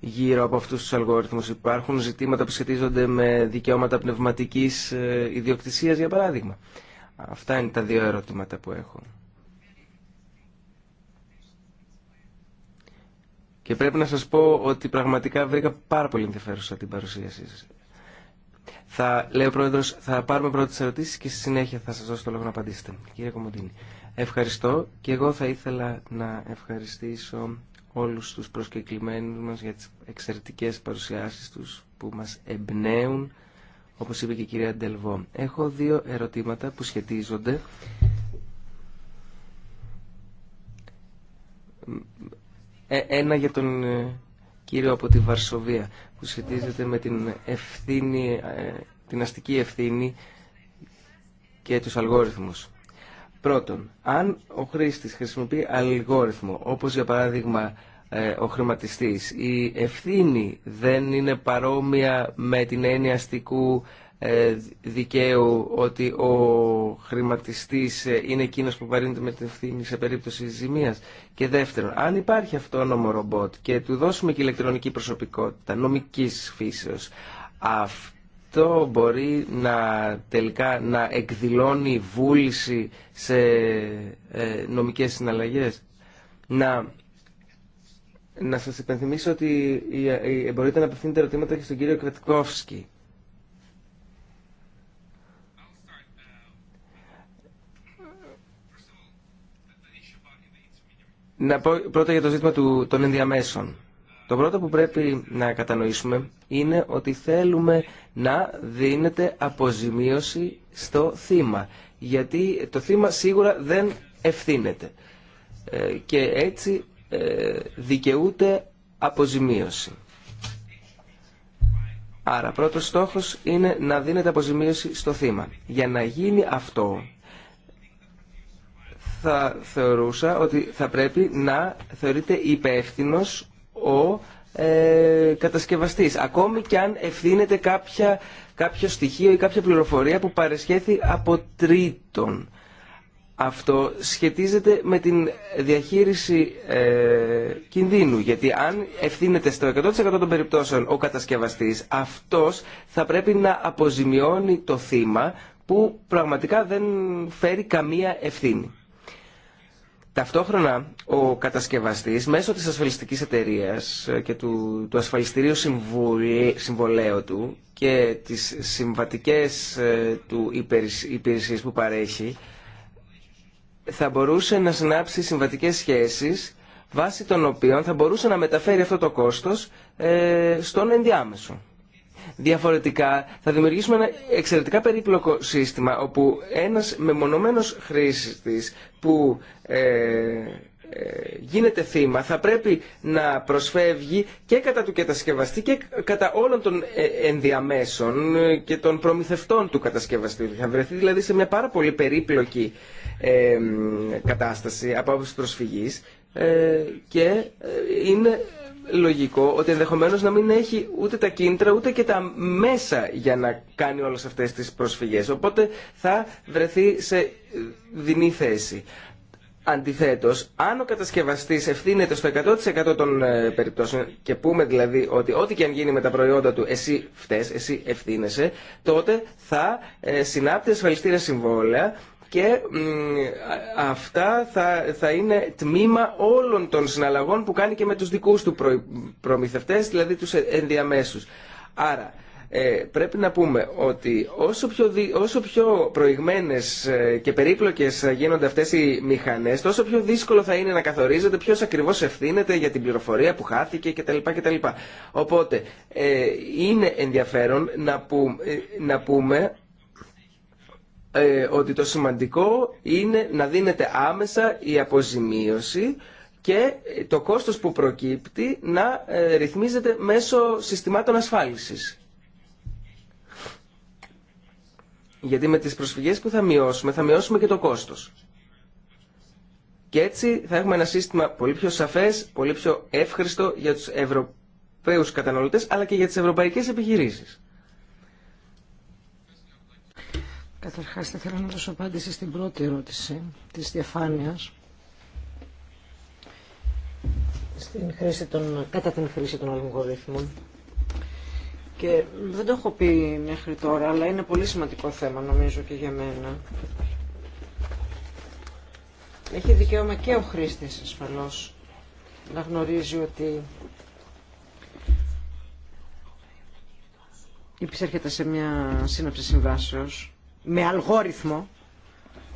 γύρω από αυτούς τους αλγόριθμους. Υπάρχουν ζητήματα που σχετίζονται με δικαιώματα πνευματικής ιδιοκτησίας, για παράδειγμα. Αυτά είναι τα δύο ερωτήματα που έχω. Και πρέπει να σας πω ότι πραγματικά βρήκα πάρα πολύ ενδιαφέρουσα την παρουσίασή σας. Θα, λέω, Πρόεδρος, θα πάρουμε πρώτα τις ερωτήσεις και στη συνέχεια θα σας δώσω το λόγο να απαντήσετε. Κύριε Κομοντίνη, ευχαριστώ και εγώ θα ήθελα να ευχαριστήσω όλους τους προσκεκλημένους μας για τις εξαιρετικές παρουσιάσεις τους που μας εμπνέουν όπως είπε και η κυρία Ντελβό. Έχω δύο ερωτήματα που σχετίζονται ε, ένα για τον ε, κύριο από τη Βαρσοβία που σχετίζεται με την ευθύνη, ε, την αστική ευθύνη και τους αλγόριθμους. Πρώτον, αν ο χρήστης χρησιμοποιεί αλγόριθμο, όπως για παράδειγμα ε, ο χρηματιστής. Η ευθύνη δεν είναι παρόμοια με την έννοια αστικού ε, δικαίου ότι ο χρηματιστής ε, είναι εκείνος που βαρύνεται με την ευθύνη σε περίπτωση ζημίας. Και δεύτερον, αν υπάρχει αυτόνομο ρομπότ και του δώσουμε και ηλεκτρονική προσωπικότητα νομικής φύσεως, αυτό μπορεί να τελικά να εκδηλώνει βούληση σε νομικές συναλλαγές, να να σας υπενθυμίσω ότι μπορείτε να απευθύνετε ερωτήματα και στον κύριο Κρατικόφσκι. Να πω πρώτα για το ζήτημα του, των ενδιαμέσων. Το πρώτο που πρέπει να κατανοήσουμε είναι ότι θέλουμε να δίνεται αποζημίωση στο θύμα. Γιατί το θύμα σίγουρα δεν ευθύνεται. Ε, και έτσι ε, δικαιούται αποζημίωση. Άρα πρώτος στόχος είναι να δίνεται αποζημίωση στο θύμα. Για να γίνει αυτό θα θεωρούσα ότι θα πρέπει να θεωρείται υπεύθυνο ο ε, κατασκευαστής. Ακόμη και αν ευθύνεται κάποια, κάποιο στοιχείο ή κάποια πληροφορία που παρεσχέθη από τρίτον αυτό σχετίζεται με την διαχείριση ε, κινδύνου. Γιατί αν ευθύνεται στο 100% των περιπτώσεων ο κατασκευαστής, αυτός θα πρέπει να αποζημιώνει το θύμα που πραγματικά δεν φέρει καμία ευθύνη. Ταυτόχρονα, ο κατασκευαστής μέσω της ασφαλιστικής εταιρείας ε, και του, του ασφαλιστηρίου συμβολέου του και τις συμβατικές ε, του υπηρεσίες που παρέχει, θα μπορούσε να συνάψει συμβατικές σχέσεις βάσει των οποίων θα μπορούσε να μεταφέρει αυτό το κόστος ε, στον ενδιάμεσο. Διαφορετικά θα δημιουργήσουμε ένα εξαιρετικά περίπλοκο σύστημα όπου ένας μεμονωμένος χρήστης που ε, ε γίνεται θύμα θα πρέπει να προσφεύγει και κατά του κατασκευαστή και κατά όλων των ε, ενδιαμέσων και των προμηθευτών του κατασκευαστή. Θα βρεθεί δηλαδή σε μια πάρα πολύ περίπλοκη κατάσταση από άποψη προσφυγής ε, και ε, είναι λογικό ότι ενδεχομένω να μην έχει ούτε τα κίνητρα ούτε και τα μέσα για να κάνει όλε αυτέ τι προσφυγέ. Οπότε θα βρεθεί σε δινή θέση. Αντιθέτω, αν ο κατασκευαστή ευθύνεται στο 100% των ε, περιπτώσεων και πούμε δηλαδή ότι ό,τι και αν γίνει με τα προϊόντα του εσύ φταίει, εσύ ευθύνεσαι, τότε θα συνάπτει ασφαλιστήρια συμβόλαια και αυτά θα, θα είναι τμήμα όλων των συναλλαγών που κάνει και με τους δικούς του προμηθευτές, δηλαδή τους ε, ενδιαμέσους. Άρα, ε, πρέπει να πούμε ότι όσο πιο, δι... όσο πιο προηγμένες ε, και περίπλοκες γίνονται αυτές οι μηχανές, τόσο πιο δύσκολο θα είναι να καθορίζεται ποιος ακριβώς ευθύνεται για την πληροφορία που χάθηκε κτλ. Οπότε ε, είναι ενδιαφέρον να, ε, να πούμε ε, ότι το σημαντικό είναι να δίνεται άμεσα η αποζημίωση και το κόστος που προκύπτει να ε, ρυθμίζεται μέσω συστημάτων ασφάλισης. Γιατί με τις προσφυγές που θα μειώσουμε, θα μειώσουμε και το κόστος. Και έτσι θα έχουμε ένα σύστημα πολύ πιο σαφές, πολύ πιο εύχριστο για τους Ευρωπαίους καταναλωτές, αλλά και για τις ευρωπαϊκές επιχειρήσεις. Καταρχάς θα ήθελα να δώσω απάντηση στην πρώτη ερώτηση της διαφάνειας στην χρήση των, κατά την χρήση των αλγορίθμων. Και δεν το έχω πει μέχρι τώρα, αλλά είναι πολύ σημαντικό θέμα νομίζω και για μένα. Έχει δικαίωμα και ο χρήστης ασφαλώς να γνωρίζει ότι υπησέρχεται σε μια σύναψη συμβάσεως με αλγόριθμο,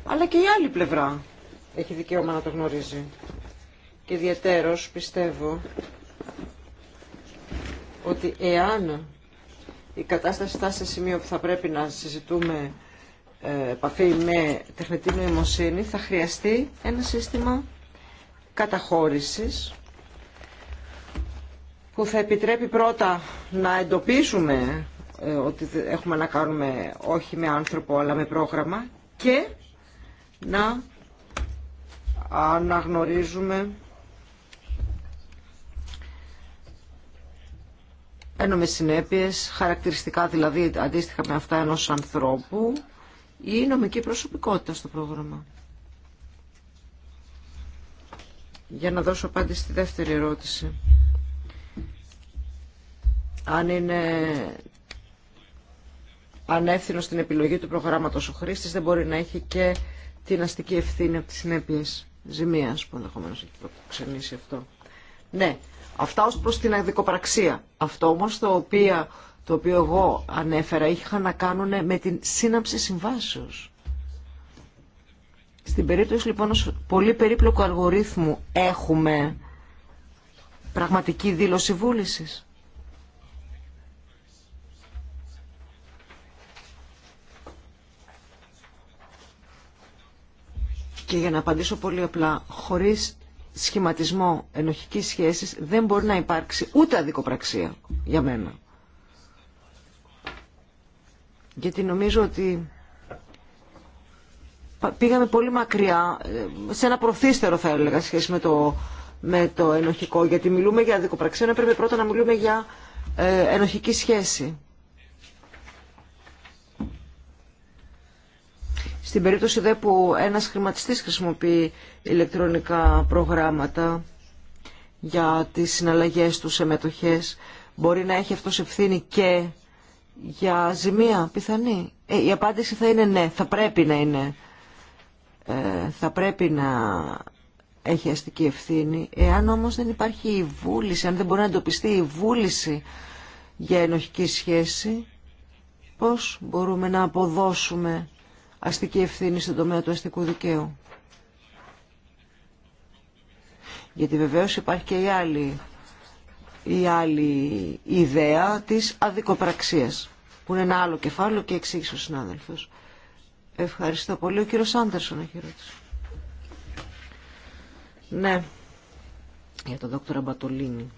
αλλά και η άλλη πλευρά έχει δικαίωμα να το γνωρίζει. Και ιδιαιτέρως πιστεύω ότι εάν η κατάσταση φτάσει σε σημείο που θα πρέπει να συζητούμε ε, επαφή με τεχνητή νοημοσύνη, θα χρειαστεί ένα σύστημα καταχώρησης που θα επιτρέπει πρώτα να εντοπίσουμε ε, ότι έχουμε να κάνουμε όχι με άνθρωπο αλλά με πρόγραμμα και να αναγνωρίζουμε ένομες συνέπειες, χαρακτηριστικά δηλαδή αντίστοιχα με αυτά ενός ανθρώπου ή νομική προσωπικότητα στο πρόγραμμα. Για να δώσω απάντηση στη δεύτερη ερώτηση. Αν είναι ανεύθυνο στην επιλογή του προγράμματος ο χρήστη, δεν μπορεί να έχει και την αστική ευθύνη από τις συνέπειε ζημίας που ενδεχομένω έχει προξενήσει αυτό. Ναι, αυτά ως προς την αδικοπραξία. Αυτό όμω, το οποίο, εγώ ανέφερα είχαν να κάνουν με την σύναψη συμβάσεως. Στην περίπτωση λοιπόν ως πολύ περίπλοκου αλγορίθμου έχουμε πραγματική δήλωση βούλησης. Και για να απαντήσω πολύ απλά, χωρίς σχηματισμό ενοχικής σχέσης δεν μπορεί να υπάρξει ούτε αδικοπραξία για μένα. Γιατί νομίζω ότι πήγαμε πολύ μακριά, ε, σε ένα προθύστερο θα έλεγα σχέση με το, με το ενοχικό, γιατί μιλούμε για αδικοπραξία, να πρέπει πρώτα να μιλούμε για ε, ενοχική σχέση. Στην περίπτωση δε που ένας χρηματιστής χρησιμοποιεί ηλεκτρονικά προγράμματα για τις συναλλαγές του σε μετοχές, μπορεί να έχει αυτός ευθύνη και για ζημία πιθανή. Ε, η απάντηση θα είναι ναι, θα πρέπει να είναι. Ε, θα πρέπει να έχει αστική ευθύνη. Εάν όμως δεν υπάρχει η βούληση, αν δεν μπορεί να εντοπιστεί η βούληση για ενοχική σχέση, πώς μπορούμε να αποδώσουμε αστική ευθύνη στον τομέα του αστικού δικαίου. Γιατί βεβαίως υπάρχει και η άλλη, η άλλη ιδέα της αδικοπραξίας, που είναι ένα άλλο κεφάλαιο και εξήγησε ο συνάδελφος. Ευχαριστώ πολύ. Ο κύριος Άντερσον έχει ρώτηση. Ναι, για τον δόκτωρα Μπατολίνη.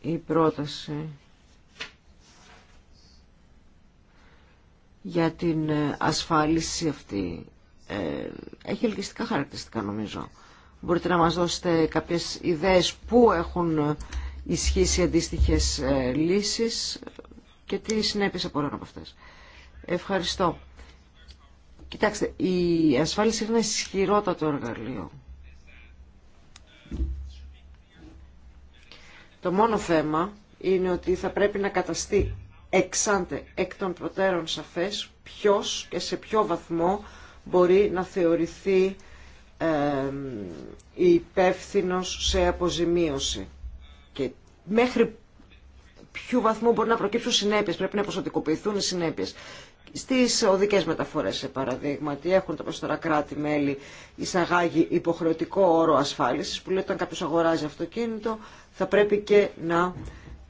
Η πρόταση για την ε, ασφάλιση αυτή ε, έχει ελκυστικά χαρακτηριστικά νομίζω. Μπορείτε να μας δώσετε κάποιες ιδέες πού έχουν ε, ισχύσει αντίστοιχες λύσεις και τι συνέπειες από από αυτές. Ευχαριστώ. Κοιτάξτε, η ασφάλιση είναι ένα ισχυρότατο εργαλείο. Το μόνο θέμα είναι ότι θα πρέπει να καταστεί εξάντε εκ των προτέρων σαφές ποιος και σε ποιο βαθμό μπορεί να θεωρηθεί ε, υπεύθυνο σε αποζημίωση και μέχρι ποιο βαθμό μπορεί να προκύψουν συνέπειες, πρέπει να ποσοτικοποιηθούν οι συνέπειες. Στις οδικές μεταφορές, σε παραδείγμα, έχουν τα περισσότερα κράτη-μέλη εισαγάγει υποχρεωτικό όρο ασφάλισης, που λέει ότι όταν κάποιος αγοράζει αυτοκίνητο θα πρέπει και να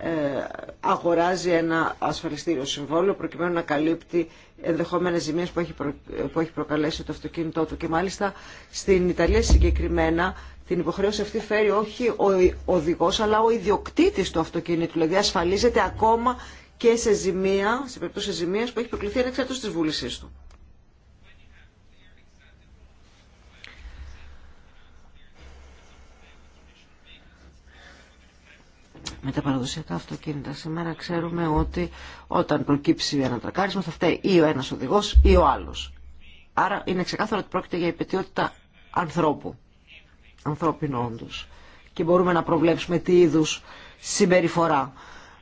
ε, αγοράζει ένα ασφαλιστήριο συμβόλαιο προκειμένου να καλύπτει ενδεχόμενες ζημίες που έχει, που έχει προκαλέσει το αυτοκίνητό του. Και μάλιστα στην Ιταλία συγκεκριμένα την υποχρέωση αυτή φέρει όχι ο οδηγός αλλά ο ιδιοκτήτης του αυτοκίνητου. Δηλαδή ασφαλίζεται ακόμα και σε ζημία, σε που έχει προκληθεί ανεξάρτητος τη βουλησή του. με τα παραδοσιακά αυτοκίνητα. Σήμερα ξέρουμε ότι όταν προκύψει ένα τρακάρισμα θα φταίει ή ο ένας οδηγός ή ο άλλος. Άρα είναι ξεκάθαρο ότι πρόκειται για υπετιότητα ανθρώπου, ανθρώπινο όντως. Και μπορούμε να προβλέψουμε τι είδου συμπεριφορά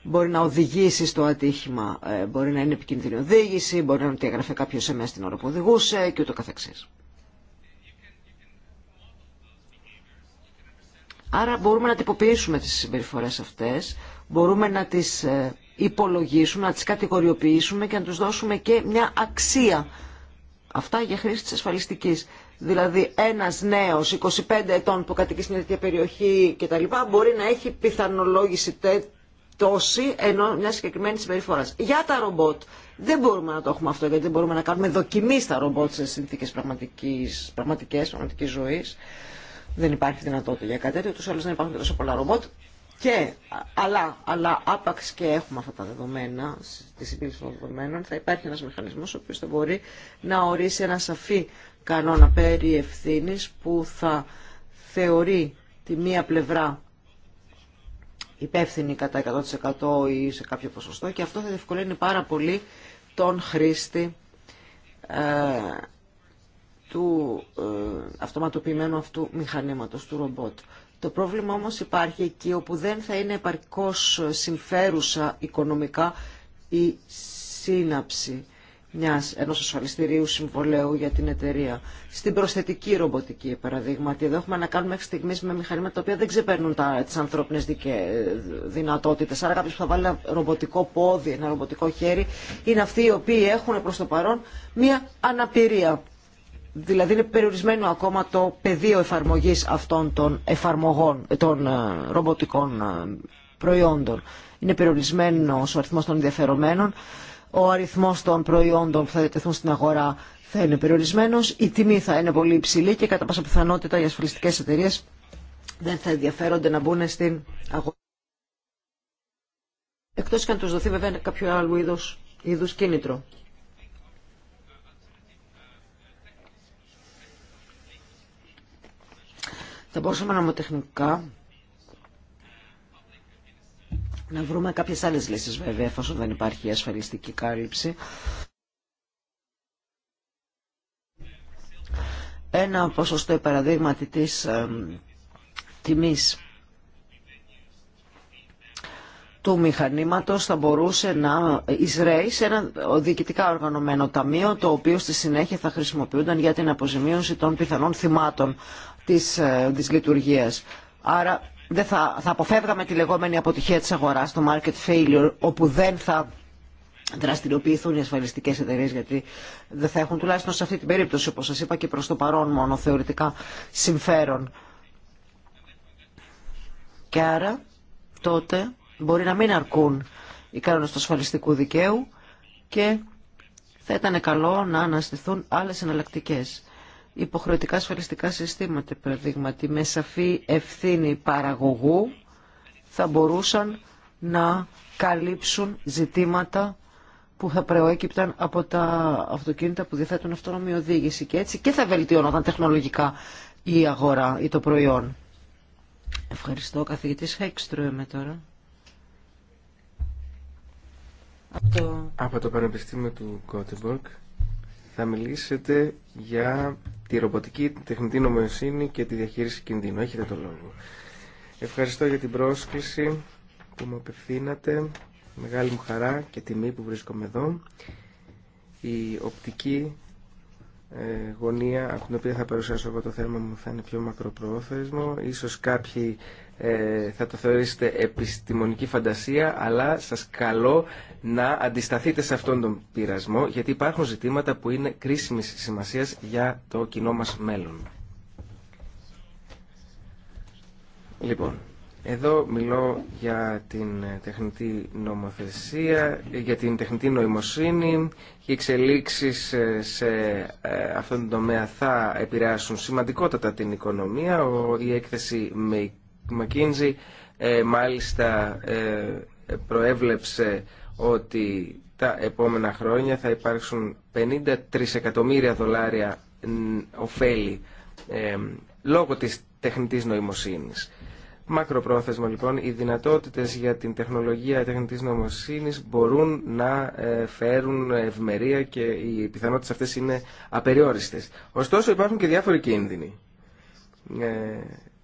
μπορεί να οδηγήσει στο ατύχημα, ε, μπορεί να είναι επικίνδυνη οδήγηση, μπορεί να διαγραφεί κάποιο σε μέσα την ώρα που οδηγούσε και ούτω καθεξής. Άρα μπορούμε να τυποποιήσουμε τις συμπεριφορές αυτές, μπορούμε να τις ε, υπολογίσουμε, να τις κατηγοριοποιήσουμε και να τους δώσουμε και μια αξία. Αυτά για χρήση της ασφαλιστικής. Δηλαδή ένας νέος 25 ετών που κατοικεί στην τέτοια περιοχή κτλ. μπορεί να έχει πιθανολόγηση τόση ενώ μια συγκεκριμένη συμπεριφορά. Για τα ρομπότ δεν μπορούμε να το έχουμε αυτό γιατί δεν μπορούμε να κάνουμε δοκιμή στα ρομπότ σε συνθήκες πραγματικής, πραγματικές, πραγματικής ζωής δεν υπάρχει δυνατότητα για κάτι τέτοιο, τους άλλους δεν υπάρχουν τόσο πολλά ρομπότ. Και, αλλά, αλλά άπαξ και έχουμε αυτά τα δεδομένα, τη συμπίληση των δεδομένων, θα υπάρχει ένας μηχανισμός ο οποίος θα μπορεί να ορίσει ένα σαφή κανόνα περί ευθύνης που θα θεωρεί τη μία πλευρά υπεύθυνη κατά 100% ή σε κάποιο ποσοστό και αυτό θα διευκολύνει πάρα πολύ τον χρήστη ε, του ε, αυτοματοποιημένου αυτού μηχανήματος, του ρομπότ. Το πρόβλημα όμως υπάρχει εκεί όπου δεν θα είναι επαρκώς συμφέρουσα οικονομικά η σύναψη μιας, ενός ασφαλιστηρίου συμβολέου για την εταιρεία. Στην προσθετική ρομποτική, παραδείγματι, εδώ έχουμε να κάνουμε μέχρι στιγμή με μηχανήματα τα οποία δεν ξεπερνούν τα, τις ανθρώπινες δυνατότητες. Άρα κάποιος που θα βάλει ένα ρομποτικό πόδι, ένα ρομποτικό χέρι, είναι αυτοί οι οποίοι έχουν προς το παρόν μία αναπηρία δηλαδή είναι περιορισμένο ακόμα το πεδίο εφαρμογής αυτών των εφαρμογών, των ε, ρομποτικών ε, προϊόντων. Είναι περιορισμένο ο αριθμός των ενδιαφερομένων, ο αριθμός των προϊόντων που θα διατεθούν στην αγορά θα είναι περιορισμένος, η τιμή θα είναι πολύ υψηλή και κατά πάσα πιθανότητα οι ασφαλιστικές εταιρείες δεν θα ενδιαφέρονται να μπουν στην αγορά. Εκτός και αν τους δοθεί βέβαια κάποιο άλλο είδος, είδους κίνητρο. Θα μπορούσαμε νομοτεχνικά να βρούμε κάποιες άλλες λύσεις βέβαια εφόσον δεν υπάρχει ασφαλιστική κάλυψη. Ένα ποσοστό παραδείγματι της ε, τιμής του μηχανήματος θα μπορούσε να εισραίει σε ένα διοικητικά οργανωμένο ταμείο το οποίο στη συνέχεια θα χρησιμοποιούνταν για την αποζημίωση των πιθανών θυμάτων της, ε, της λειτουργίας. Άρα δεν θα, θα αποφεύγαμε τη λεγόμενη αποτυχία της αγοράς, το market failure, όπου δεν θα δραστηριοποιηθούν οι ασφαλιστικές εταιρείες γιατί δεν θα έχουν τουλάχιστον σε αυτή την περίπτωση όπως σας είπα και προς το παρόν μόνο θεωρητικά συμφέρον. Και άρα τότε μπορεί να μην αρκούν οι κανόνες του ασφαλιστικού δικαίου και θα ήταν καλό να αναστηθούν άλλες εναλλακτικές υποχρεωτικά ασφαλιστικά συστήματα, παραδείγματι, με σαφή ευθύνη παραγωγού, θα μπορούσαν να καλύψουν ζητήματα που θα προέκυπταν από τα αυτοκίνητα που διαθέτουν αυτόνομη οδήγηση και έτσι και θα βελτιώνονταν τεχνολογικά η αγορά ή το προϊόν. Ευχαριστώ. Καθηγητής με τώρα. Από το... από το Πανεπιστήμιο του Κότεμπορκ θα μιλήσετε για τη ρομποτική, τεχνητή νομοσύνη και τη διαχείριση κινδύνου. Έχετε το λόγο. Ευχαριστώ για την πρόσκληση που μου απευθύνατε. Μεγάλη μου χαρά και τιμή που βρίσκομαι εδώ. Η οπτική ε, γωνία από την οποία θα παρουσιάσω εγώ το θέμα μου θα είναι πιο μακροπρόθεσμο. Ίσως κάποιοι ε, θα το θεωρήσετε επιστημονική φαντασία, αλλά σας καλώ να αντισταθείτε σε αυτόν τον πειρασμό, γιατί υπάρχουν ζητήματα που είναι κρίσιμης σημασίας για το κοινό μας μέλλον. Λοιπόν, εδώ μιλώ για την τεχνητή νομοθεσία, για την τεχνητή νοημοσύνη και οι εξελίξεις ε, σε ε, αυτόν τον τομέα θα επηρεάσουν σημαντικότατα την οικονομία. Η έκθεση με McKinsey ε, μάλιστα ε, προέβλεψε ότι τα επόμενα χρόνια θα υπάρξουν 53 εκατομμύρια δολάρια ωφέλη ε, λόγω της τεχνητής νοημοσύνης. Μακροπρόθεσμα λοιπόν, οι δυνατότητες για την τεχνολογία τεχνητής νοημοσύνης μπορούν να φέρουν ευμερία και οι πιθανότητες αυτές είναι απεριόριστες. Ωστόσο υπάρχουν και διάφοροι κίνδυνοι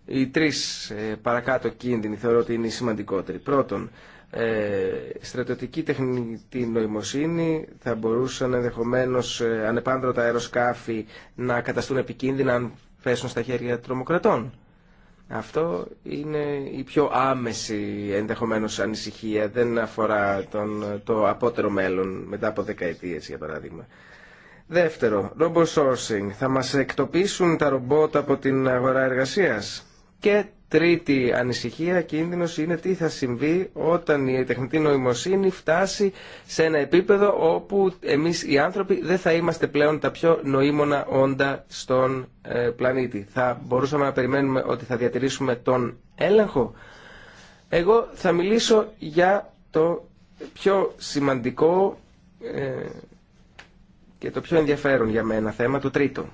οι τρεις ε, παρακάτω κίνδυνοι θεωρώ ότι είναι οι σημαντικότεροι. Πρώτον, ε, στρατιωτική τεχνητή νοημοσύνη θα μπορούσαν ενδεχομένω ε, τα αεροσκάφη να καταστούν επικίνδυνα αν πέσουν στα χέρια τρομοκρατών. Αυτό είναι η πιο άμεση ενδεχομένως ανησυχία. Δεν αφορά τον, το απότερο μέλλον μετά από δεκαετίες για παράδειγμα. Δεύτερο, robot sourcing. Θα μας εκτοπίσουν τα ρομπότ από την αγορά εργασίας. Και τρίτη ανησυχία, κίνδυνος είναι τι θα συμβεί όταν η τεχνητή νοημοσύνη φτάσει σε ένα επίπεδο όπου εμείς οι άνθρωποι δεν θα είμαστε πλέον τα πιο νοήμονα όντα στον ε, πλανήτη. Θα μπορούσαμε να περιμένουμε ότι θα διατηρήσουμε τον έλεγχο. Εγώ θα μιλήσω για το πιο σημαντικό ε, και το πιο ενδιαφέρον για μένα θέμα, το τρίτο.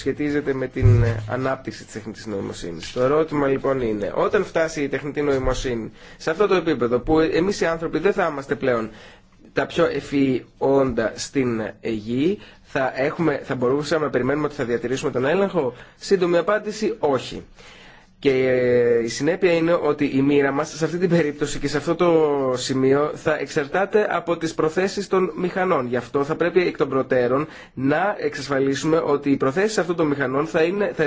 σχετίζεται με την ανάπτυξη της τεχνητής νοημοσύνης. Το ερώτημα λοιπόν είναι, όταν φτάσει η τεχνητή νοημοσύνη σε αυτό το επίπεδο που εμείς οι άνθρωποι δεν θα είμαστε πλέον τα πιο ευφυή όντα στην γη, θα, έχουμε, θα μπορούσαμε να περιμένουμε ότι θα διατηρήσουμε τον έλεγχο. Σύντομη απάντηση, όχι. Και ε, η συνέπεια είναι ότι η μοίρα μας σε αυτή την περίπτωση και σε αυτό το σημείο θα εξαρτάται από τις προθέσεις των μηχανών. Γι' αυτό θα πρέπει εκ των προτέρων να εξασφαλίσουμε ότι οι προθέσεις αυτών των μηχανών θα, είναι, θα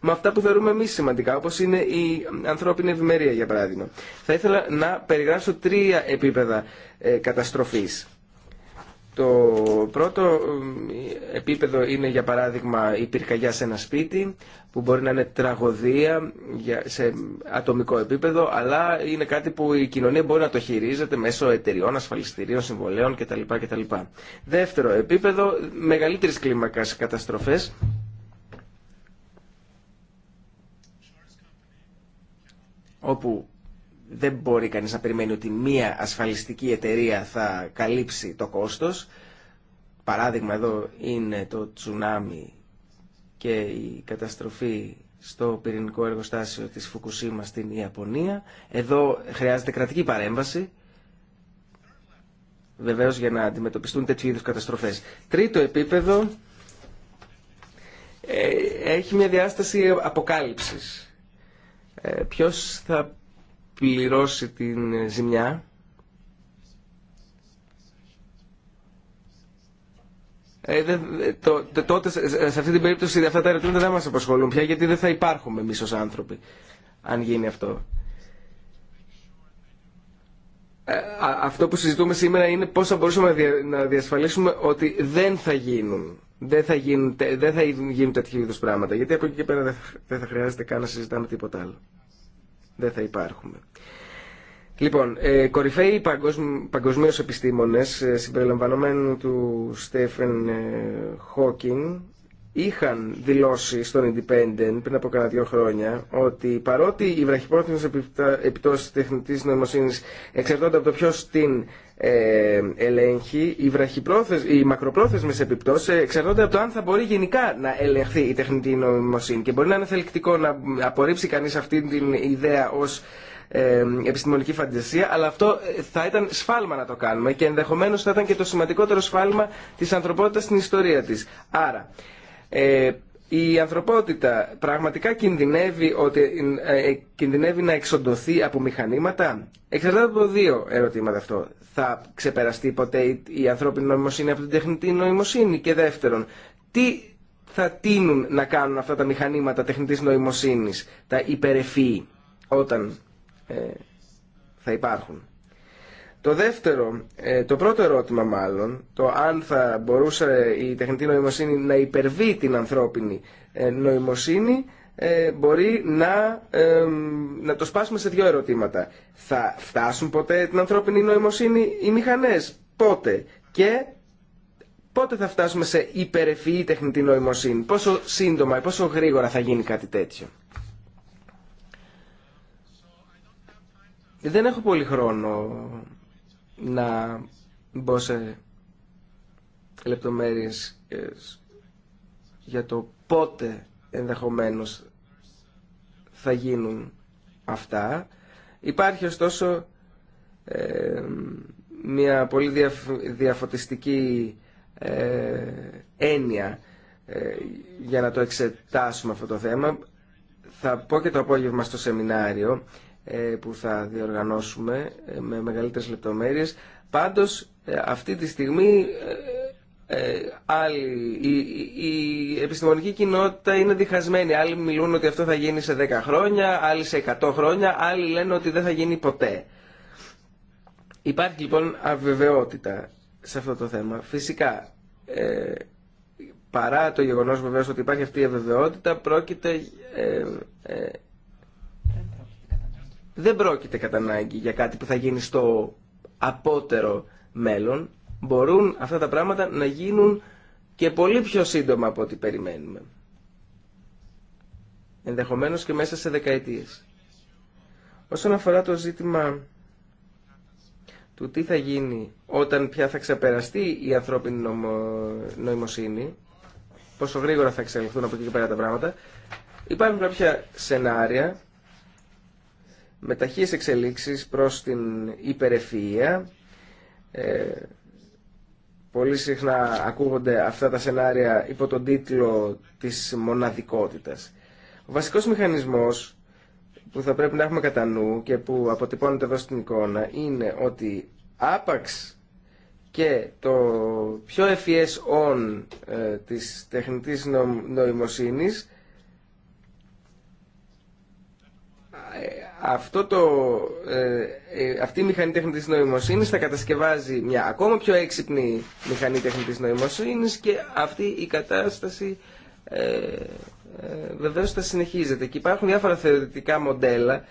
με αυτά που θεωρούμε εμείς σημαντικά, όπως είναι η ανθρώπινη ευημερία για παράδειγμα. Θα ήθελα να περιγράψω τρία επίπεδα ε, καταστροφής. Το πρώτο επίπεδο είναι για παράδειγμα η πυρκαγιά σε ένα σπίτι που μπορεί να είναι τραγωδία σε ατομικό επίπεδο αλλά είναι κάτι που η κοινωνία μπορεί να το χειρίζεται μέσω εταιριών, ασφαλιστηρίων, συμβολέων κτλ. κτλ. Δεύτερο επίπεδο, μεγαλύτερης κλίμακας καταστροφές όπου δεν μπορεί κανείς να περιμένει ότι μία ασφαλιστική εταιρεία θα καλύψει το κόστος. Παράδειγμα εδώ είναι το τσουνάμι και η καταστροφή στο πυρηνικό εργοστάσιο της Φουκουσίμα στην Ιαπωνία. Εδώ χρειάζεται κρατική παρέμβαση, βεβαίως για να αντιμετωπιστούν τέτοιου είδους καταστροφές. Τρίτο επίπεδο ε, έχει μια διάσταση αποκάλυψης. Ε, ποιος θα πληρώσει την ζημιά. Ε, το, τότε, σε αυτή την περίπτωση αυτά τα ερωτήματα δεν μας απασχολούν πια γιατί δεν θα υπάρχουμε εμείς ως άνθρωποι αν γίνει αυτό. Ε, αυτό που συζητούμε σήμερα είναι πώς θα μπορούσαμε να, δια, διασφαλίσουμε ότι δεν θα γίνουν. Δεν θα γίνουν, δεν θα γίνουν τέτοιου είδους πράγματα γιατί από εκεί και πέρα δεν θα, δεν θα χρειάζεται καν να συζητάμε τίποτα άλλο δεν θα υπάρχουμε. Λοιπόν, ε, κορυφαίοι παγκοσμίω επιστήμονες, ε, συμπεριλαμβανομένου του Στέφεν Χόκινγκ, είχαν δηλώσει στον Independent πριν από κανένα δύο χρόνια ότι παρότι οι επιπτώσει τη τεχνητής νοημοσύνης εξαρτώνται από το ποιος την ε, ελέγχει, οι, οι μακροπρόθεσμες επιπτώσεις εξαρτώνται από το αν θα μπορεί γενικά να ελεγχθεί η τεχνητή νοημοσύνη και μπορεί να είναι θελκτικό να απορρίψει κανείς αυτή την ιδέα ως ε, επιστημονική φαντασία, αλλά αυτό ε, θα ήταν σφάλμα να το κάνουμε και ενδεχομένως θα ήταν και το σημαντικότερο σφάλμα της ανθρωπότητας στην ιστορία της. Άρα, ε, η ανθρωπότητα πραγματικά κινδυνεύει, ότι, ε, ε, κινδυνεύει να εξοντωθεί από μηχανήματα. Εξαρτάται από δύο ερωτήματα αυτό. Θα ξεπεραστεί ποτέ η, ανθρώπινη νοημοσύνη από την τεχνητή νοημοσύνη. Και δεύτερον, τι θα τίνουν να κάνουν αυτά τα μηχανήματα τεχνητής νοημοσύνης, τα υπερεφή, όταν θα υπάρχουν. Το δεύτερο, ε, το πρώτο ερώτημα μάλλον, το αν θα μπορούσε η τεχνητή νοημοσύνη να υπερβεί την ανθρώπινη ε, νοημοσύνη, ε, μπορεί να, να το σπάσουμε σε δύο ερωτήματα. Θα φτάσουν ποτέ την ανθρώπινη νοημοσύνη οι μηχανές, πότε και πότε θα φτάσουμε σε υπερεφυή τεχνητή νοημοσύνη, πόσο σύντομα, ή πόσο γρήγορα θα γίνει κάτι τέτοιο. Δεν έχω πολύ χρόνο να μπω σε λεπτομέρειες ε, για το πότε ενδεχομένως θα γίνουν αυτά. Υπάρχει ωστόσο ε, μια πολύ διαφωτιστική ε, έννοια για να το εξετάσουμε αυτό το θέμα. Θα πω και το απόγευμα στο σεμινάριο ε, που θα διοργανώσουμε ε, με μεγαλύτερες λεπτομέρειες. Πάντως ε, αυτή τη στιγμή η, επιστημονική κοινότητα είναι διχασμένη. Άλλοι μιλούν ότι αυτό θα γίνει σε 10 χρόνια, άλλοι σε 100 χρόνια, άλλοι λένε ότι δεν θα γίνει ποτέ. Υπάρχει λοιπόν αβεβαιότητα σε αυτό το θέμα. Φυσικά, ε, παρά το γεγονός βεβαίως ότι υπάρχει αυτή η αβεβαιότητα, πρόκειται ε, δεν πρόκειται κατά ανάγκη για κάτι που θα γίνει στο απότερο μέλλον. Μπορούν αυτά τα πράγματα να γίνουν και πολύ πιο σύντομα από ό,τι περιμένουμε. Ενδεχομένως και μέσα σε δεκαετίες. Όσον αφορά το ζήτημα του τι θα γίνει όταν πια θα ξεπεραστεί η ανθρώπινη νοημοσύνη, πόσο γρήγορα θα εξελιχθούν από εκεί και πέρα τα πράγματα, υπάρχουν κάποια σενάρια με ταχύες εξελίξεις προς την υπερεφυΐα. Ε, πολύ συχνά ακούγονται αυτά τα σενάρια υπό τον τίτλο της μοναδικότητας. Ο βασικός μηχανισμός που θα πρέπει να έχουμε κατά νου και που αποτυπώνεται εδώ στην εικόνα είναι ότι άπαξ και το πιο ευφυές όν ε, της τεχνητής νοημοσύνης αυτό το, ε, ε, αυτή η μηχανή της νοημοσύνης θα κατασκευάζει μια ακόμα πιο έξυπνη μηχανή της νοημοσύνης και αυτή η κατάσταση ε, ε, βεβαίως θα συνεχίζεται. Και υπάρχουν διάφορα θεωρητικά μοντέλα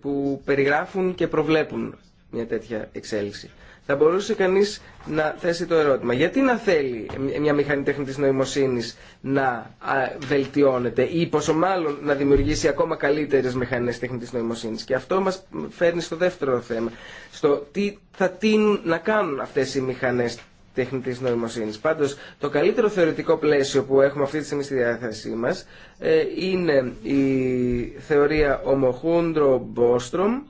που περιγράφουν και προβλέπουν μια τέτοια εξέλιξη. Θα μπορούσε κανείς να θέσει το ερώτημα γιατί να θέλει μια μηχανή της νοημοσύνης να βελτιώνεται ή πόσο μάλλον να δημιουργήσει ακόμα καλύτερες μηχανές τέχνητης νοημοσύνης. Και αυτό μας φέρνει στο δεύτερο θέμα, στο τι θα τίνουν να κάνουν αυτές οι μηχανές τεχνητή νοημοσύνη. Πάντω, το καλύτερο θεωρητικό πλαίσιο που έχουμε αυτή τη στιγμή στη διάθεσή μα ε, είναι η θεωρία Ομοχούντρο Μπόστρομ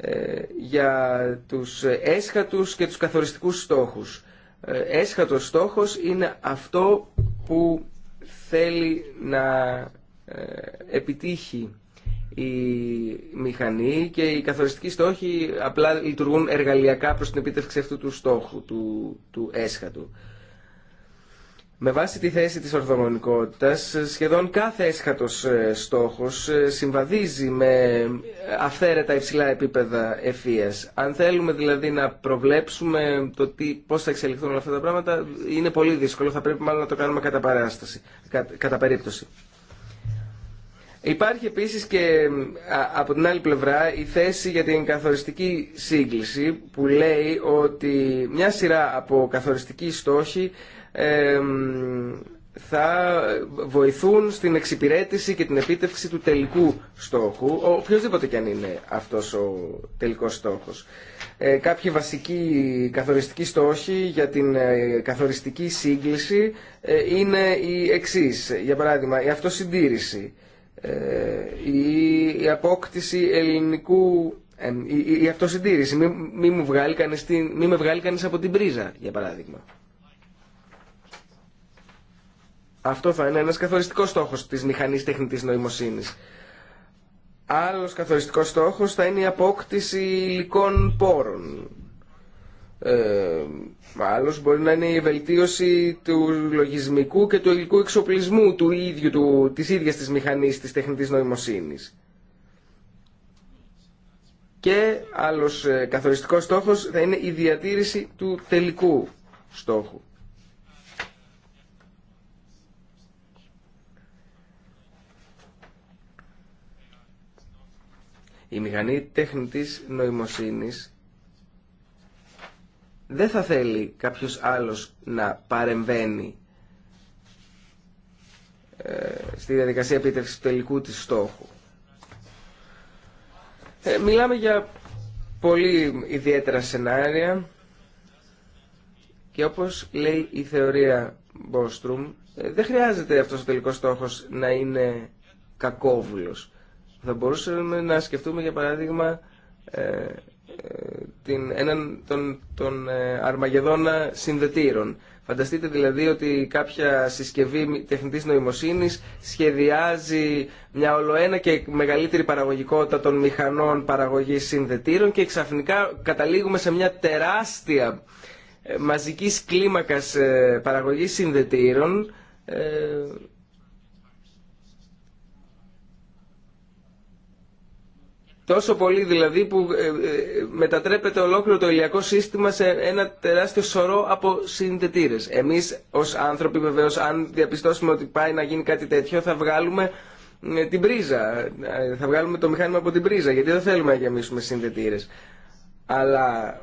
ε, για τους έσχατους και τους καθοριστικούς στόχους. Ε, έσχατος στόχος είναι αυτό που θέλει να ε, επιτύχει η μηχανή και οι καθοριστικοί στόχοι απλά λειτουργούν εργαλειακά προς την επίτευξη αυτού του στόχου, του, του έσχατου. Με βάση τη θέση της ορθογονικότητας, σχεδόν κάθε έσχατος ε, στόχος ε, συμβαδίζει με ε, αυθαίρετα υψηλά επίπεδα ευφύειας. Αν θέλουμε δηλαδή να προβλέψουμε το τι, πώς θα εξελιχθούν όλα αυτά τα πράγματα, είναι πολύ δύσκολο, θα πρέπει μάλλον να το κάνουμε κατά, παράσταση, κατά περίπτωση. Υπάρχει επίσης και από την άλλη πλευρά η θέση για την καθοριστική σύγκληση που λέει ότι μια σειρά από καθοριστικοί στόχοι θα βοηθούν στην εξυπηρέτηση και την επίτευξη του τελικού στόχου, οποιοδήποτε και αν είναι αυτός ο τελικός στόχος. Ε, κάποιοι βασικοί καθοριστικοί στόχοι για την ε, καθοριστική σύγκληση ε, είναι οι εξής. Για παράδειγμα, η αυτοσυντήρηση, ε, η, η απόκτηση ελληνικού... Η, αυτοσυντήρηση, μη, μη με βγάλει κανείς από την πρίζα, για παράδειγμα. Αυτό θα είναι ένας καθοριστικός στόχος της μηχανής τεχνητής νοημοσύνης. Άλλος καθοριστικός στόχος θα είναι η απόκτηση υλικών πόρων. Ε, άλλος μπορεί να είναι η βελτίωση του λογισμικού και του υλικού εξοπλισμού του ίδιου, του, της ίδιας της μηχανής της τεχνητής νοημοσύνης. Και άλλος ε, καθοριστικός στόχος θα είναι η διατήρηση του τελικού στόχου. Η μηχανή τέχνητης νοημοσύνης δεν θα θέλει κάποιος άλλος να παρεμβαίνει ε, στη διαδικασία επίτευξης του τελικού της στόχου. Ε, μιλάμε για πολύ ιδιαίτερα σενάρια και όπως λέει η θεωρία Μπόστρουμ, ε, δεν χρειάζεται αυτός ο τελικός στόχος να είναι κακόβουλος. Θα μπορούσαμε να σκεφτούμε για παράδειγμα ε, ε, την, έναν τον, τον ε, αρμαγεδόνα συνδετήρων. Φανταστείτε δηλαδή ότι κάποια συσκευή τεχνητής νοημοσύνης σχεδιάζει μια ολοένα και μεγαλύτερη παραγωγικότητα των μηχανών παραγωγής συνδετήρων και ξαφνικά καταλήγουμε σε μια τεράστια μαζικής κλίμακας παραγωγής συνδετήρων Τόσο πολύ δηλαδή που ε, ε, μετατρέπεται ολόκληρο το ηλιακό σύστημα σε ένα τεράστιο σωρό από συνδετήρες. Εμείς ως άνθρωποι βεβαίως αν διαπιστώσουμε ότι πάει να γίνει κάτι τέτοιο θα βγάλουμε ε, την πρίζα. Θα βγάλουμε το μηχάνημα από την πρίζα γιατί δεν θέλουμε να γεμίσουμε συνδετήρες. Αλλά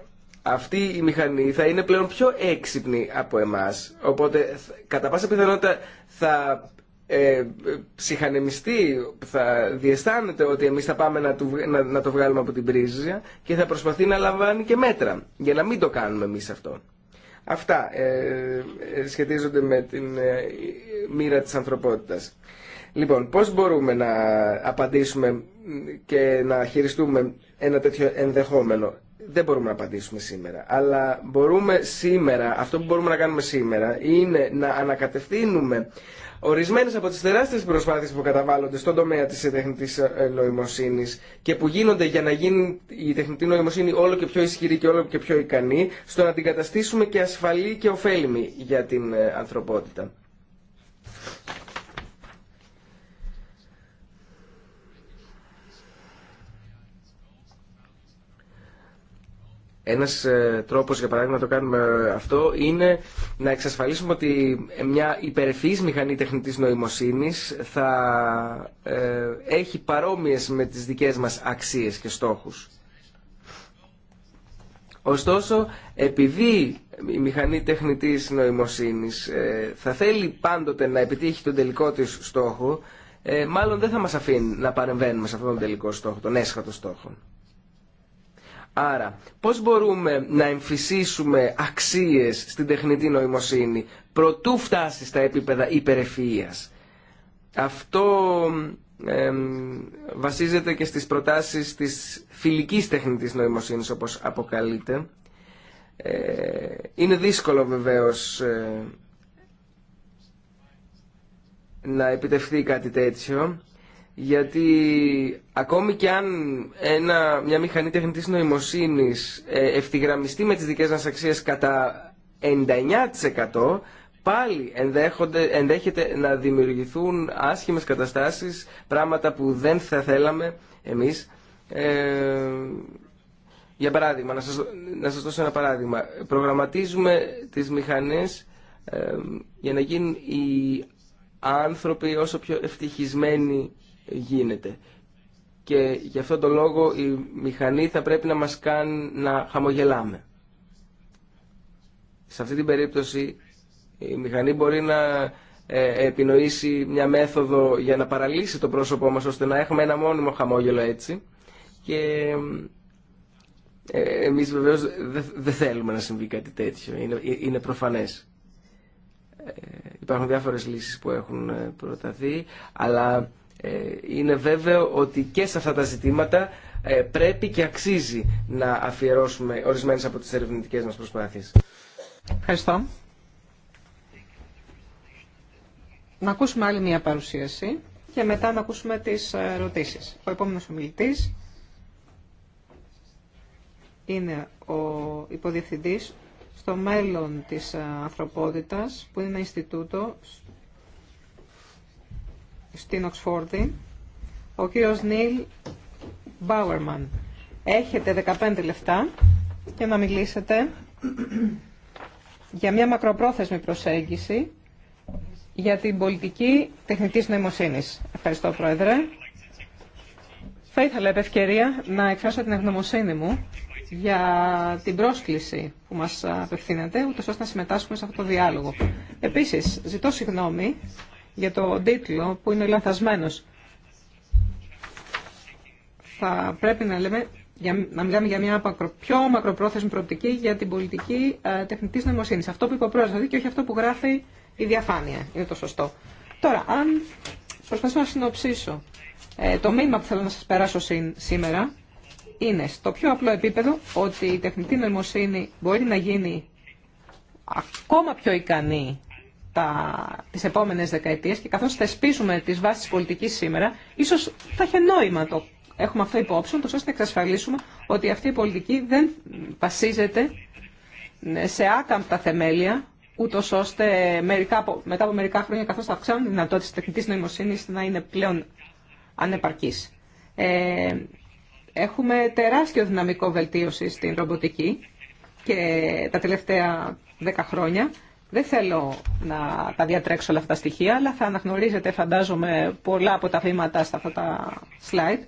αυτή η μηχανή θα είναι πλέον πιο έξυπνη από εμάς. Οπότε κατά πάσα πιθανότητα θα ε, ε ψυχανεμιστεί, θα διαισθάνεται ότι εμείς θα πάμε να, του, να, το βγάλουμε από την πρίζα και θα προσπαθεί να λαμβάνει και μέτρα για να μην το κάνουμε εμείς αυτό. Αυτά ε, ε, σχετίζονται με την ε, μοίρα της ανθρωπότητας. Λοιπόν, πώς μπορούμε να απαντήσουμε και να χειριστούμε ένα τέτοιο ενδεχόμενο. Δεν μπορούμε να απαντήσουμε σήμερα, αλλά μπορούμε σήμερα, αυτό που μπορούμε να κάνουμε σήμερα είναι να ανακατευθύνουμε Ορισμένες από τις τεράστιε προσπάθειες που καταβάλλονται στον τομέα της τεχνητής ε, νοημοσύνης και που γίνονται για να γίνει η τεχνητή νοημοσύνη όλο και πιο ισχυρή και όλο και πιο ικανή, στο να την καταστήσουμε και ασφαλή και ωφέλιμη για την ε, ανθρωπότητα. Ένας ε, τρόπος για παράδειγμα να το κάνουμε αυτό είναι να εξασφαλίσουμε ότι μια υπερφύη μηχανή τεχνητή νοημοσύνης θα ε, έχει παρόμοιες με τις δικές μας αξίες και στόχους. Ωστόσο, επειδή η μηχανή τεχνητής νοημοσύνης ε, θα θέλει πάντοτε να επιτύχει τον τελικό της στόχο, μάλλον δεν θα μας αφήνει να παρεμβαίνουμε σε αυτόν τον τελικό στόχο, τον έσχατο στόχο. Άρα, πώς μπορούμε να εμφυσίσουμε αξίες στην τεχνητή νοημοσύνη προτού φτάσει στα επίπεδα υπερεφυΐας. Αυτό βασίζεται και στις προτάσεις της φιλικής τεχνητής νοημοσύνης όπως αποκαλείται. Ε, είναι δύσκολο βεβαίως ε, να επιτευχθεί κάτι τέτοιο γιατί ακόμη και αν ένα, μια μηχανή τεχνητής νοημοσύνης ε, ευθυγραμμιστεί με τις δικές μας αξίες κατά 99% πάλι ενδέχεται να δημιουργηθούν άσχημες καταστάσεις, πράγματα που δεν θα θέλαμε εμείς. Ε, για παράδειγμα, να σας, να σας δώσω ένα παράδειγμα. Προγραμματίζουμε τις μηχανές ε, για να γίνουν οι άνθρωποι όσο πιο ευτυχισμένοι γίνεται. Και γι' αυτόν τον λόγο η μηχανή θα πρέπει να μας κάνει να χαμογελάμε. Σε αυτή την περίπτωση η μηχανή μπορεί να ε, επινοήσει μια μέθοδο για να παραλύσει το πρόσωπό μας ώστε να έχουμε ένα μόνιμο χαμόγελο έτσι και ε, εμείς βεβαίως δεν θέλουμε να συμβεί κάτι τέτοιο, είναι, είναι προφανές. Ε, υπάρχουν διάφορες λύσεις που έχουν προταθεί αλλά ε, είναι βέβαιο ότι και σε αυτά τα ζητήματα ε, πρέπει και αξίζει να αφιερώσουμε ορισμένες από τις ερευνητικές μας προσπάθειες. Ευχαριστώ. Να ακούσουμε άλλη μία παρουσίαση και μετά να ακούσουμε τις ερωτήσεις. Ο επόμενος ομιλητής είναι ο υποδιευθυντής στο μέλλον της ανθρωπότητας που είναι ένα Ινστιτούτο στην Οξφόρδη, ο κύριος Νίλ Μπάουερμαν. Έχετε 15 λεφτά για να μιλήσετε για μια μακροπρόθεσμη προσέγγιση για την πολιτική τεχνητής νοημοσύνης. Ευχαριστώ, Πρόεδρε. Θα ήθελα επ' ευκαιρία να εκφράσω την ευγνωμοσύνη μου για την πρόσκληση που μας απευθύνεται, ούτως ώστε να συμμετάσχουμε σε αυτό το διάλογο. Επίσης, ζητώ συγγνώμη για το τίτλο που είναι λανθασμένος. Θα πρέπει να, λέμε, για, να μιλάμε για μια μακρο, πιο μακροπρόθεσμη προοπτική για την πολιτική ε, τεχνητής Αυτό που είπε ο πρόεδρο, δηλαδή, και όχι αυτό που γράφει η διαφάνεια. Είναι το σωστό. Τώρα, αν προσπαθήσω να συνοψίσω ε, το μήνυμα που θέλω να σας περάσω σήμερα, είναι στο πιο απλό επίπεδο ότι η τεχνητή νοημοσύνη μπορεί να γίνει ακόμα πιο ικανή τα, τις επόμενες δεκαετίες και καθώς θεσπίζουμε τις βάσεις της πολιτικής σήμερα, ίσως θα έχει νόημα το έχουμε αυτό υπόψη, ώστε να εξασφαλίσουμε ότι αυτή η πολιτική δεν βασίζεται ε, σε άκαμπτα θεμέλια, ούτω ώστε μερικά, μετά από μερικά χρόνια, καθώ θα αυξάνουν οι δυνατότητε τη τεχνητή νοημοσύνη, να είναι πλέον ανεπαρκή. Ε, έχουμε τεράστιο δυναμικό βελτίωση στην ρομποτική και τα τελευταία δέκα χρόνια δεν θέλω να τα διατρέξω όλα αυτά τα στοιχεία, αλλά θα αναγνωρίζετε, φαντάζομαι, πολλά από τα βήματα στα αυτά τα slide.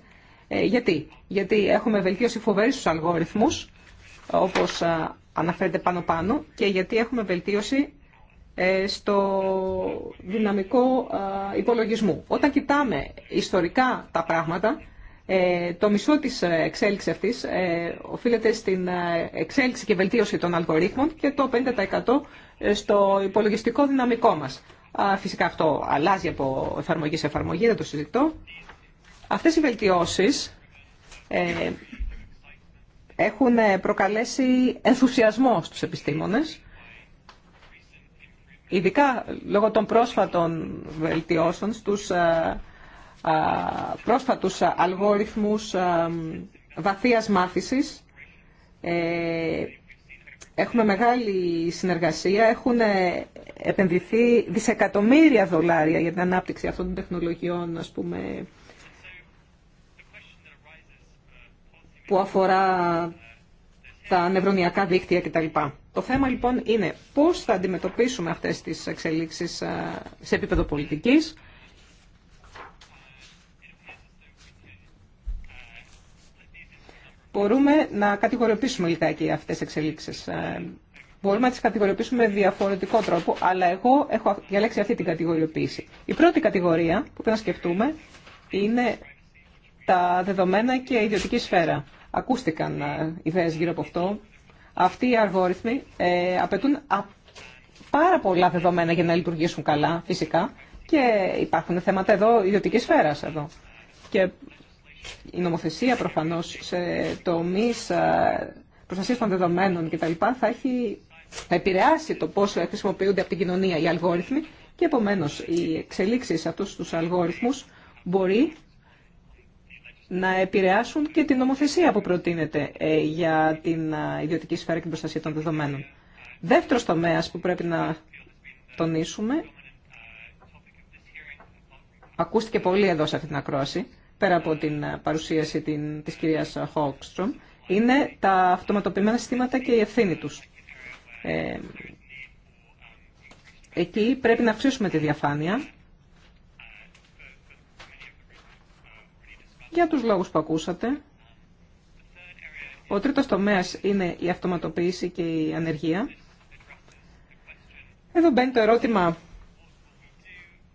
Ε, γιατί? Γιατί έχουμε βελτίωση φοβερή στους αλγόριθμους, όπως αναφέρεται πάνω-πάνω, και γιατί έχουμε βελτίωση ε, στο δυναμικό υπολογισμού. Όταν κοιτάμε ιστορικά τα πράγματα, ε, το μισό της εξέλιξης αυτής ε, οφείλεται στην εξέλιξη και βελτίωση των αλγορίθμων και το 50% στο υπολογιστικό δυναμικό μας. Φυσικά αυτό αλλάζει από εφαρμογή σε εφαρμογή, δεν το συζητώ. Αυτές οι βελτιώσεις ε, έχουν ε, προκαλέσει ενθουσιασμό στους επιστήμονες, ειδικά λόγω των πρόσφατων βελτιώσεων στους πρόσφατου ε, ε, πρόσφατους αλγόριθμους βαθίας μάθησης, Έχουμε μεγάλη συνεργασία, έχουν ε, επενδυθεί δισεκατομμύρια δολάρια για την ανάπτυξη αυτών των τεχνολογιών, ας πούμε, που αφορά τα νευρονιακά δίκτυα κτλ. Το θέμα λοιπόν είναι πώς θα αντιμετωπίσουμε αυτές τις εξελίξεις ε, σε επίπεδο πολιτικής, μπορούμε να κατηγοριοποιήσουμε λιγάκι αυτές τις εξελίξεις. Ε, μπορούμε να τις κατηγοριοποιήσουμε με διαφορετικό τρόπο, αλλά εγώ έχω διαλέξει αυτή την κατηγοριοποίηση. Η πρώτη κατηγορία που πρέπει να σκεφτούμε είναι τα δεδομένα και η ιδιωτική σφαίρα. Ακούστηκαν ε, ιδέες γύρω από αυτό. Αυτοί οι αργόριθμοι ε, απαιτούν πάρα πολλά δεδομένα για να λειτουργήσουν καλά, φυσικά, και υπάρχουν θέματα εδώ ιδιωτική σφαίρα εδώ. Και η νομοθεσία προφανώς σε τομείς ε, προστασίας των δεδομένων κτλ. θα, έχει, θα επηρεάσει το πόσο χρησιμοποιούνται από την κοινωνία οι αλγόριθμοι και επομένως οι εξελίξεις σε αυτούς τους αλγόριθμους μπορεί να επηρεάσουν και την νομοθεσία που προτείνεται ε, για την ε, ιδιωτική σφαίρα και την προστασία των δεδομένων. Δεύτερος τομέας που πρέπει να τονίσουμε, ακούστηκε πολύ εδώ σε αυτή την ακρόαση, πέρα από την παρουσίαση την, της κυρίας Χόκστρομ, είναι τα αυτοματοποιημένα συστήματα και η ευθύνη τους. Ε, εκεί πρέπει να αυξήσουμε τη διαφάνεια για τους λόγους που ακούσατε. Ο τρίτος τομέας είναι η αυτοματοποίηση και η ανεργία. Εδώ μπαίνει το ερώτημα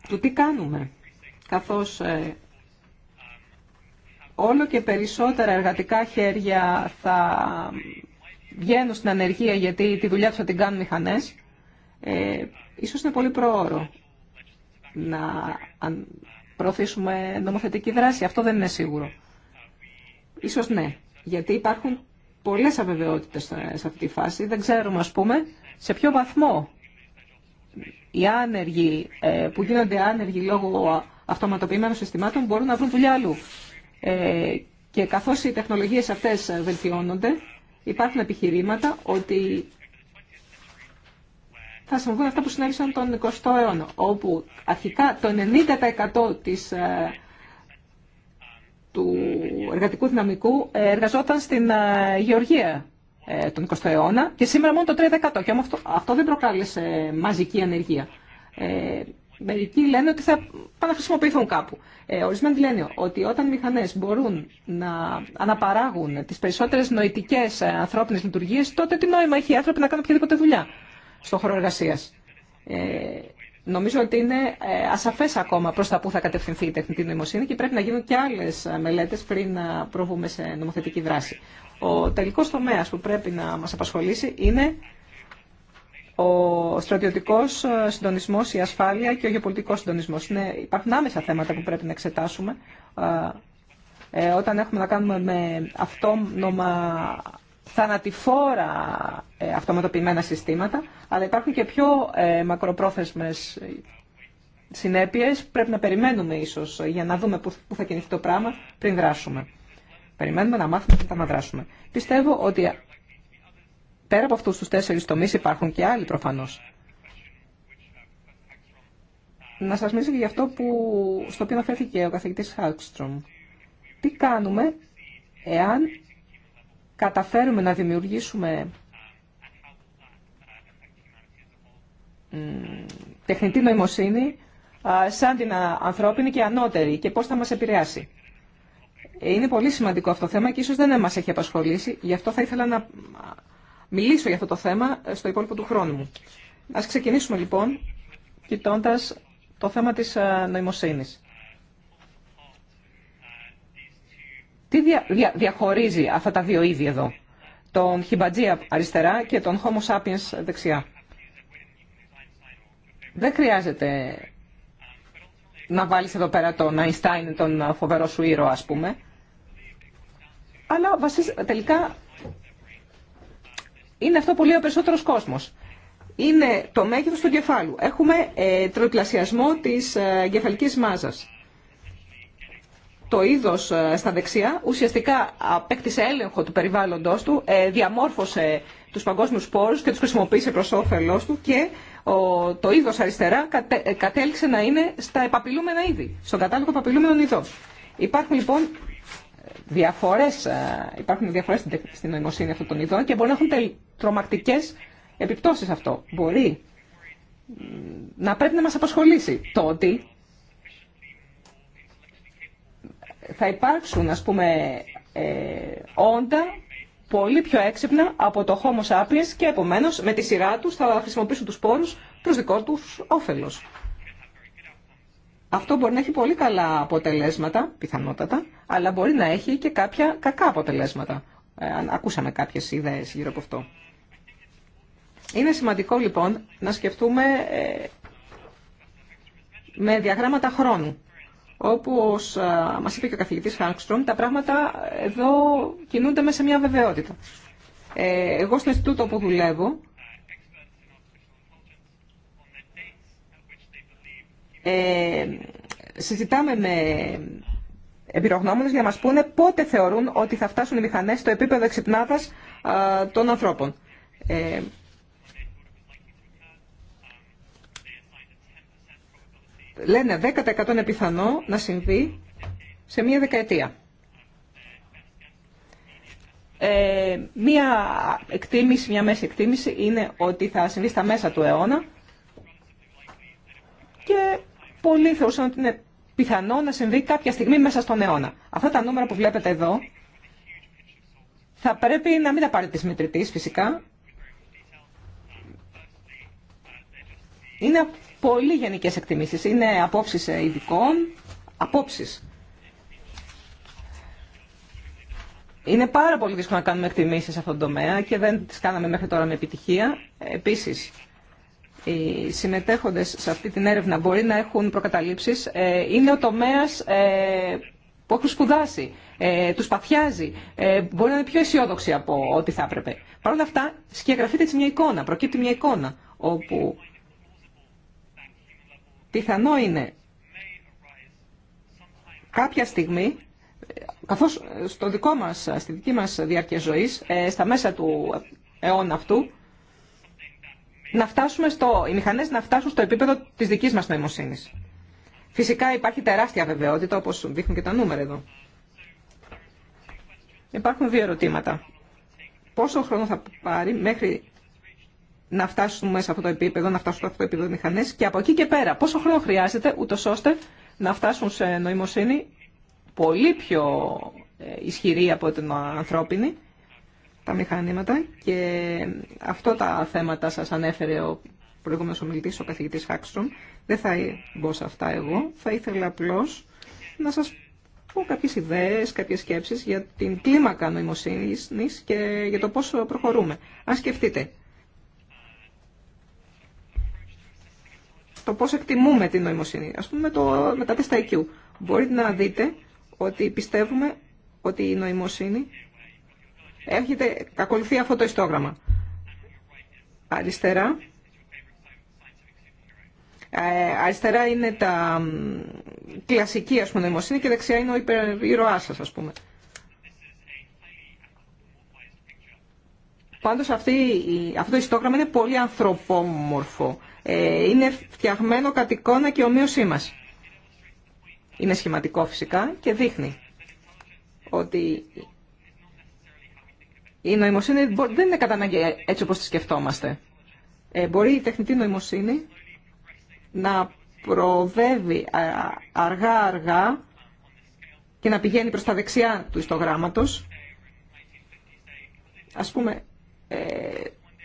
του τι κάνουμε, καθώς ε, όλο και περισσότερα εργατικά χέρια θα βγαίνουν στην ανεργία γιατί τη δουλειά τους θα την κάνουν μηχανές, ε, ίσως είναι πολύ προώρο να προωθήσουμε νομοθετική δράση. Αυτό δεν είναι σίγουρο. Ίσως ναι, γιατί υπάρχουν πολλές αβεβαιότητες σε αυτή τη φάση. Δεν ξέρουμε, ας πούμε, σε ποιο βαθμό οι άνεργοι ε, που γίνονται άνεργοι λόγω αυτοματοποιημένων συστημάτων μπορούν να βρουν δουλειά αλλού. Ε, και καθώς οι τεχνολογίες αυτές βελτιώνονται, υπάρχουν επιχειρήματα ότι θα συμβούν αυτά που συνέβησαν τον 20ο αιώνα, όπου αρχικά το 90% της, ε, του εργατικού δυναμικού ε, εργαζόταν στην γεωργία τον 20ο αιώνα και σήμερα μόνο το 3%. Και αυτό, αυτό δεν προκάλεσε μαζική ανεργία. Μερικοί λένε ότι θα πάνε να χρησιμοποιηθούν κάπου. Ε, ορισμένοι λένε ότι όταν μηχανές μπορούν να αναπαράγουν τις περισσότερες νοητικές ε, ανθρώπινες λειτουργίες, τότε τι νόημα έχει οι άνθρωποι να κάνουν οποιαδήποτε δουλειά στον χώρο εργασία. Ε, νομίζω ότι είναι ε, ασαφές ακόμα προς τα που θα κατευθυνθεί η τεχνητή νοημοσύνη και πρέπει να γίνουν και άλλες ε, μελέτες πριν να προβούμε σε νομοθετική δράση. Ο τελικός τομέας που πρέπει να μας απασχολήσει είναι ο στρατιωτικό ε, συντονισμό, η ασφάλεια και ο γεωπολιτικός συντονισμό. Ναι, υπάρχουν άμεσα θέματα που πρέπει να εξετάσουμε ε, όταν έχουμε να κάνουμε με αυτόνομα θανατηφόρα ε, αυτοματοποιημένα συστήματα, αλλά υπάρχουν και πιο ε, μακροπρόθεσμες ε, συνέπειες. Πρέπει να περιμένουμε ίσως για να δούμε πού θα κινηθεί το πράγμα πριν δράσουμε. Περιμένουμε να μάθουμε και να δράσουμε. Πιστεύω ότι πέρα από αυτούς τους τέσσερις τομείς υπάρχουν και άλλοι προφανώς. Να σας μιλήσω και για αυτό που, στο οποίο αναφέρθηκε ο καθηγητής Χαλκστρομ. Τι κάνουμε εάν καταφέρουμε να δημιουργήσουμε τεχνητή νοημοσύνη σαν την ανθρώπινη και ανώτερη και πώς θα μας επηρεάσει. Ε, είναι πολύ σημαντικό αυτό το θέμα και ίσως δεν μας έχει απασχολήσει, γι' αυτό θα ήθελα να μιλήσω για αυτό το θέμα ε, στο υπόλοιπο του χρόνου μου. Ας ξεκινήσουμε λοιπόν κοιτώντα το θέμα της ε, νοημοσύνης. Τι διαχωρίζει αυτά τα δύο είδη εδώ, τον χιμπατζία αριστερά και τον homo sapiens δεξιά. Δεν χρειάζεται να βάλεις εδώ πέρα τον Αϊνστάιν, τον φοβερό σου ήρωα ας πούμε, αλλά βασίζ, τελικά είναι αυτό που λέει ο περισσότερο κόσμο. Είναι το μέγεθο του κεφάλου. Έχουμε ε, της τη ε, κεφαλική μάζα. Το είδο ε, στα δεξιά ουσιαστικά απέκτησε έλεγχο του περιβάλλοντό του, ε, διαμόρφωσε του παγκόσμιου πόρου και του χρησιμοποίησε προ όφελό του και το είδο αριστερά ε, κατέληξε να είναι στα επαπειλούμενα είδη, στον κατάλογο επαπειλούμενων ειδών. Υπάρχουν λοιπόν διαφορές, ε, υπάρχουν διαφορές στην νοημοσύνη αυτών των ειδών και μπορεί να έχουν τρομακτικές επιπτώσεις αυτό. Μπορεί να πρέπει να μας απασχολήσει το ότι θα υπάρξουν, ας πούμε, ε, όντα πολύ πιο έξυπνα από το Homo sapiens και επομένως με τη σειρά τους θα χρησιμοποιήσουν τους πόρους προς δικό τους όφελος. Αυτό μπορεί να έχει πολύ καλά αποτελέσματα, πιθανότατα, αλλά μπορεί να έχει και κάποια κακά αποτελέσματα. Ε, ακούσαμε κάποιες ιδέες γύρω από αυτό. Είναι σημαντικό, λοιπόν, να σκεφτούμε ε, με διαγράμματα χρόνου. Όπως μας είπε και ο καθηγητής Χάνκστρομ, τα πράγματα ε, εδώ κινούνται μέσα σε μια βεβαιότητα. Εγώ στο Ινστιτούτο που δουλεύω, Ε, συζητάμε με εμπειρογνώμονες για να μας πούνε πότε θεωρούν ότι θα φτάσουν οι μηχανές στο επίπεδο εξυπνάδας ε, των ανθρώπων. Ε, λένε 10% είναι πιθανό να συμβεί σε μία δεκαετία. Ε, μία εκτίμηση, μία μέση εκτίμηση είναι ότι θα συμβεί στα μέσα του αιώνα και πολλοί θεωρούσαν ότι είναι πιθανό να συμβεί κάποια στιγμή μέσα στον αιώνα. Αυτά τα νούμερα που βλέπετε εδώ θα πρέπει να μην τα πάρετε τη μετρητή φυσικά. Είναι πολύ γενικές εκτιμήσεις. Είναι απόψεις ε, ειδικών, απόψεις. Είναι πάρα πολύ δύσκολο να κάνουμε εκτιμήσεις σε αυτόν τον τομέα και δεν τις κάναμε μέχρι τώρα με επιτυχία. Επίσης, οι συμμετέχοντες σε αυτή την έρευνα μπορεί να έχουν προκαταλήψεις, ε, είναι ο τομέας ε, που έχουν σπουδάσει, ε, τους παθιάζει, μπορεί να είναι πιο αισιόδοξοι από ό,τι θα έπρεπε. Παρ' όλα αυτά, σκιαγραφείται έτσι μια εικόνα, προκύπτει μια εικόνα, όπου πιθανό είναι κάποια στιγμή, καθώς στο δικό μας, στη δική μας διάρκεια ζωής, στα μέσα του αιώνα αυτού, να φτάσουμε στο, οι μηχανές να φτάσουν στο επίπεδο της δικής μας νοημοσύνης. Φυσικά υπάρχει τεράστια βεβαιότητα, όπως δείχνουν και τα νούμερα εδώ. Υπάρχουν δύο ερωτήματα. Πόσο χρόνο θα πάρει μέχρι να φτάσουμε σε αυτό το επίπεδο, να φτάσουν σε αυτό το επίπεδο οι μηχανές και από εκεί και πέρα πόσο χρόνο χρειάζεται ούτω ώστε να φτάσουν σε νοημοσύνη πολύ πιο ε, ισχυρή από την ανθρώπινη τα μηχανήματα και αυτό τα θέματα σας ανέφερε ο προηγούμενος ομιλητής, ο καθηγητής Χάξτρομ. Δεν θα μπω σε αυτά εγώ. Θα ήθελα απλώς να σας πω κάποιες ιδέες, κάποιες σκέψεις για την κλίμακα νοημοσύνης και για το πώς προχωρούμε. Αν σκεφτείτε το πώς εκτιμούμε την νοημοσύνη, ας πούμε το, με τα IQ, μπορείτε να δείτε ότι πιστεύουμε ότι η νοημοσύνη έρχεται, ακολουθεί αυτό το ιστόγραμμα. Αριστερά. Ε, αριστερά είναι τα κλασική ας πούμε νοημοσύνη και δεξιά είναι ο υπερηρωάς σας ας πούμε. Πάντως αυτή, αυτό το ιστόγραμμα είναι πολύ ανθρωπόμορφο. Ε, είναι φτιαγμένο κατ' εικόνα και ομοίωσή μας. Είναι σχηματικό φυσικά και δείχνει ότι η νοημοσύνη δεν είναι κατά ανάγκη έτσι όπως τη σκεφτόμαστε. Ε, μπορεί η τεχνητή νοημοσύνη να προοδεύει αργά-αργά και να πηγαίνει προς τα δεξιά του ιστογράμματος. Ας πούμε, ε,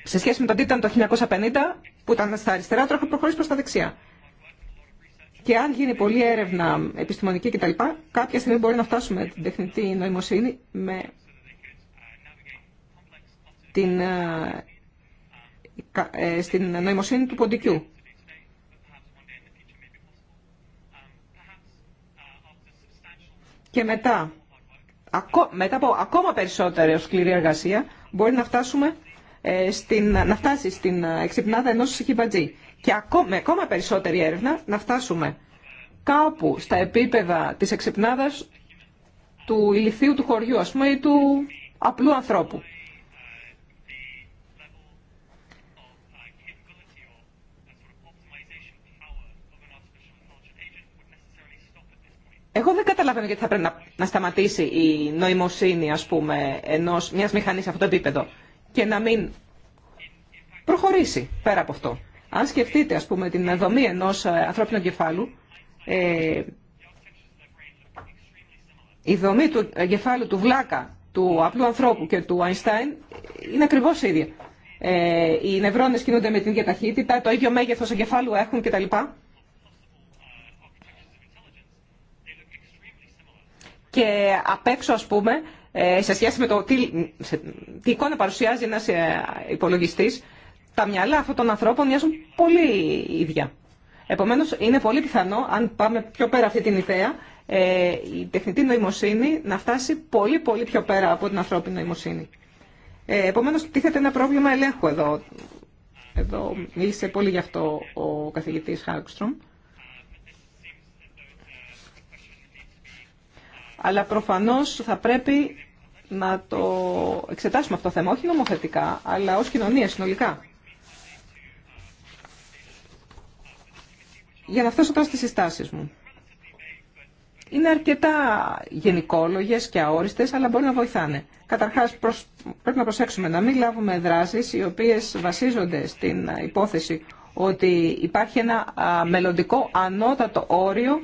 σε σχέση με τον Τίταν το 1950, που ήταν στα αριστερά, τώρα έχω προχωρήσει προς τα δεξιά. Και αν γίνει πολλή έρευνα επιστημονική κτλ, κάποια στιγμή μπορεί να φτάσουμε την τεχνητή νοημοσύνη με ε, ε, στην νοημοσύνη του ποντικού. Και μετά, μετά από ακόμα περισσότερη σκληρή εργασία, μπορεί να, φτάσουμε, ε, στην, να φτάσει στην εξυπνάδα ενός χιμπατζή. Και ακόμα, με ακόμα περισσότερη έρευνα να φτάσουμε κάπου στα επίπεδα της εξυπνάδας του ηλικίου του χωριού, ας πούμε, ή του απλού ανθρώπου. Εγώ δεν καταλαβαίνω γιατί θα πρέπει να, να σταματήσει η νοημοσύνη, ας πούμε, ενός, μιας μηχανής σε αυτό το επίπεδο και να μην προχωρήσει πέρα από αυτό. Αν σκεφτείτε, ας πούμε, την δομή ενός ε, ανθρώπινου κεφάλου, ε, η δομή του κεφάλου του Βλάκα, του απλού ανθρώπου και του Αϊνστάιν είναι ακριβώς ίδια. Ε, οι νευρώνες κινούνται με την ίδια ταχύτητα, το ίδιο μέγεθος εγκεφάλου έχουν κτλ. και απ' έξω ας πούμε ε, σε σχέση με το τι, τι εικόνα παρουσιάζει ένας ε, υπολογιστής τα μυαλά αυτών των ανθρώπων μοιάζουν πολύ ίδια. Επομένως είναι πολύ πιθανό αν πάμε πιο πέρα αυτή την ιδέα ε, η τεχνητή νοημοσύνη να φτάσει πολύ πολύ πιο πέρα από την ανθρώπινη νοημοσύνη. επομένως τίθεται ένα πρόβλημα ελέγχου εδώ. Εδώ μίλησε πολύ γι' αυτό ο καθηγητής Χάρκστρομ. Αλλά προφανώς θα πρέπει να το εξετάσουμε αυτό το θέμα, όχι νομοθετικά, αλλά ως κοινωνία συνολικά. Για να φτάσω τώρα στις συστάσεις μου. Είναι αρκετά γενικόλογες και αόριστες, αλλά μπορεί να βοηθάνε. Καταρχάς, πρέπει να προσέξουμε να μην λάβουμε δράσεις οι οποίες βασίζονται στην υπόθεση ότι υπάρχει ένα μελλοντικό ανώτατο όριο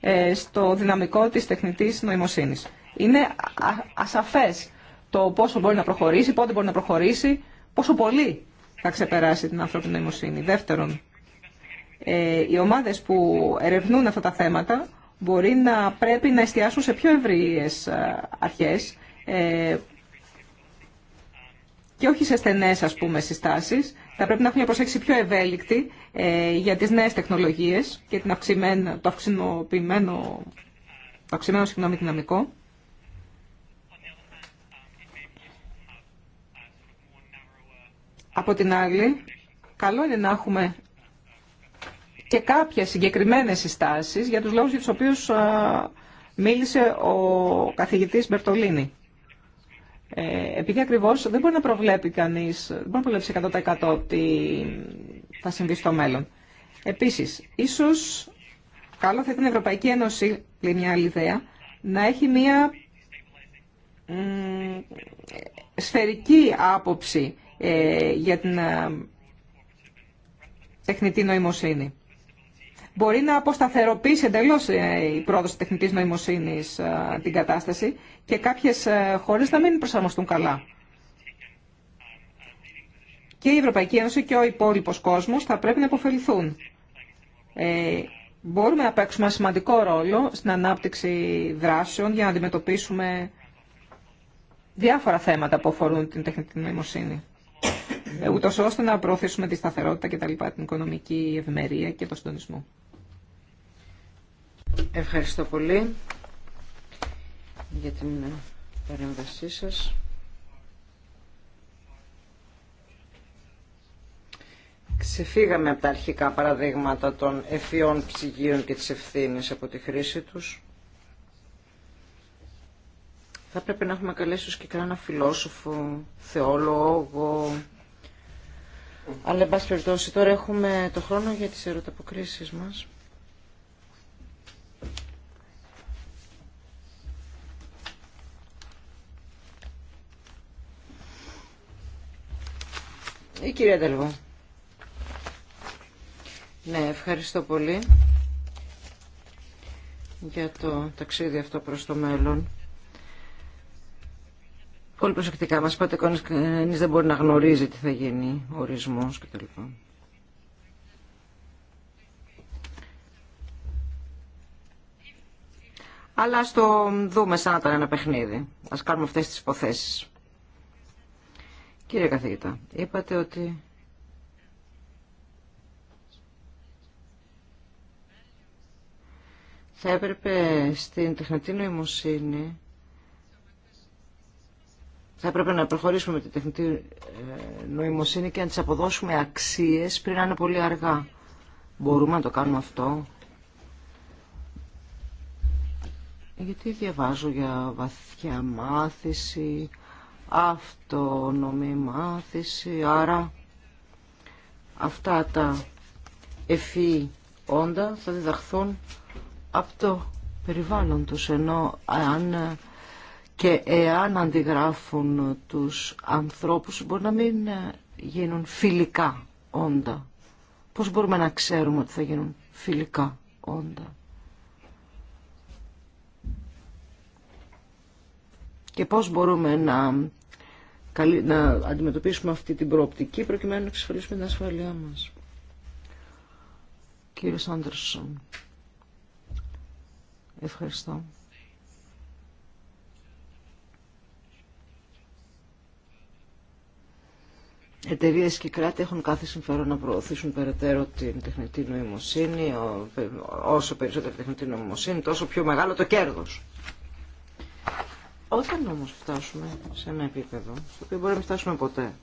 ε, στο δυναμικό της τεχνητής νοημοσύνης. Είναι ασαφές το πόσο μπορεί να προχωρήσει, πότε μπορεί να προχωρήσει, πόσο πολύ θα ξεπεράσει την ανθρώπινη νοημοσύνη. Δεύτερον, ε, οι ομάδες που ερευνούν αυτά τα θέματα μπορεί να πρέπει να εστιάσουν σε πιο ευρύες ε, αρχές και όχι σε στενές ας πούμε συστάσεις θα πρέπει να έχουμε μια προσέγγιση πιο ευέλικτη ε, για τις νέες τεχνολογίες και την το αυξημένο, το αυξημένο συγγνώμη, δυναμικό. Από την άλλη, καλό είναι να έχουμε και κάποιες συγκεκριμένες συστάσεις για τους λόγους για τους οποίους μίλησε ο καθηγητής Μπερτολίνη. Ε, επειδή ακριβώ δεν μπορεί να προβλέπει κανεί, δεν μπορεί να προβλέψει 100% τι θα συμβεί στο μέλλον. Επίση, ίσω καλό θα ήταν η Ευρωπαϊκή Ένωση, λέει μια άλλη ιδέα, να έχει μια σφαιρική άποψη ε, για την ε, τεχνητή νοημοσύνη μπορεί να αποσταθεροποιήσει εντελώ ε, η πρόοδο τεχνητή νοημοσύνη ε, την κατάσταση και κάποιε ε, χώρε να μην προσαρμοστούν καλά. Και η Ευρωπαϊκή Ένωση και ο υπόλοιπο κόσμο θα πρέπει να υποφεληθούν. Ε, μπορούμε να παίξουμε ένα σημαντικό ρόλο στην ανάπτυξη δράσεων για να αντιμετωπίσουμε διάφορα θέματα που αφορούν την τεχνητή νοημοσύνη. ούτω ώστε να προωθήσουμε τη σταθερότητα και τα λοιπά, την οικονομική ευμερία και τον συντονισμό. Ευχαριστώ πολύ για την παρέμβασή σας. Ξεφύγαμε από τα αρχικά παραδείγματα των ευφυών ψυγείων και της ευθύνη από τη χρήση τους. Θα πρέπει να έχουμε καλέσει και κανένα φιλόσοφο, θεόλογο. Αλλά, εν πάση τώρα έχουμε το χρόνο για τις ερωταποκρίσεις μας. Η κυρία Δελβό. Ναι, ευχαριστώ πολύ για το ταξίδι αυτό προς το μέλλον. Πολύ προσεκτικά μας πάτε κανείς δεν μπορεί να γνωρίζει τι θα γίνει, ορισμός κτλ. Αλλά ας το δούμε σαν να ήταν ένα παιχνίδι. Ας κάνουμε αυτές τις υποθέσεις. Κύριε καθηγητά, είπατε ότι θα έπρεπε στην τεχνητή νοημοσύνη θα έπρεπε να προχωρήσουμε με την τεχνητή ε, νοημοσύνη και να της αποδώσουμε αξίες πριν να είναι πολύ αργά. Μπορούμε να το κάνουμε αυτό. Γιατί διαβάζω για βαθιά μάθηση, αυτονομή μάθηση, άρα αυτά τα ευφύ όντα θα διδαχθούν από το περιβάλλον τους, ενώ αν και εάν αντιγράφουν τους ανθρώπους μπορεί να μην γίνουν φιλικά όντα. Πώς μπορούμε να ξέρουμε ότι θα γίνουν φιλικά όντα. Και πώς μπορούμε να να αντιμετωπίσουμε αυτή την προοπτική προκειμένου να εξασφαλίσουμε την ασφαλεία μας. Κύριε Σάντερσον, ευχαριστώ. Εταιρείε και κράτη έχουν κάθε συμφέρον να προωθήσουν περαιτέρω την τεχνητή νοημοσύνη. Όσο περισσότερη τεχνητή νοημοσύνη, τόσο πιο μεγάλο το κέρδος. Όταν όμως φτάσουμε σε ένα επίπεδο, στο οποίο μπορεί να φτάσουμε ποτέ,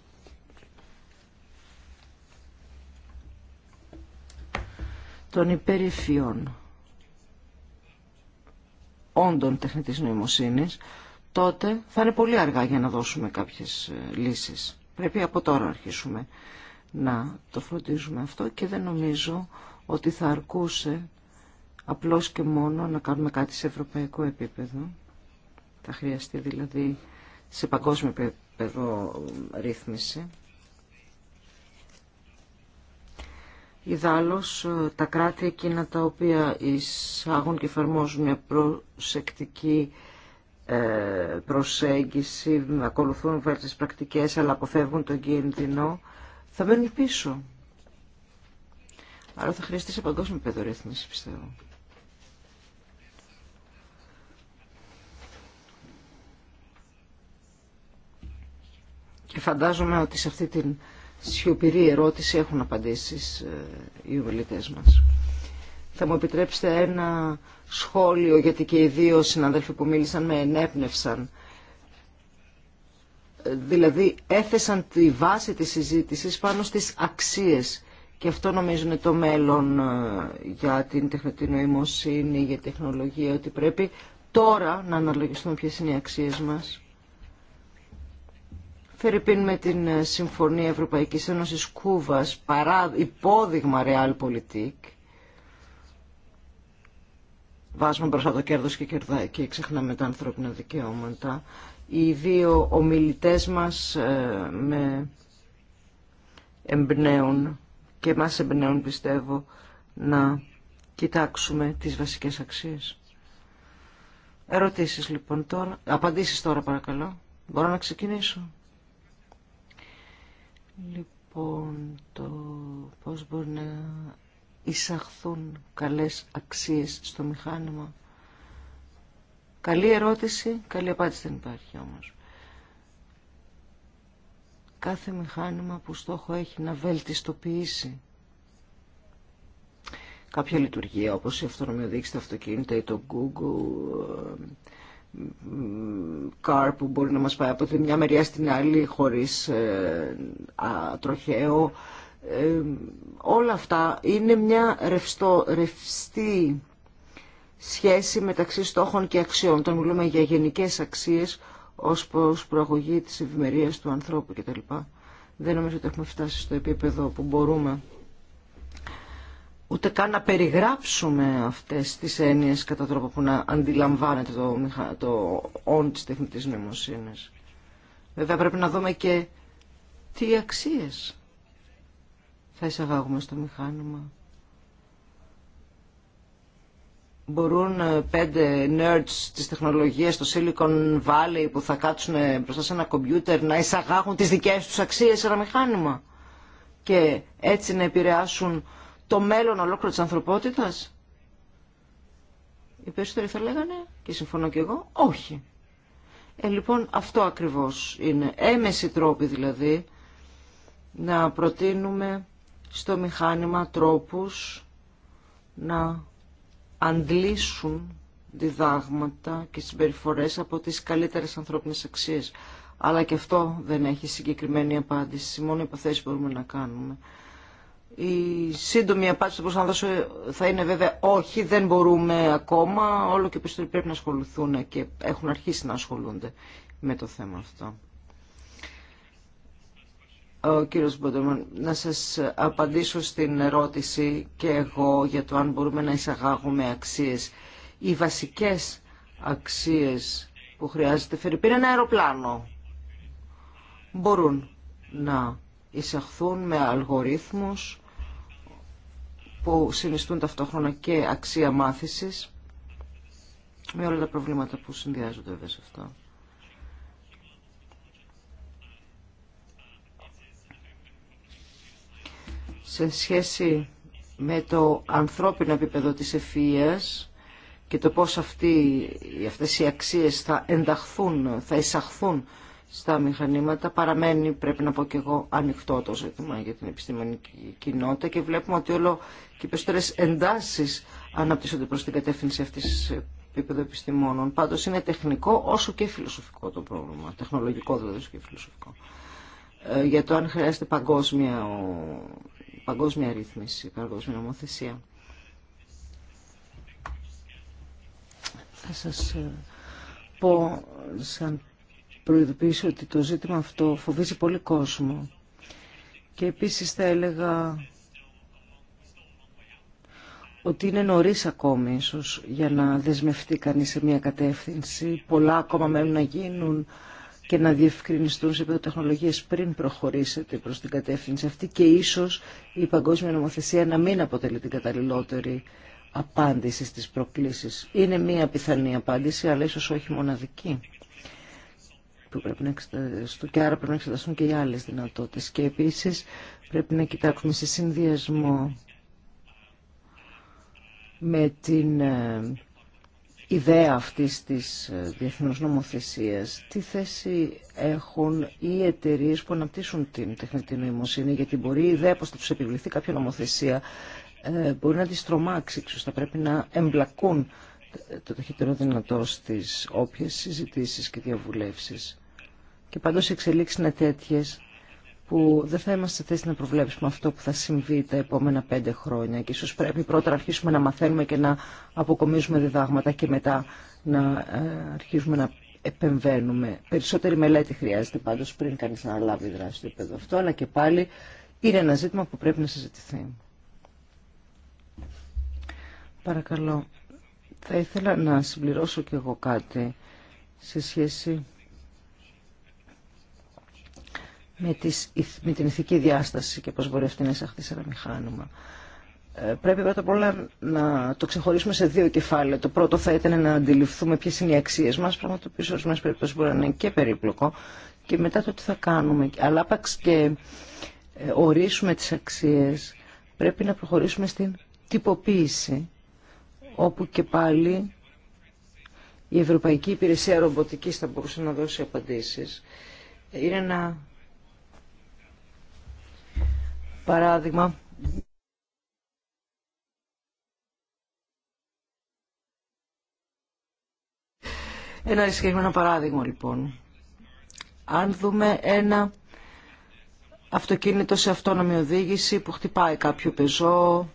των υπερηφιών όντων τεχνητής νοημοσύνης, τότε θα είναι πολύ αργά για να δώσουμε κάποιες ε, λύσεις. Πρέπει από τώρα αρχίσουμε να το φροντίζουμε αυτό και δεν νομίζω ότι θα αρκούσε απλώς και μόνο να κάνουμε κάτι σε ευρωπαϊκό επίπεδο. Θα χρειαστεί δηλαδή σε παγκόσμιο επίπεδο ρύθμιση. Ιδάλλως, τα κράτη εκείνα τα οποία εισάγουν και εφαρμόζουν μια προσεκτική ε, προσέγγιση, ακολουθούν βέβαιες πρακτικές αλλά αποφεύγουν τον κίνδυνο, θα μένουν πίσω. Άρα θα χρειαστεί σε παγκόσμιο επίπεδο ρύθμιση, πιστεύω. Και Φαντάζομαι ότι σε αυτή την σιωπηρή ερώτηση έχουν απαντήσεις ε, οι ομιλητές μας. Θα μου επιτρέψετε ένα σχόλιο, γιατί και οι δύο συναδέλφοι που μίλησαν με ενέπνευσαν. Ε, δηλαδή έθεσαν τη βάση της συζήτησης πάνω στις αξίες και αυτό νομίζω το μέλλον ε, για την τεχνητή νοημοσύνη, για τεχνολογία, ότι πρέπει τώρα να αναλογιστούμε ποιες είναι οι αξίες μας Φερρυπίν με την ε, Συμφωνία Ευρωπαϊκής Ένωσης Κούβας, παρά υπόδειγμα Realpolitik, βάζουμε μπροστά το κέρδος και, κερδά, και ξεχνάμε τα ανθρώπινα δικαιώματα. Οι δύο ομιλητές μας ε, με εμπνέουν και μας εμπνέουν πιστεύω να κοιτάξουμε τις βασικές αξίες. Ερωτήσεις λοιπόν τώρα, απαντήσεις τώρα παρακαλώ. Μπορώ να ξεκινήσω. Λοιπόν, το πώς μπορεί να εισαχθούν καλές αξίες στο μηχάνημα. Καλή ερώτηση, καλή απάντηση δεν υπάρχει όμως. Κάθε μηχάνημα που στόχο έχει να βελτιστοποιήσει κάποια λειτουργία όπως η αυτονομιοδίκηση, το αυτοκίνητα ή το Google car που μπορεί να μας πάει από τη μια μεριά στην άλλη χωρίς ε, τροχαίο. Ε, όλα αυτά είναι μια ρευστό, ρευστή σχέση μεταξύ στόχων και αξιών. Όταν μιλούμε για γενικές αξίες ως προς προαγωγή της ευημερίας του ανθρώπου κτλ. Δεν νομίζω ότι έχουμε φτάσει στο επίπεδο που μπορούμε ούτε καν να περιγράψουμε αυτές τις έννοιες κατά τρόπο που να αντιλαμβάνεται το, το όν της τεχνητής νοημοσύνης. Βέβαια πρέπει να δούμε και τι αξίες θα εισαγάγουμε στο μηχάνημα. Μπορούν ε, πέντε nerds της τεχνολογίας στο Silicon Valley που θα κάτσουν ε, μπροστά σε ένα κομπιούτερ να εισαγάγουν τις δικές τους αξίες σε ένα μηχάνημα και έτσι να επηρεάσουν το μέλλον ολόκληρο της ανθρωπότητας. Οι περισσότεροι θα λέγανε, και συμφωνώ και εγώ, όχι. Ε, λοιπόν, αυτό ακριβώς είναι. Έμεση τρόποι δηλαδή να προτείνουμε στο μηχάνημα τρόπους να αντλήσουν διδάγματα και συμπεριφορές από τις καλύτερες ανθρώπινες αξίες. Αλλά και αυτό δεν έχει συγκεκριμένη απάντηση. Μόνο υποθέσεις μπορούμε να κάνουμε. Η σύντομη απάντηση που θα δώσω θα είναι βέβαια όχι, δεν μπορούμε ακόμα. Όλο και περισσότεροι πρέπει να ασχοληθούν και έχουν αρχίσει να ασχολούνται με το θέμα αυτό. Ο κύριος Μποντεμον, να σας απαντήσω στην ερώτηση και εγώ για το αν μπορούμε να εισαγάγουμε αξίες. Οι βασικές αξίες που χρειάζεται είναι ένα αεροπλάνο. Μπορούν να εισαχθούν με αλγορίθμους που συνιστούν ταυτόχρονα και αξία μάθησης με όλα τα προβλήματα που συνδυάζονται βέβαια σε αυτό. Σε σχέση με το ανθρώπινο επίπεδο της ευφυΐας και το πώς αυτοί, αυτές οι αξίες θα ενταχθούν, θα εισαχθούν στα μηχανήματα. Παραμένει, πρέπει να πω και εγώ, ανοιχτό το ζήτημα για την επιστημονική κοινότητα και βλέπουμε ότι όλο και οι περισσότερε εντάσει αναπτύσσονται προ την κατεύθυνση αυτή τη επίπεδο επιστημόνων. Πάντω είναι τεχνικό όσο και φιλοσοφικό το πρόβλημα. Τεχνολογικό δηλαδή όσο και φιλοσοφικό. Ε, για το αν χρειάζεται παγκόσμια, παγκόσμια ρύθμιση, παγκόσμια νομοθεσία. Θα σας ε, πω σαν προειδοποιήσω ότι το ζήτημα αυτό φοβίζει πολύ κόσμο. Και επίσης θα έλεγα ότι είναι νωρίς ακόμη ίσως για να δεσμευτεί κανείς σε μια κατεύθυνση. Πολλά ακόμα μένουν να γίνουν και να διευκρινιστούν σε επίπεδο πριν προχωρήσετε προς την κατεύθυνση αυτή και ίσως η παγκόσμια νομοθεσία να μην αποτελεί την καταλληλότερη απάντηση στις προκλήσεις. Είναι μία πιθανή απάντηση, αλλά ίσως όχι μοναδική πρέπει να και άρα πρέπει να εξεταστούν και οι άλλες δυνατότητες. Και επίσης πρέπει να κοιτάξουμε σε συνδυασμό με την ε, ιδέα αυτής της ε, διεθνούς νομοθεσίας, τι θέση έχουν οι εταιρείε που αναπτύσσουν την τεχνητή νοημοσύνη, γιατί μπορεί η ιδέα πως θα τους επιβληθεί κάποια νομοθεσία ε, μπορεί να τις τρομάξει, ίσως θα πρέπει να εμπλακούν το ταχύτερο δυνατό στις όποιες συζητήσεις και διαβουλεύσεις. Και πάντο οι εξελίξει είναι τέτοιε που δεν θα είμαστε θέσει να προβλέψουμε αυτό που θα συμβεί τα επόμενα πέντε χρόνια και ίσως πρέπει πρώτα να αρχίσουμε να μαθαίνουμε και να αποκομίζουμε διδάγματα και μετά να ε, αρχίσουμε να επεμβαίνουμε. Περισσότερη μελέτη χρειάζεται πάντως πριν κανείς να λάβει δράση στο επίπεδο αυτό, αλλά και πάλι είναι ένα ζήτημα που πρέπει να συζητηθεί. Παρακαλώ. Θα ήθελα να συμπληρώσω κι εγώ κάτι σε σχέση με, τις, με την ηθική διάσταση και πώς μπορεί αυτή να εισαχθεί σε ένα μηχάνημα. Ε, πρέπει πρώτα απ' όλα να το ξεχωρίσουμε σε δύο κεφάλαια. Το πρώτο θα ήταν να αντιληφθούμε ποιε είναι οι αξίε μα, πράγμα το οποίο σε ορισμένε περιπτώσει μπορεί να είναι και περίπλοκο, και μετά το τι θα κάνουμε. Αλλά άπαξ και ε, ορίσουμε τι αξίε, πρέπει να προχωρήσουμε στην τυποποίηση, όπου και πάλι η Ευρωπαϊκή Υπηρεσία Ρομποτικής θα μπορούσε να δώσει απαντήσεις. Είναι ένα παράδειγμα. Ένα συγκεκριμένο παράδειγμα λοιπόν. Αν δούμε ένα αυτοκίνητο σε αυτόνομη οδήγηση που χτυπάει κάποιο πεζό,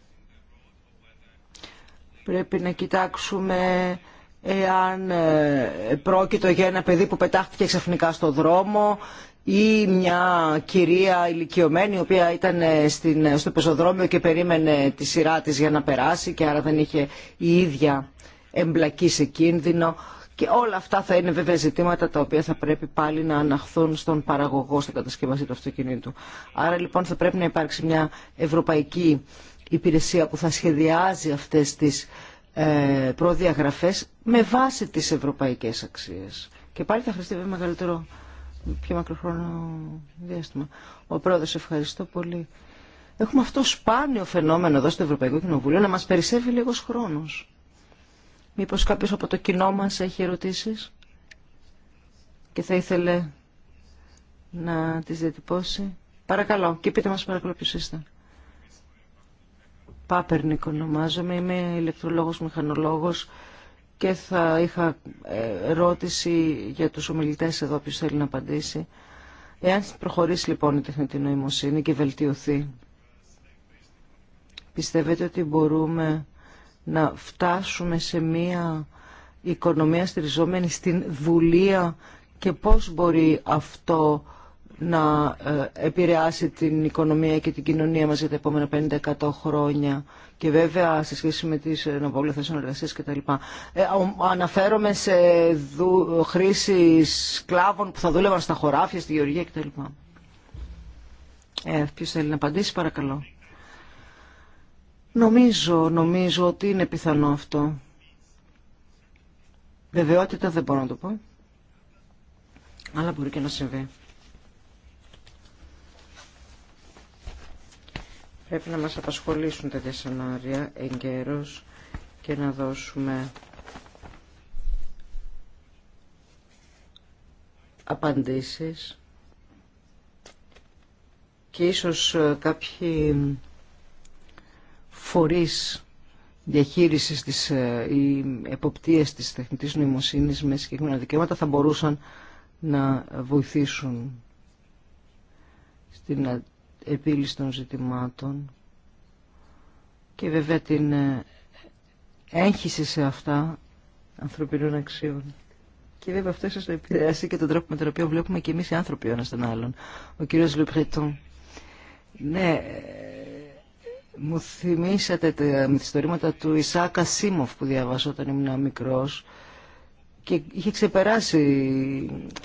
πρέπει να κοιτάξουμε εάν ε, πρόκειται για ένα παιδί που πετάχτηκε ξαφνικά στο δρόμο, ή μια κυρία ηλικιωμένη η οποία ήταν ε, ε, στο πεζοδρόμιο και περίμενε τη σειρά της για να περάσει και άρα δεν είχε η ίδια εμπλακεί σε κίνδυνο. Και όλα αυτά θα είναι βέβαια ζητήματα τα οποία θα πρέπει πάλι να αναχθούν στον παραγωγό, στον κατασκευαστή του αυτοκινήτου. Άρα λοιπόν θα πρέπει να υπάρξει μια ευρωπαϊκή υπηρεσία που θα σχεδιάζει αυτές τις ε, προδιαγραφές με βάση τις ευρωπαϊκές αξίες. Και πάλι θα χρειαστεί μεγαλύτερο πιο μακροχρόνο διάστημα. Ο πρόεδρος, ευχαριστώ πολύ. Έχουμε αυτό σπάνιο φαινόμενο εδώ στο Ευρωπαϊκό Κοινοβούλιο να μας περισσεύει λίγος χρόνος. Μήπως κάποιος από το κοινό μας έχει ερωτήσεις και θα ήθελε να τις διατυπώσει. Παρακαλώ και πείτε μας παρακαλώ Πάπερνικο ονομάζομαι, είμαι ηλεκτρολόγος, μηχανολόγος και θα είχα ε, ερώτηση για τους ομιλητές εδώ ποιος θέλει να απαντήσει. Εάν προχωρήσει λοιπόν η τεχνητή νοημοσύνη και βελτιωθεί, πιστεύετε ότι μπορούμε να φτάσουμε σε μία οικονομία στηριζόμενη στην δουλεία και πώς μπορεί αυτό να ε, επηρεάσει την οικονομία και την κοινωνία μας για τα επόμενα χρόνια και βέβαια σε σχέση με τις ε, νοπόλες και τα τα Ε, αναφέρομαι σε δου, χρήση σκλάβων που θα δούλευαν στα χωράφια, στη γεωργία κτλ. Ε, ποιος θέλει να απαντήσει παρακαλώ. Νομίζω, νομίζω ότι είναι πιθανό αυτό. Βεβαιότητα δεν μπορώ να το πω. Αλλά μπορεί και να συμβεί. Πρέπει να μας απασχολήσουν τέτοια σενάρια εγκαίρως και να δώσουμε απαντήσεις και ίσως ε, κάποιοι φορείς διαχείρισης της, ε, ή εποπτείες της τεχνητής νοημοσύνης με συγκεκριμένα δικαιώματα θα μπορούσαν να βοηθήσουν στην επίλυση των ζητημάτων και βέβαια την ε, έγχυση σε αυτά ανθρωπινών αξιών. Και βέβαια αυτό ίσως το επηρεάσει και τον τρόπο με τον οποίο βλέπουμε και εμείς οι άνθρωποι ο ένας τον άλλον. Ο κύριος Λουπρετών Ναι, ε, μου θυμήσατε τα μυθιστορήματα του Ισάκα Σίμοφ που διαβάσα όταν ήμουν μικρός και είχε ξεπεράσει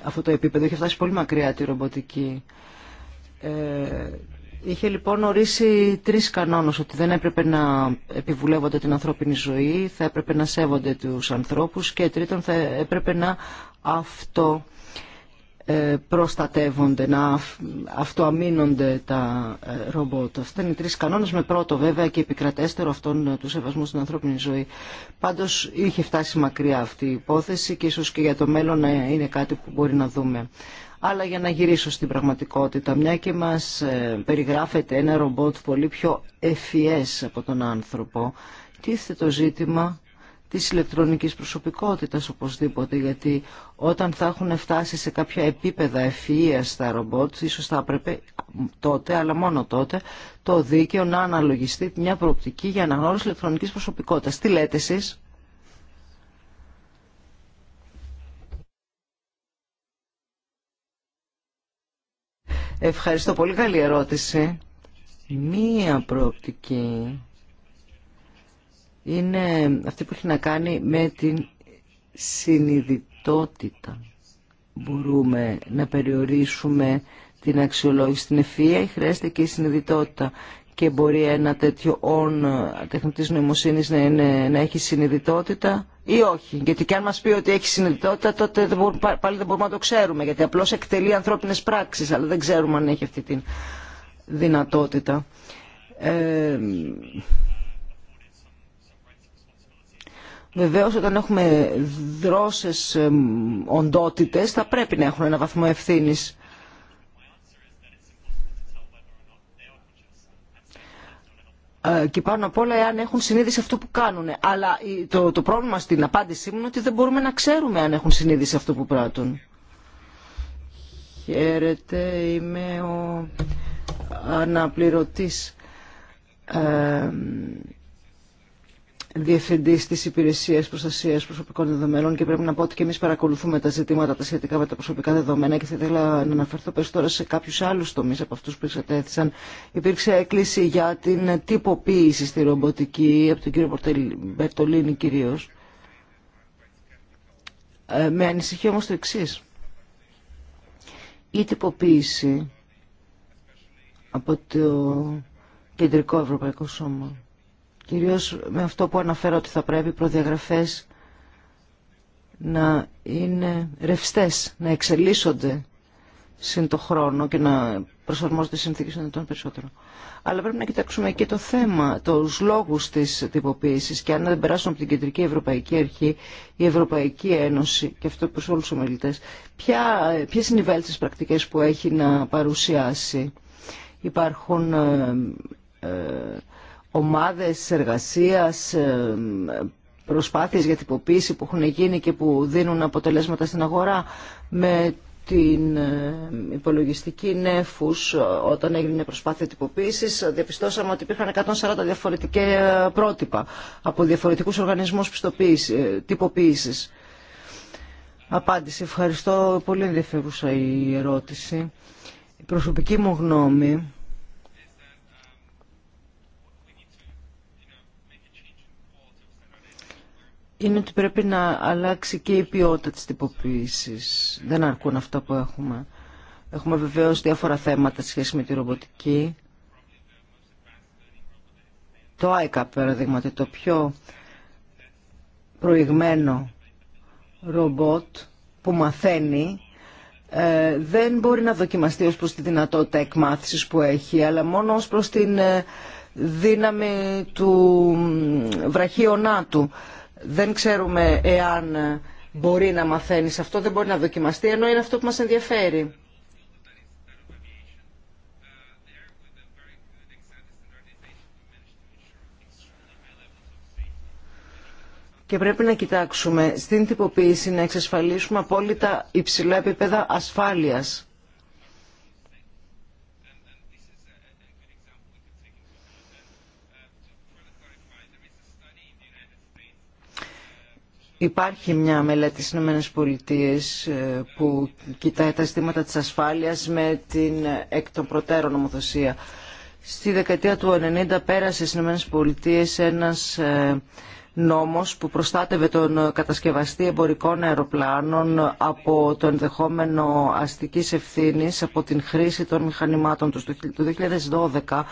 αυτό το επίπεδο, είχε φτάσει πολύ μακριά τη ρομποτική. Ε, είχε λοιπόν ορίσει τρεις κανόνες ότι δεν έπρεπε να επιβουλεύονται την ανθρώπινη ζωή, θα έπρεπε να σέβονται τους ανθρώπους και τρίτον θα έπρεπε να αυτό ε, προστατεύονται, να αυτοαμείνονται τα ε, ρομπότ. Αυτά είναι οι τρεις κανόνες με πρώτο βέβαια και επικρατέστερο αυτόν του σεβασμού στην ανθρώπινη ζωή. Πάντως είχε φτάσει μακριά αυτή η υπόθεση και ίσως και για το μέλλον είναι κάτι που μπορεί να δούμε. Αλλά για να γυρίσω στην πραγματικότητα, μια και μας ε, περιγράφεται ένα ρομπότ πολύ πιο ευφυές από τον άνθρωπο, τίθεται το ζήτημα της ηλεκτρονικής προσωπικότητας οπωσδήποτε, γιατί όταν θα έχουν φτάσει σε κάποια επίπεδα ευφυΐας τα ρομπότ, ίσως θα έπρεπε τότε, αλλά μόνο τότε, το δίκαιο να αναλογιστεί μια προοπτική για αναγνώριση ηλεκτρονικής προσωπικότητας. Τι λέτε εσείς? Ευχαριστώ πολύ καλή ερώτηση. Μία προοπτική είναι αυτή που έχει να κάνει με την συνειδητότητα. Μπορούμε να περιορίσουμε την αξιολόγηση στην ευφυΐα ή χρειάζεται και η συνειδητότητα και μπορεί ένα τέτοιο όν ε, τεχνητής νοημοσύνης να, να έχει συνειδητότητα ή όχι. Γιατί και αν μας πει ότι έχει συνειδητότητα τότε πάλι δεν μπορούμε να το ξέρουμε γιατί απλώς εκτελεί ανθρώπινες πράξεις αλλά δεν ξέρουμε αν έχει αυτή τη δυνατότητα. Ε, Βεβαίως όταν έχουμε δρόσες οντότητες θα πρέπει να έχουν ένα βαθμό ευθύνης Ε, και πάνω απ' όλα εάν έχουν συνείδηση αυτό που κάνουν. Αλλά το, το πρόβλημα στην απάντησή μου είναι ότι δεν μπορούμε να ξέρουμε αν έχουν συνείδηση αυτό που πράττουν. Χαίρετε, είμαι ο αναπληρωτής ε, διευθυντή τη Υπηρεσία Προστασία Προσωπικών Δεδομένων και πρέπει να πω ότι και εμεί παρακολουθούμε τα ζητήματα τα σχετικά με τα προσωπικά δεδομένα και θα ήθελα να αναφερθώ περισσότερο σε κάποιου άλλου τομεί από αυτού που εξετέθησαν. Υπήρξε έκκληση για την τυποποίηση στη ρομποτική από τον κύριο Μπερτολίνη κυρίω. Ε, με ανησυχεί όμω το εξή. Η τυποποίηση από το Κεντρικό Ευρωπαϊκό Σώμα κυρίως με αυτό που αναφέρω ότι θα πρέπει οι προδιαγραφές να είναι ρευστές, να εξελίσσονται συν το χρόνο και να προσαρμόζονται συνθήκε των ετών περισσότερο. Αλλά πρέπει να κοιτάξουμε και το θέμα, τους λόγους της τυποποίηση και αν δεν περάσουν από την Κεντρική Ευρωπαϊκή Αρχή, η Ευρωπαϊκή Ένωση, και αυτό προ όλου του ομιλητέ, ποιε είναι οι βέλτιστε πρακτικέ που έχει να παρουσιάσει. Υπάρχουν ε, ε, ομάδες εργασίας, ε, προσπάθειες για τυποποίηση που έχουν γίνει και που δίνουν αποτελέσματα στην αγορά με την ε, υπολογιστική νέφους ε, όταν έγινε προσπάθεια τυποποίησης διαπιστώσαμε ότι υπήρχαν 140 διαφορετικά πρότυπα από διαφορετικούς οργανισμούς τυποποίησης. Απάντηση. Ευχαριστώ. Πολύ ενδιαφέρουσα η ερώτηση. Η προσωπική μου γνώμη είναι ότι πρέπει να αλλάξει και η ποιότητα της τυποποίησης. Δεν αρκούν αυτά που έχουμε. Έχουμε βεβαίως διάφορα θέματα σχέση με τη ρομποτική. Το ICAP, παραδείγματι, το πιο προηγμένο ρομπότ που μαθαίνει ε, δεν μπορεί να δοκιμαστεί ως προς τη δυνατότητα εκμάθησης που έχει, αλλά μόνο ως προς την ε, δύναμη του βραχίωνά του δεν ξέρουμε εάν μπορεί να μαθαίνει αυτό, δεν μπορεί να δοκιμαστεί, ενώ είναι αυτό που μας ενδιαφέρει. Και πρέπει να κοιτάξουμε στην τυποποίηση να εξασφαλίσουμε απόλυτα υψηλά επίπεδα ασφάλειας. Υπάρχει μια μελέτη στις Ηνωμένες ε, που κοιτάει τα ζητήματα της ασφάλειας με την εκ των προτέρων νομοθεσία. Στη δεκαετία του 1990 πέρασε στις Ηνωμένες Πολιτείες ένας ε, νόμος που προστάτευε τον κατασκευαστή εμπορικών αεροπλάνων από το ενδεχόμενο αστικής ευθύνης από την χρήση των μηχανημάτων του Το 2012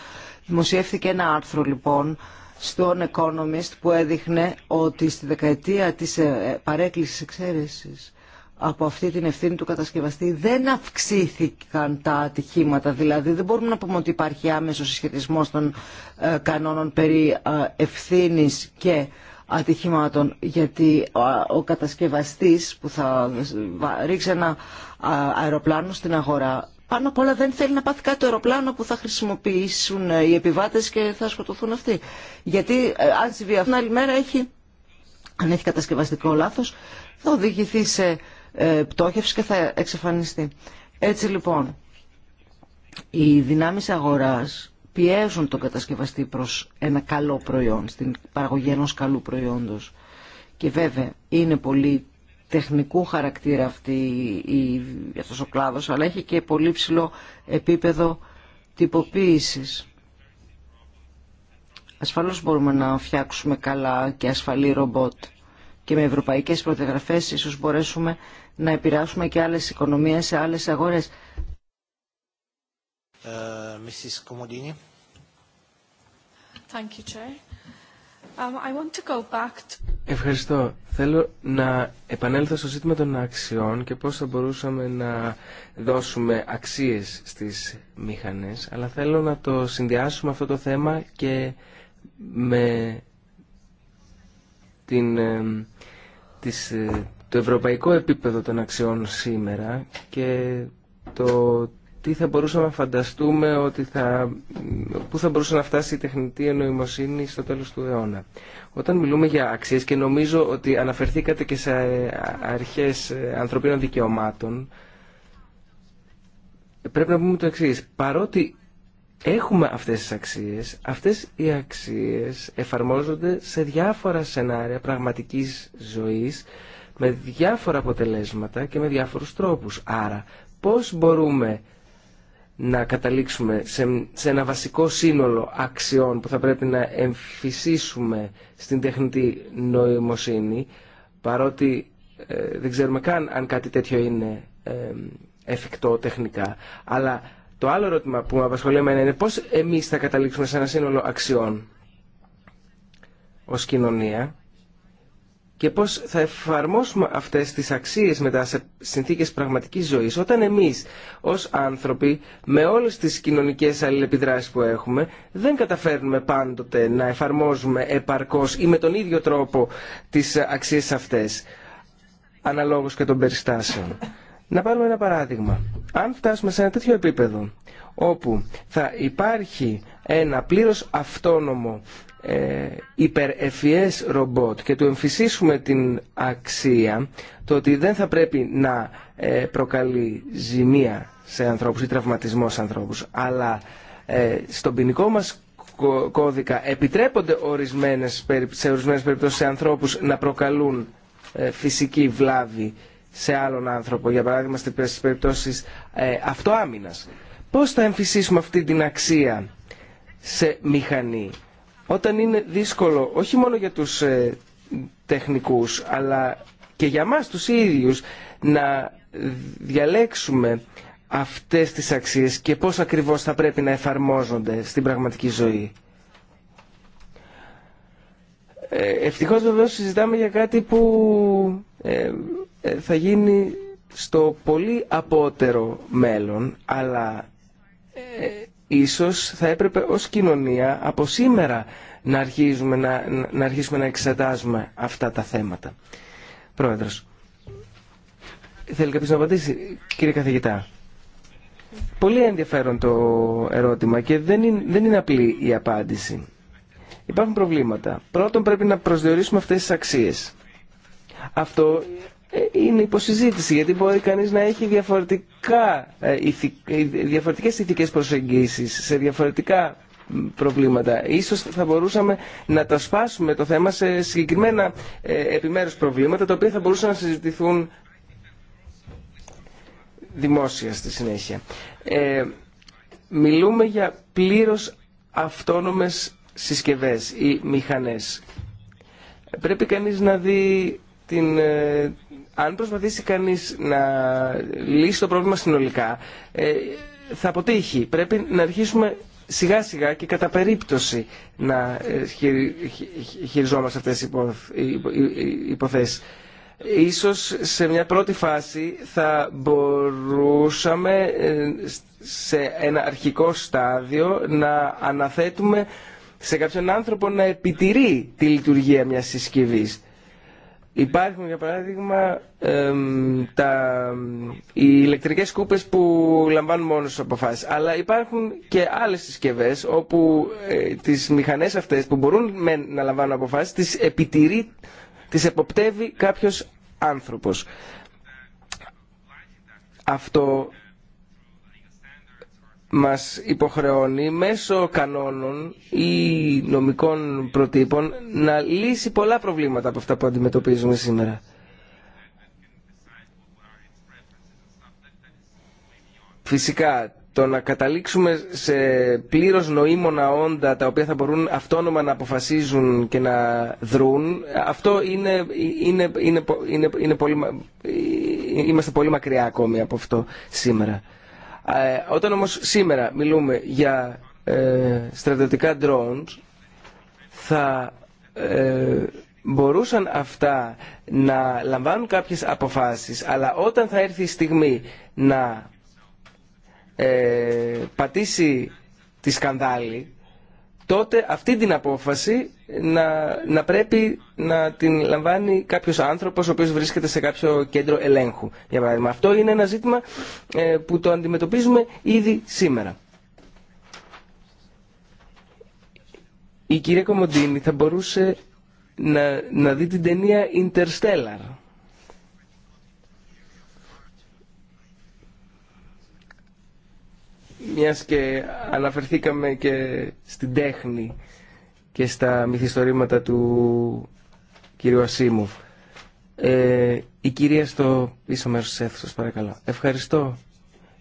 δημοσιεύθηκε ένα άρθρο λοιπόν στον Economist που έδειχνε ότι στη δεκαετία της ε, παρέκκλησης εξαίρεσης από αυτή την ευθύνη του κατασκευαστή δεν αυξήθηκαν τα ατυχήματα. Δηλαδή δεν μπορούμε να πούμε ότι υπάρχει άμεσο συσχετισμό των ε, κανόνων περί ε, ευθύνης και ατυχημάτων γιατί ο κατασκευαστής που θα ρίξει ένα αεροπλάνο στην αγορά πάνω απ' όλα δεν θέλει να πάθει κάτι το αεροπλάνο που θα χρησιμοποιήσουν οι επιβάτες και θα σκοτωθούν αυτοί. Γιατί ε, αν συμβεί αυτό, άλλη μέρα έχει, αν έχει κατασκευαστικό λάθος, θα οδηγηθεί σε ε, πτώχευση και θα εξαφανιστεί. Έτσι λοιπόν, οι δυνάμεις αγοράς πιέζουν τον κατασκευαστή προς ένα καλό προϊόν, στην παραγωγή ενός καλού προϊόντος. Και βέβαια είναι πολύ τεχνικού χαρακτήρα αυτή, η, αυτός ο κλάδος, αλλά έχει και πολύ ψηλό επίπεδο τυποποίησης. Ασφαλώς μπορούμε να φτιάξουμε καλά και ασφαλή ρομπότ και με ευρωπαϊκές προτεγραφές ίσως μπορέσουμε να επηρεάσουμε και άλλες οικονομίες σε άλλες αγορές. Uh, Thank you, Chair. Um, Ευχαριστώ. Θέλω να επανέλθω στο ζήτημα των αξιών και πώς θα μπορούσαμε να δώσουμε αξίες στις μηχανές, αλλά θέλω να το συνδυάσουμε αυτό το θέμα και με την, ε, το ευρωπαϊκό επίπεδο των αξιών σήμερα και το τι θα μπορούσαμε να φανταστούμε ότι θα, που θα μπορούσε να φτάσει η τεχνητή εννοημοσύνη στο τέλος του αιώνα. Όταν μιλούμε για αξίες και νομίζω ότι αναφερθήκατε και σε αρχές ανθρωπίνων δικαιωμάτων πρέπει να πούμε το εξής. Παρότι έχουμε αυτές τις αξίες, αυτές οι αξίες εφαρμόζονται σε διάφορα σενάρια πραγματικής ζωής με διάφορα αποτελέσματα και με διάφορους τρόπους. Άρα πώς μπορούμε να καταλήξουμε σε, σε ένα βασικό σύνολο αξιών που θα πρέπει να εμφυσίσουμε στην τεχνητή νοημοσύνη παρότι ε, δεν ξέρουμε καν αν κάτι τέτοιο είναι εφικτό τεχνικά. Αλλά το άλλο ερώτημα που με απασχολεί εμένα είναι πώς εμείς θα καταλήξουμε σε ένα σύνολο αξιών ως κοινωνία και πώς θα εφαρμόσουμε αυτές τις αξίες μετά σε συνθήκες πραγματικής ζωής όταν εμείς ως άνθρωποι με όλες τις κοινωνικές αλληλεπιδράσεις που έχουμε δεν καταφέρνουμε πάντοτε να εφαρμόζουμε επαρκώς ή με τον ίδιο τρόπο τις αξίες αυτές αναλόγως και των περιστάσεων. Να πάρουμε ένα παράδειγμα. Αν φτάσουμε σε ένα τέτοιο επίπεδο όπου θα υπάρχει ένα πλήρως αυτόνομο ε, ρομπότ και του εμφυσίσουμε την αξία το ότι δεν θα πρέπει να ε, προκαλεί ζημία σε ανθρώπους ή τραυματισμό σε ανθρώπους αλλά ε, στον ποινικό μας κώδικα επιτρέπονται ορισμένες, σε ορισμένες περιπτώσεις σε ανθρώπους να προκαλούν ε, φυσική βλάβη σε άλλον άνθρωπο για παράδειγμα στις περιπτώσεις αυτοάμυνας. Πώς θα εμφυσίσουμε αυτή την αξία σε μηχανή όταν είναι δύσκολο όχι μόνο για τους ε, τεχνικούς αλλά και για μας τους ίδιους να διαλέξουμε αυτές τις αξίες και πώς ακριβώς θα πρέπει να εφαρμόζονται στην πραγματική ζωή. Ε, ευτυχώς βεβαίως συζητάμε για κάτι που ε, θα γίνει στο πολύ απότερο μέλλον αλλά Ίσως θα έπρεπε ως κοινωνία από σήμερα να αρχίσουμε να, να, να εξετάζουμε αυτά τα θέματα. Πρόεδρος, θέλει κάποιος να απαντήσει, κύριε καθηγητά. Πολύ ενδιαφέρον το ερώτημα και δεν είναι, δεν είναι απλή η απάντηση. Υπάρχουν προβλήματα. Πρώτον πρέπει να προσδιορίσουμε αυτές τις αξίες. Αυτό είναι υποσυζήτηση γιατί μπορεί κανείς να έχει διαφορετικά, ε, ε, διαφορετικές ηθικές προσεγγίσεις σε διαφορετικά προβλήματα. Ίσως θα μπορούσαμε να τα σπάσουμε το θέμα σε συγκεκριμένα ε, επιμέρους προβλήματα τα οποία θα μπορούσαν να συζητηθούν δημόσια στη συνέχεια. Ε, μιλούμε για πλήρως αυτόνομες συσκευές ή μηχανές. Πρέπει κανείς να δει την, αν προσπαθήσει κανείς να λύσει το πρόβλημα συνολικά, ε, θα αποτύχει. Πρέπει να αρχίσουμε σιγά σιγά και κατά περίπτωση να ε, χειριζόμαστε αυτές οι υποθέσεις. Ίσως σε μια πρώτη φάση θα μπορούσαμε ε, σε ένα αρχικό στάδιο να αναθέτουμε σε κάποιον άνθρωπο να επιτηρεί τη λειτουργία μιας συσκευής Υπάρχουν για παράδειγμα τα, οι ηλεκτρικές σκούπες που λαμβάνουν μόνο του αποφάσεις αλλά υπάρχουν και άλλες συσκευές όπου ε, τις μηχανές αυτές που μπορούν με, να λαμβάνουν αποφάσεις τις επιτηρεί, τις εποπτεύει κάποιος άνθρωπος. Αυτό μας υποχρεώνει μέσω κανόνων ή νομικών προτύπων να λύσει πολλά προβλήματα από αυτά που αντιμετωπίζουμε σήμερα. Φυσικά, το να καταλήξουμε σε πλήρως νοήμονα όντα τα οποία θα μπορούν αυτόνομα να αποφασίζουν και να δρούν, αυτό είναι, είναι, είναι, είναι, είναι πολύ, είμαστε πολύ μακριά ακόμη από αυτό σήμερα. Ε, όταν όμως σήμερα μιλούμε για ε, στρατιωτικά drones, θα ε, μπορούσαν αυτά να λαμβάνουν κάποιες αποφάσεις, αλλά όταν θα έρθει η στιγμή να πατήσει τη σκανδάλη, τότε αυτή την απόφαση να, να πρέπει να την λαμβάνει κάποιος άνθρωπος ο οποίος βρίσκεται σε κάποιο κέντρο ελέγχου. Για παράδειγμα, αυτό είναι ένα ζήτημα ε, που το αντιμετωπίζουμε ήδη σήμερα. Η κυρία Κομοντίνη θα μπορούσε να, να δει την ταινία Interstellar μιας και αναφερθήκαμε και στην τέχνη και στα μυθιστορήματα του κυρίου Ασίμου. Ε, η κυρία στο πίσω μέρος της αίθουσας, παρακαλώ. Ευχαριστώ.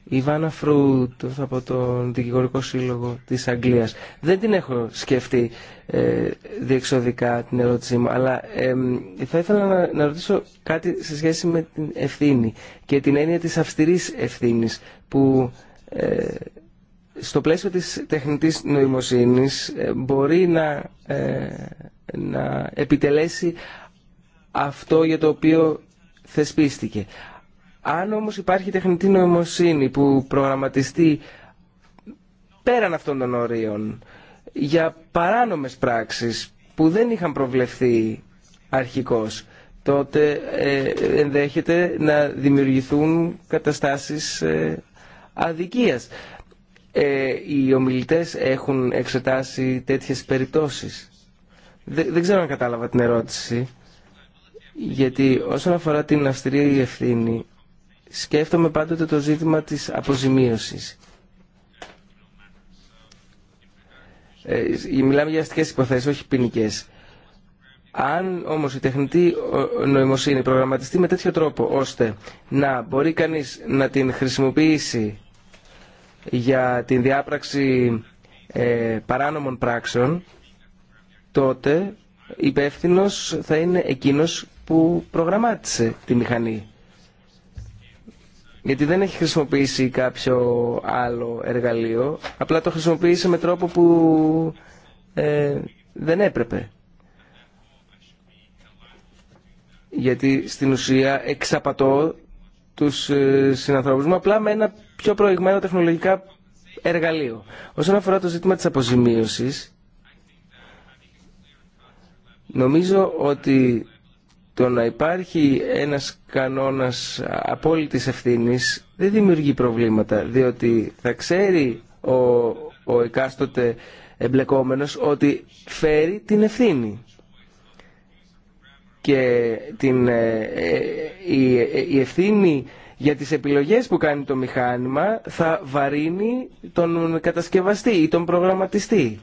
Η Βάνα Φρούτ από τον Δικηγορικό Σύλλογο της Αγγλίας. Δεν την έχω σκεφτεί ε, διεξοδικά την ερώτησή μου, αλλά ε, θα ήθελα να, να ρωτήσω κάτι σε σχέση με την ευθύνη και την έννοια της αυστηρής ευθύνης που ε, στο πλαίσιο της τεχνητής νοημοσύνης ε, μπορεί να, ε, να επιτελέσει αυτό για το οποίο θεσπίστηκε. Αν όμως υπάρχει τεχνητή νοημοσύνη που προγραμματιστεί πέραν αυτών των ορίων για παράνομες πράξεις που δεν είχαν προβλεφθεί αρχικώς, τότε ενδέχεται να δημιουργηθούν καταστάσεις αδικίας. Ε, οι ομιλητές έχουν εξετάσει τέτοιες περιπτώσεις. Δεν, δεν ξέρω αν κατάλαβα την ερώτηση. Γιατί όσον αφορά την αυστηρή ευθύνη, σκέφτομαι πάντοτε το ζήτημα της αποζημίωσης. Ε, μιλάμε για αστικές υποθέσεις, όχι ποινικές. Αν όμω η τεχνητή νοημοσύνη προγραμματιστεί με τέτοιο τρόπο ώστε να μπορεί κανείς να την χρησιμοποιήσει για την διάπραξη ε, παράνομων πράξεων, τότε υπεύθυνο θα είναι εκείνος που προγραμμάτισε τη μηχανή. Γιατί δεν έχει χρησιμοποιήσει κάποιο άλλο εργαλείο, απλά το χρησιμοποίησε με τρόπο που ε, δεν έπρεπε. γιατί στην ουσία εξαπατώ τους ε, συνανθρώπους μου απλά με ένα πιο προηγμένο τεχνολογικά εργαλείο. Όσον αφορά το ζήτημα της αποζημίωσης, νομίζω ότι το να υπάρχει ένας κανόνας απόλυτης ευθύνης δεν δημιουργεί προβλήματα, διότι θα ξέρει ο, ο εκάστοτε εμπλεκόμενος ότι φέρει την ευθύνη και την, ε, ε, ε, η, ευθύνη για τις επιλογές που κάνει το μηχάνημα θα βαρύνει τον κατασκευαστή ή τον προγραμματιστή.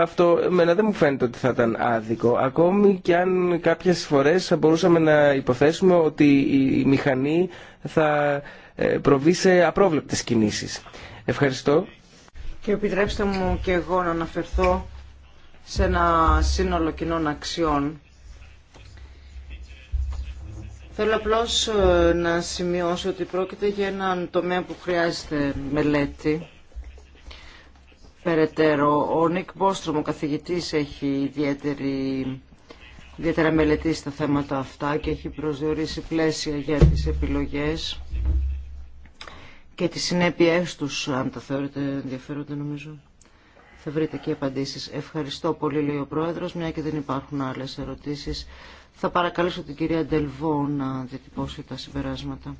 Αυτό εμένα δεν μου φαίνεται ότι θα ήταν άδικο, ακόμη και αν κάποιες φορές θα μπορούσαμε να υποθέσουμε ότι η μηχανή θα προβεί σε απρόβλεπτες κινήσεις. Ευχαριστώ. Και επιτρέψτε μου και εγώ να αναφερθώ σε ένα σύνολο κοινών αξιών Θέλω απλώς ε, να σημειώσω ότι πρόκειται για έναν τομέα που χρειάζεται μελέτη. Περαιτέρω, ο Νίκ Μπόστρομ, ο καθηγητής, έχει ιδιαίτερη, ιδιαίτερα μελετήσει τα θέματα αυτά και έχει προσδιορίσει πλαίσια για τις επιλογές και τις συνέπειές τους, αν τα θεωρείτε ενδιαφέροντα νομίζω. Θα βρείτε και απαντήσεις. Ευχαριστώ πολύ, λέει ο Πρόεδρος, μια και δεν υπάρχουν άλλες ερωτήσεις. Θα παρακαλέσω την κυρία Ντελβό να διατυπώσει τα συμπεράσματα.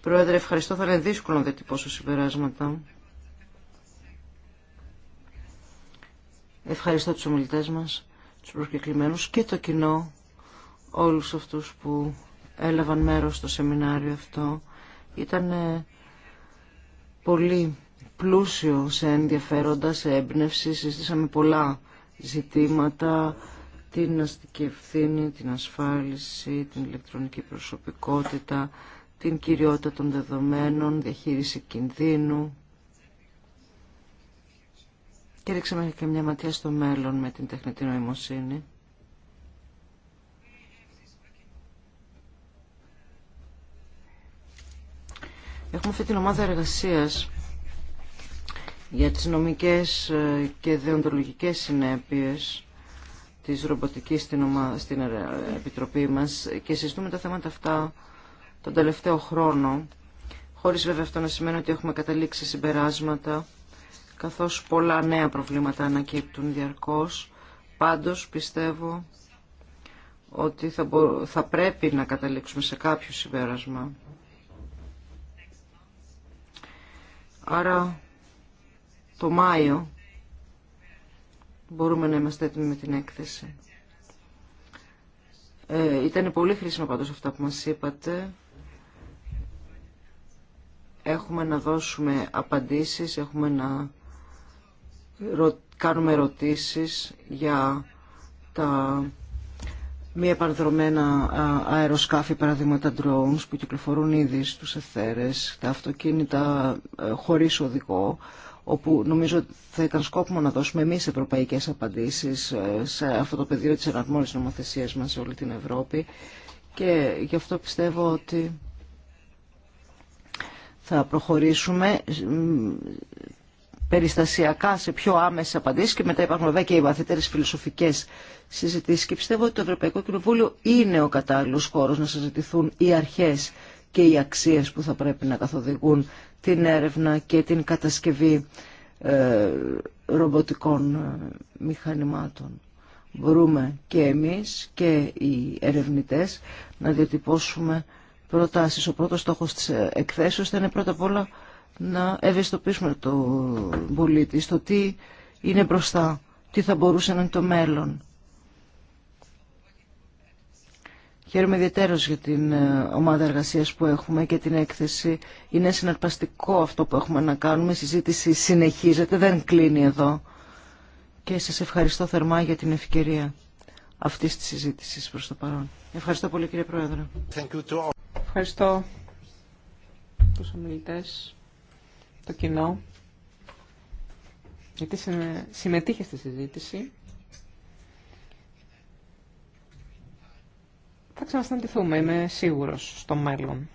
Πρόεδρε, ευχαριστώ. Θα είναι δύσκολο να διατυπώσω συμπεράσματα. Ευχαριστώ τους ομιλητές μας, τους προσκεκλημένους και το κοινό, όλους αυτούς που έλαβαν μέρος στο σεμινάριο αυτό. Ήταν ε, πολύ πλούσιο σε ενδιαφέροντα, σε έμπνευση. Συζήτησαμε πολλά ζητήματα την αστική ευθύνη, την ασφάλιση, την ηλεκτρονική προσωπικότητα, την κυριότητα των δεδομένων, διαχείριση κινδύνου. Και ρίξαμε και μια ματιά στο μέλλον με την τεχνητή νοημοσύνη. Έχουμε αυτή την ομάδα εργασίας για τις νομικές και δεοντολογικές συνέπειες της ρομποτική στην, ομα... στην ε, Επιτροπή μας και συζητούμε τα θέματα αυτά τον τελευταίο χρόνο, χωρίς βέβαια αυτό να σημαίνει ότι έχουμε καταλήξει συμπεράσματα, καθώς πολλά νέα προβλήματα ανακύπτουν διαρκώς. Πάντως πιστεύω ότι θα, θα πρέπει να καταλήξουμε σε κάποιο συμπέρασμα. Άρα το Μάιο μπορούμε να είμαστε έτοιμοι με την έκθεση. Ε, ήταν πολύ χρήσιμο πάντως αυτά που μας είπατε. Έχουμε να δώσουμε απαντήσεις, έχουμε να κάνουμε ερωτήσεις για τα μη επανδρομένα αεροσκάφη, παραδείγματα drones που κυκλοφορούν ήδη στους εθέρες, τα αυτοκίνητα ε, χωρίς οδηγό, όπου νομίζω θα ήταν σκόπιμο να δώσουμε εμείς ευρωπαϊκές απαντήσεις ε, σε αυτό το πεδίο της εναρμόνισης νομοθεσίας μας σε όλη την Ευρώπη και γι' αυτό πιστεύω ότι θα προχωρήσουμε περιστασιακά σε πιο άμεσες απαντήσεις και μετά υπάρχουν βέβαια και οι βαθύτερες φιλοσοφικές συζητήσεις και πιστεύω ότι το Ευρωπαϊκό Κοινοβούλιο είναι ο κατάλληλος χώρος να συζητηθούν οι αρχές και οι αξίες που θα πρέπει να καθοδηγούν την έρευνα και την κατασκευή ε, ρομποτικών ε, μηχανημάτων. Μπορούμε και εμείς και οι ερευνητές να διατυπώσουμε προτάσεις. Ο πρώτος στόχος της ε, εκθέσεως θα είναι πρώτα απ' όλα να ευαισθητοποιήσουμε τον πολίτη στο τι είναι μπροστά, τι θα μπορούσε να είναι το μέλλον. Χαίρομαι ιδιαίτερως για την ε, ομάδα εργασίας που έχουμε και την έκθεση. Είναι συναρπαστικό αυτό που έχουμε να κάνουμε. Η συζήτηση συνεχίζεται, δεν κλείνει εδώ. Και σας ευχαριστώ θερμά για την ευκαιρία αυτή τη συζήτηση, προς το παρόν. Ευχαριστώ πολύ κύριε Πρόεδρε. Ευχαριστώ του ομιλητέ το κοινό, γιατί συμμετείχε στη συζήτηση Θα ξανασυναντηθούμε, είμαι σίγουρος, στο μέλλον.